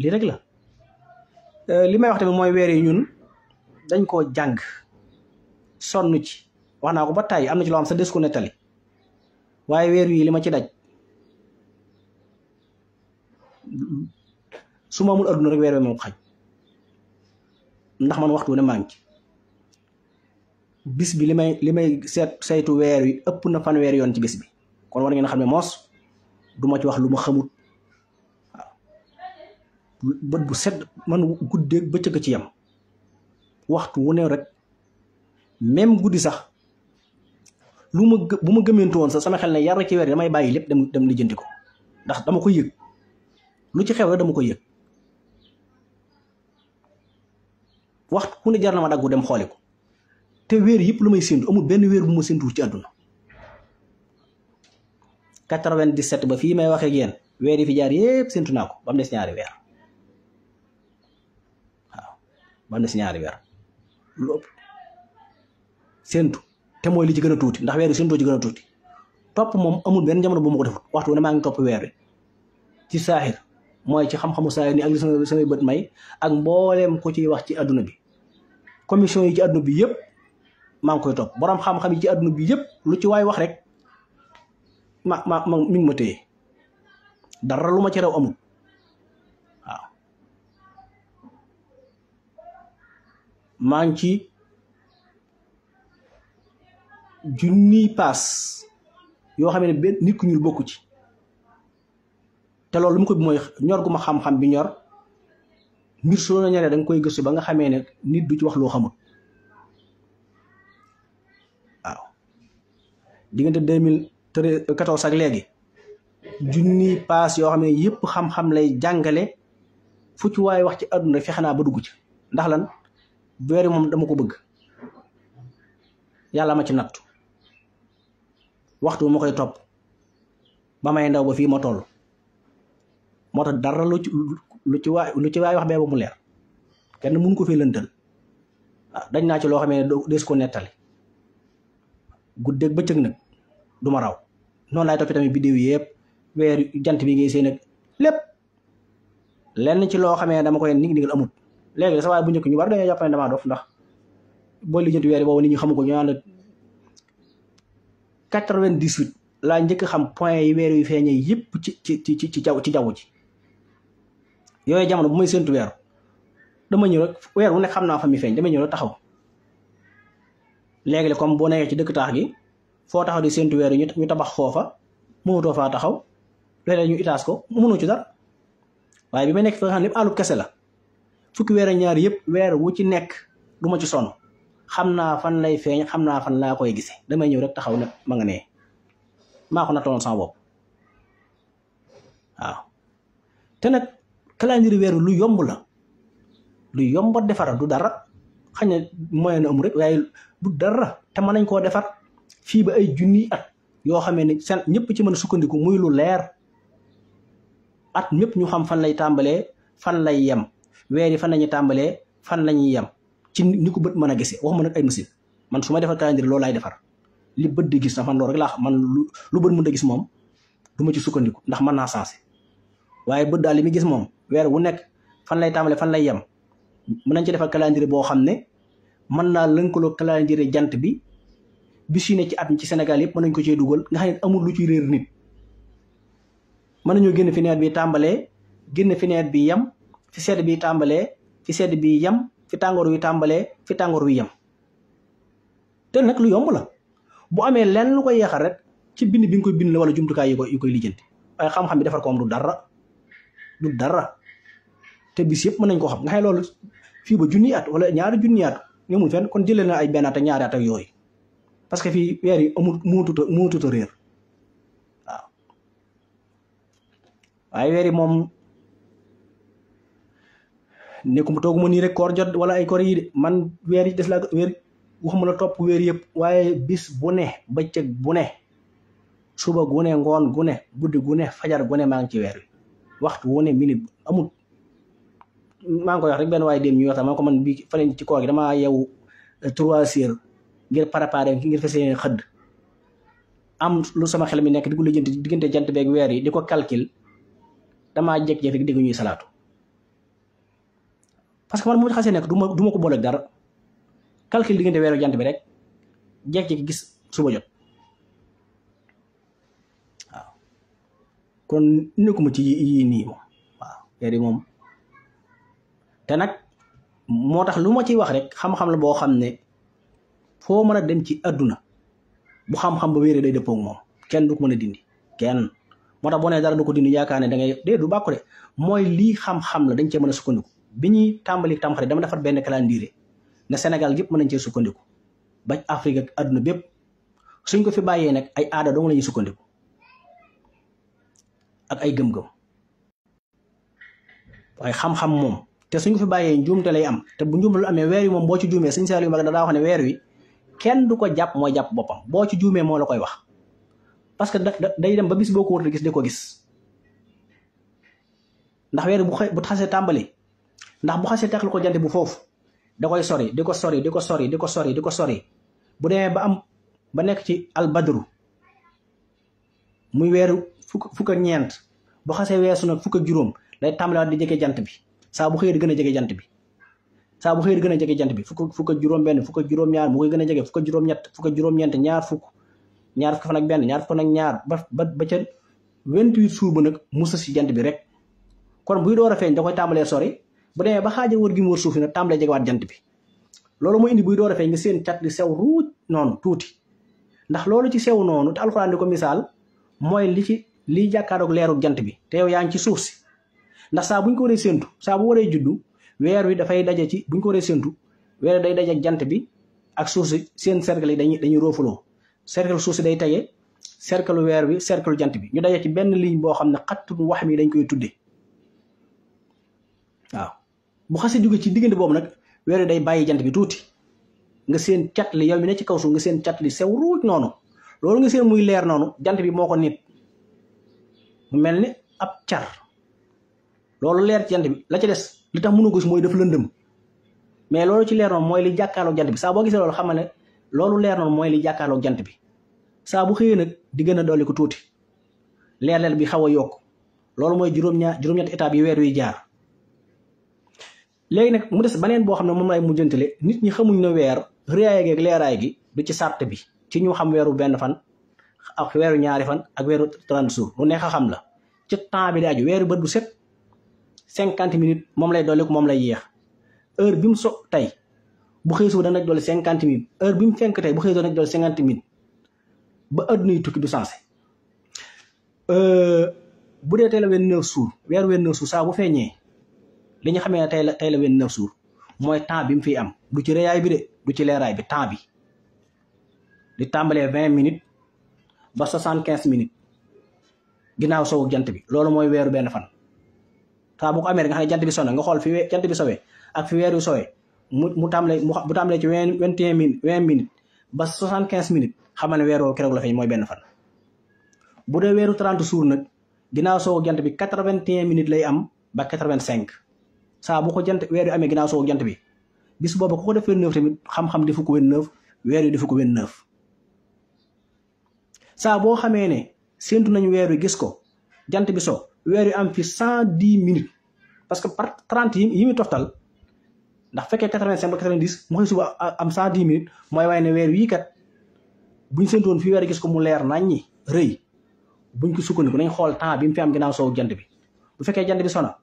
lii rek la euh, li may wax tamit mooy weer yi ñun dañ koo jàng sonn ci wax naa ko ba tàyyi am na ci loo xam sa des ko nettali waaye weer yi li ma ci daj su ma amul adduna rek weer wi moom xañ ndax man waxtu ne maa ngi ci bis bi li may li may seet saytu weer wi ëpp na weer yoon ci bis bi kon war na xam ne moos du ma ci wax lu ma xamut bët bu set man guddeeg bëccëg ci yam waxtu wu ne rek même guddi sax lu ma bu ma gëmeentu woon sax sama xel ne yar ci weer yi damay bàyyi lépp dem dem lijjanti ko ndax dama ko yëg lu ci xew rek dama ko yëg waxtu ku ne jar na ma daggu dem xooli te weer yëpp lu may séntu amul benn weer bu ma séntuwul ci àdduna ba fi may waxee ak yéen weer yi fi jaar yëpp séntu naa ko ba mu des ñaari weer waaw lu ëpp séntu te mooy li ci gën a tuuti ndax weer yi séntoo ci gën a tuuti topp moom amul benn jamono bu ma ko defut waxtu ne maa ngi topp weer wi ci saaxir mooy ci xam-xamu saaxir ni ak li bët may ak mbooleem ku ciy wax ci àdduna bi commission yi ci àdduna bi yëpp. maa ngi koy toog boroom xam-xam yi ci adduna bi yëpp lu ci waay wax rek ma ma ma mi ngi ma téye dara lu ma ci rew amul waaw maa ngi ci junniy paas yoo xam ne benn nit ku ñuul bokku ci te loolu lu mu ko bi mooy ñor gu ma xam-xam bi ñor mbir su la ñoree da koy gëstu ba nga xamee ne nit du ci wax loo xamul. diggante deux mille euh, quatorze ak léegi junni paas yoo xam ne yëpp xam-xam lay jàngale fu ci wax ci àdduna fexe naa ba dugg ci ndax lan weer yi moom dama ko bëgg yàlla ma ci nattu waxtu ma koy topp ba may ndaw ba fii ma toll moo tax dara lu ci ci waay lu ci waay wax bee mu leer kenn mun ko fi lëntal ah, dañ naa ci loo xam ne des ko nettali guddeeg bëccëg nag du ma raw noonu laay toppee tamit yëpp weer jant bi ngay seen ak lépp lenn ci loo xamee dama koy nig nigal amut léegi sa waay bu njëkk ñu war dañoo jàpp ne dof ndax boo lijjanti weer boobu nit ñi xamu ko ñu naan la laa njëkk xam point yi weer yu feeñee yëpp ci ci ci ci ci jaww ci jaww ji yooyu jamono bu may séntu dama ñëw rek weer wu nekk xam naa fa mi feeñ dama ñëw rek taxaw léegi le comme boo nekkee ci dëkk taax gi foo taxaw di séntu weer yi ñu tabax foofa mënutoo faa taxaw léeg-léeg ñu itaas ko mënu ci dara waaye bi may nekk fi nga xam kese la fukki weer ñaar yëpp weer wu ci nekk du ma ci sonn xam naa fan lay feeñ xam naa fan laa koy gisee damay ñëw rek taxaw ne ma nga nee maa ko nattoon sama bopp te nag calendrier weer lu yomb la lu yomb a du dara. xañ na moyen na amul rek waaye bu dara te mën nañ koo defar fii ba ay junniy at yoo xamee ne seen ñëpp ci mën a sukkandiku muy lu leer at ñëpp ñu xam fan lay tàmbalee fan lay yem weer yi fan lañuy tàmbalee fan lañuy yem ci ni ko bët mën a gisee waxuma nag ay machine man su may defar calendrier loolu laay defar li bët di gis na man loolu rek laa man lu bët mën a gis moom du ma ci sukkandiku ndax mën naa sensé waaye bët daal li mu gis moom weer wu nekk fan lay tàmbalee fan lay yem mën nañ ci defal calendrier boo xam ne mën naa lënkaloo calendrier jant bi bis yu ne ci at mi ci Sénégal yëpp mën nañ ko cee dugal nga xam ne amul lu ci réer nit nañoo génn fi nawet bi tàmbalee génn fi nawet bi yem fi sedd bi tàmbalee fi sedd bi yem fi tàngoor wi tàmbalee fi tàngoor wi yam te nag lu yomb la boo amee lenn lu ko yeexal rek ci bind bi nga koy bind la wala jumtukaay yi yi koy lijjanti waaye xam-xam bi defar ko am du dara du dara te bis yëpp mën nañ ko xam nga xam loolu fii ba junni at wala ñaari junni at ñëmul kon jëlee na ay benn at ñaari at ak parce que fii weer yi amul muututa muututa réer waaw waaye weer yi moom nekkum tooguma nii rek koor jot wala ay koor yi de man weer yi des la weer waxuma la topp weer yëpp waaye bis bu ne bëccëg bu ne suba gu ne ngoon gu ne guddi gu ne fajar gu ne maa ngi ci weer wi waxtu wu ne minute amul maa ngi koy wax rek benn waaye dem ñuy waxtaan maa ko man bi fan ci koor gi damaa yeewu euh, trois heures ngir préparer ngir fas yéene xëdd am lu sama xel mi nekk di ko lijjanti diggante jant beeg weer yi di ko calcul damaa jékki-jékki rek dégg parce que man bu nekk du ma du dara calcul diggante weer jant bi rek jékki gis suba jot waaw kon nekkuma ci yii nii moom te nag moo tax lu ma ciy wax rek xam-xam la boo xam ne foo mën a dem ci adduna bu xam-xam ba wéeree day dëppoo moom kenn du ko mën a dindi kenn moo tax boo nee dara du ko dindi yaakaar ne da ngay du bàkku de mooy lii xam-xam la dañ cee mën a sukkandiku bi ñuy tàmbali tamxarit dama defar benn calendrier ne Sénégal gépp mën nañ cee sukkandiku ba Afrique ak adduna bépp suñ ko fi bàyyee nag ay aada dong la ñuy sukkandiku ak ay gëm-gëm waaye xam-xam moom. te suñ ko fi bàyyee njuumte lay am te bu njuumte lu amee weer wi moom boo ci juumee suñ Saliou Mbacké daa wax ne weer wi kenn du ko jàpp mooy jàpp boppam boo ci juumee moo la koy wax parce que day dem ba bis boo ko war gis di ko gis ndax weer bu xasee tàmbali ndax bu xasee la ko jant bu foofu da koy sori di ko sori di ko sori di ko sori di ko sori bu demee ba am ba nekk ci albadru muy weeru fukk ñeent bu xasee weesu nag fukk ak juróom lay tàmbaliwaat di jege jant bi saa bu di gën a jege jant bi saa bu xëyee di gën a jege jant bi fukk fukk juróom-benn fukk juróom-ñaar mu koy gën a jege fukk juróom-ñett fukk juróom-ñeent ñaar fukk ñaar fukk fan ak benn ñaar fukk fan ak ñaar ba ba ba ca vingt-huit suur ba nag musa si jant bi rek kon buy door a feeñ da koy tàmbalee sori bu demee ba xaaja wër gi mu wër suuf si nag tàmbalee waat jant bi loolu mooy indi buy door a feeñ nga seen cat di sew ruuj noonu tuuti ndax loolu ci sew noonu te alxuraan di ko misaal mooy li ci liy jàkkaaroog leerug jant bi te yaa ngi ci suuf si ndax saa bu ñu ko waree séntu saa bu waree juddu weer wi dafay daje ci bu ñu ko waree séntu weer wi day daje jant bi ak suuf seen cercle yi dañuy dañuy roofaloo cercle suuf si day tege cercle weer wi cercle jant bi ñu daje ci benn ligne boo xam ne xattu wax mi dañ koy tuddee waaw bu xasee jóge ci diggante boobu nag weer day bàyyi jant bi tuuti nga seen cat li yow mi ne ci kaw suuf nga seen cat li sew ruuj noonu loolu nga seen muy leer noonu jant bi moo ko nit mel ni ab car loolu leer ci jant bi la ci des li tax mënu si mooy def lëndëm mais loolu ci leer noonu mooy li jàkkaarloog jant bi saa boo gisee loolu xamal ne loolu leer noonu mooy li jàkkaarloog jant bi saabu xëyee nag di gën a dolli ko tuuti leer-leer bi xaw a yokk loolu mooy juróom-ñaar juróom-ñetti étape yi weer jaar léegi nag mu des beneen boo xam ne moom lay mujjantale nit ñi xamuñ na weer réyaay gi leeraay gi du ci sàrt bi ci ñu xam weeru benn fan ak weer ñaari fan ak weeru 30 jours lu xam la ci temps bi di aju weeru bët bu cinquante minutes moom lay dolli moom lay yeex heure bi mu so tey bu xëy da dana dolli cinquante minutes heure bi mu fenk tey bu xëy suba dana dolli cinquante minutes ba àdduna yi tukki du sensé euh, bu dee tey la wenn neuf weer wenn neuf saa bu feeñee li ñu xamee ne tey la tey la wenn mooy temps bi mu fiy am du ci réyaay bi de ci leeraay bi temps bi di tàmbalee vingt minutes ba soixante quinze minutes ginnaaw sowu jant bi loolu mooy weeru benn fan saa bu ko amee rek nga jant bi sonn nga xool fi jant bi sowee ak fi mu mu tàmbalee mu bu tàmbalee ci vingt et un minutes vingt ba soixante quinze minutes xamal ne weer woo keroog mooy benn fan. bu dee weeru trente jours nag ginnaaw soowu jant bi quatre vingt lay am ba quatre saa bu ko jant weer wi amee ginnaaw soowu jant bi bis boobu ku ko def vingt neuf tamit xam-xam defu ko vingt neuf weer defu ko vingt neuf saa boo xamee ne séntu nañu weeru gis ko jant bi so. weer wi am fi cent dix minutes parce que par trente yi yi muy toftal ndax fekkee quatre vingt cinq ba quatre vingt dix mu xëy suba am cent dix minutes mooy waaye ne weer wii kat buñ séntoon fii weer gis ko mu leer nañ ñi rëy buñ ko sukkandiku nañ xool temps bi mu fi am ginnaaw soow jant bi bu fekkee jant bi sona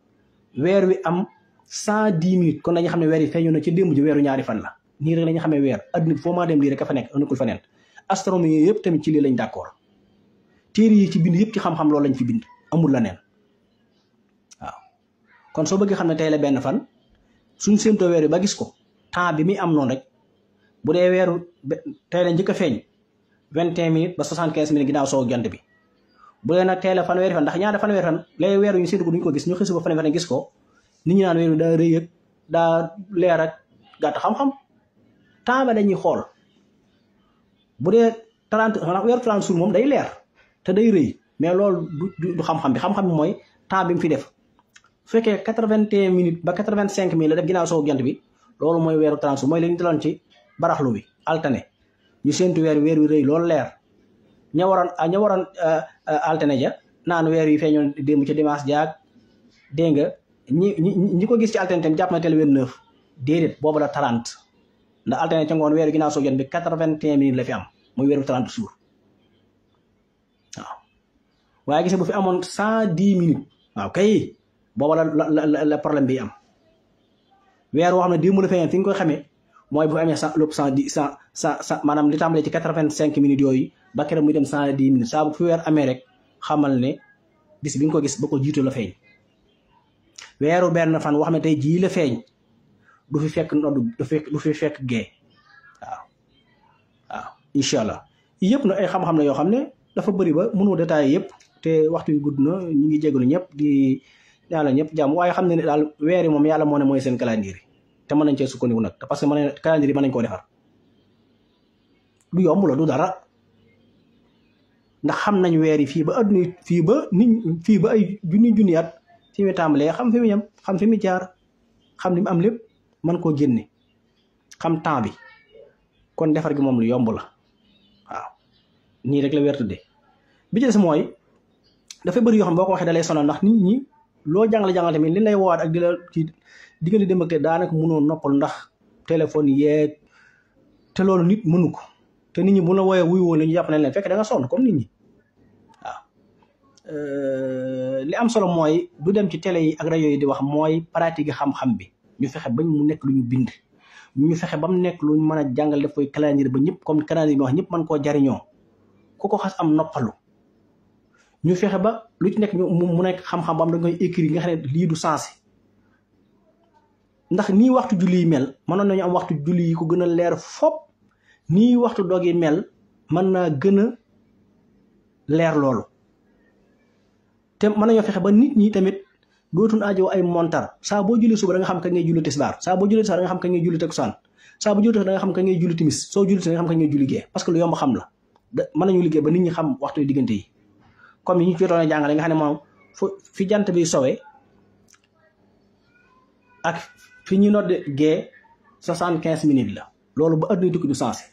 weer wi am cent dix minutes kon dañu xam ne weer yi feeñoo na ci démb ji weeru ñaari fan la nii rek lañu xamee weer adduna bi foo maa dem lii rek fa nekk nekkul feneen astronomie yëpp tamit ci lii lañ d'accord téere yi ci bind yëpp ci xam-xam loolu lañ fi bind amul la kon soo bëggee xam ne tey benn fan suñ séentoo weer wi ba gis ko temps bi muy am noonu rek bu dee weeru tey la njëkk feeñ vingt et un ba soixante quinze minutes ginnaaw soo jant bi bu dee nag tey la fanweeri fan ndax ñaata fanweeri fan léegi weer wi ñu séentu ko duñ ko gis ñu xëy suba fanweeri fan gis ko ni ñi naan daa rëy ak daa leer ak gàtt xam-xam temps ba dañuy xool bu dee trente maanaam weeru trente jours moom day leer te day rëy mais loolu du du xam-xam bi xam-xam bi mooy temps bi mu fi def. su fekkee quatre-vingt-un minutes ba quatre-vingt-cinq minutes la def ginnaaw soo jant bi loolu mooy weeru transu mooy li ñu daloon ci bi altane ñu séntu weer weer wi rëy loolu leer ña waroon ah, ña waroon ah, ah, altane ja naan weer yi feeñoon démb ca dimanche jaag dégg nga ñi ñi ñi ko gis ci altane tam jàpp na boobu la trente ndax altane ca ngoon weer wi ginnaaw soo bi quatre-vingt-un minutes fi am mooy weeru trente jours waaye gis bu fi amoon cent dix minutes waaw kay booba la la la problème bi am weer woo xam ne 10 minutes fi nga koy xamee mooy bu fa amee cent lépp cent dix cent cent maanaam li tàmbalee ci quatre-vingt-cinq minutes yooyu ba keroog muy dem cent dix minutes saa bu fi weer amee rek xamal ne bis bi nga ko gis ba ko jiitu la feeñ. weeru benn fan wax ne tey jii feeñ du fi fekk ndodd du fi fekk gee waaw waaw yëpp na ay xam-xam la yoo xam ne dafa bëri ba mënoo détaillé yëpp te waxtu yu gudd na ñu ngi jégalu ñëpp di. yàlla ñëpp jàmm waaye xam ne ne daal weer yi moom yàlla moo ne mooy seen calendrier te mën nañ cee sukkandiku nag parce que mën nañ calendrier mën nañ dara ndax xam nañ weer yi fii ba adduna fii ba nit fii ba ay junni junni at fi mu tàmbalee xam fi mu xam li mu am lépp mën koo génne xam temps bi kon defar gi moom lu yomb la waaw nii rek la weer tuddee bi ci des mooy dafa bëri yoo xam boo ko waxee lay sonal ndax nit ñi. loo jàngale jàngale tamit li lay woowaat a di la ci diggante dem ak tey daanaka mënoo noppal ndax téléphone yeeg te loolu nit mënu ko te nit ñi mun a wooyee wuy woon ñu jàpp ne leen fekk da nga sonn comme nit ñi waaw euh, li am solo mooy du dem ci télé yi ak rajo di wax mooy pratique xam-xam bi ñu fexe bañ mu nekk lu ñu bind ñu fexe ba mu nekk lu ñu mën a jàngal def koy calendrier ba ñëpp comme calendrier bi wax ñëpp mën koo jariñoo ku ko xas am noppalu ñu fexe ba lu ci nekk ñu mu nekk xam-xam ba am da ngay écrire nga xam ne lii du sensé ndax nii waxtu julli yi mel mënoon nañu am waxtu julli yi ko gën a leer fop waxtu dog yi mel mën naa gën a leer loolu te mën nañoo fexe ba nit ñi tamit dootuñ aajo ay montar saa boo julli suba da nga xam kañ ngay julli tisbaar saa boo julli tisbaar da nga xam kañ ngay julli takusaan saa boo julli tisbaar da nga xam kañ ngay julli timis soo julli da nga xam kañ ngay julli gee parce que lu yomb xam la mën nañu liggéey ba nit ñi xam waxtu diggante yi comme yi ñu fi doon a jàngale nga xam ne moom fu fi jant bi sowe ak fi ñu nodd gee soixante quinze minutes la loolu ba ëtt nuy tukki du sensé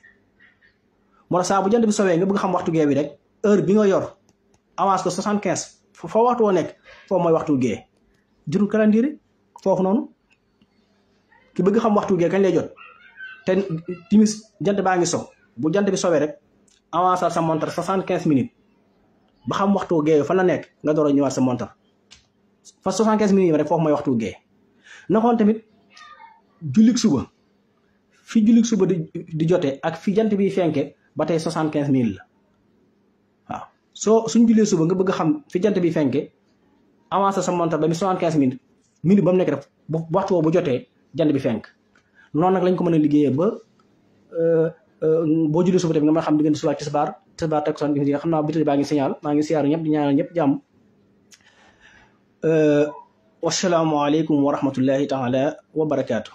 moo tax saa bu jant bi sowee nga bëgg xam waxtu gee bi rek heure bi nga yor avance ko soixante quinze foo waxtu nekk foofu mooy waxtu gee jurul calendrier foofu noonu ki bëgg xam waxtu gee kañ lay jot te timis jant baa ngi so bu jant bi sowee rek avance sa montre soixante quinze minutes ba xam waxtu géeyu fa la nekk nga door a ñëwaat sa montar fa 75 minutes rek foo mooy waxtu géey nakoon tamit jullik suba fi jullik suba di di jotee ak fi jant bi fenke ba tey 75 minutes la waaw soo suñ jullee suba nga bëgg xam fi jant bi fenke avancé sa montar ba mi 75 minutes minute ba mu nekk rek bu waxtu woo bu jotee jant bi fenk noonu nag lañ ko mën a liggéeyee ba euh, Euh, boo julli suba tamit nga a xam diggante suba ak tisbaar tisbaar takkusaan gi nga xam naa bitali baa ngi signal maa ngi siyaaru ñëpp di ñaanal ñëpp jàmm euh, wasalaamualeykum wa rahmatullahi taala wa barakaatu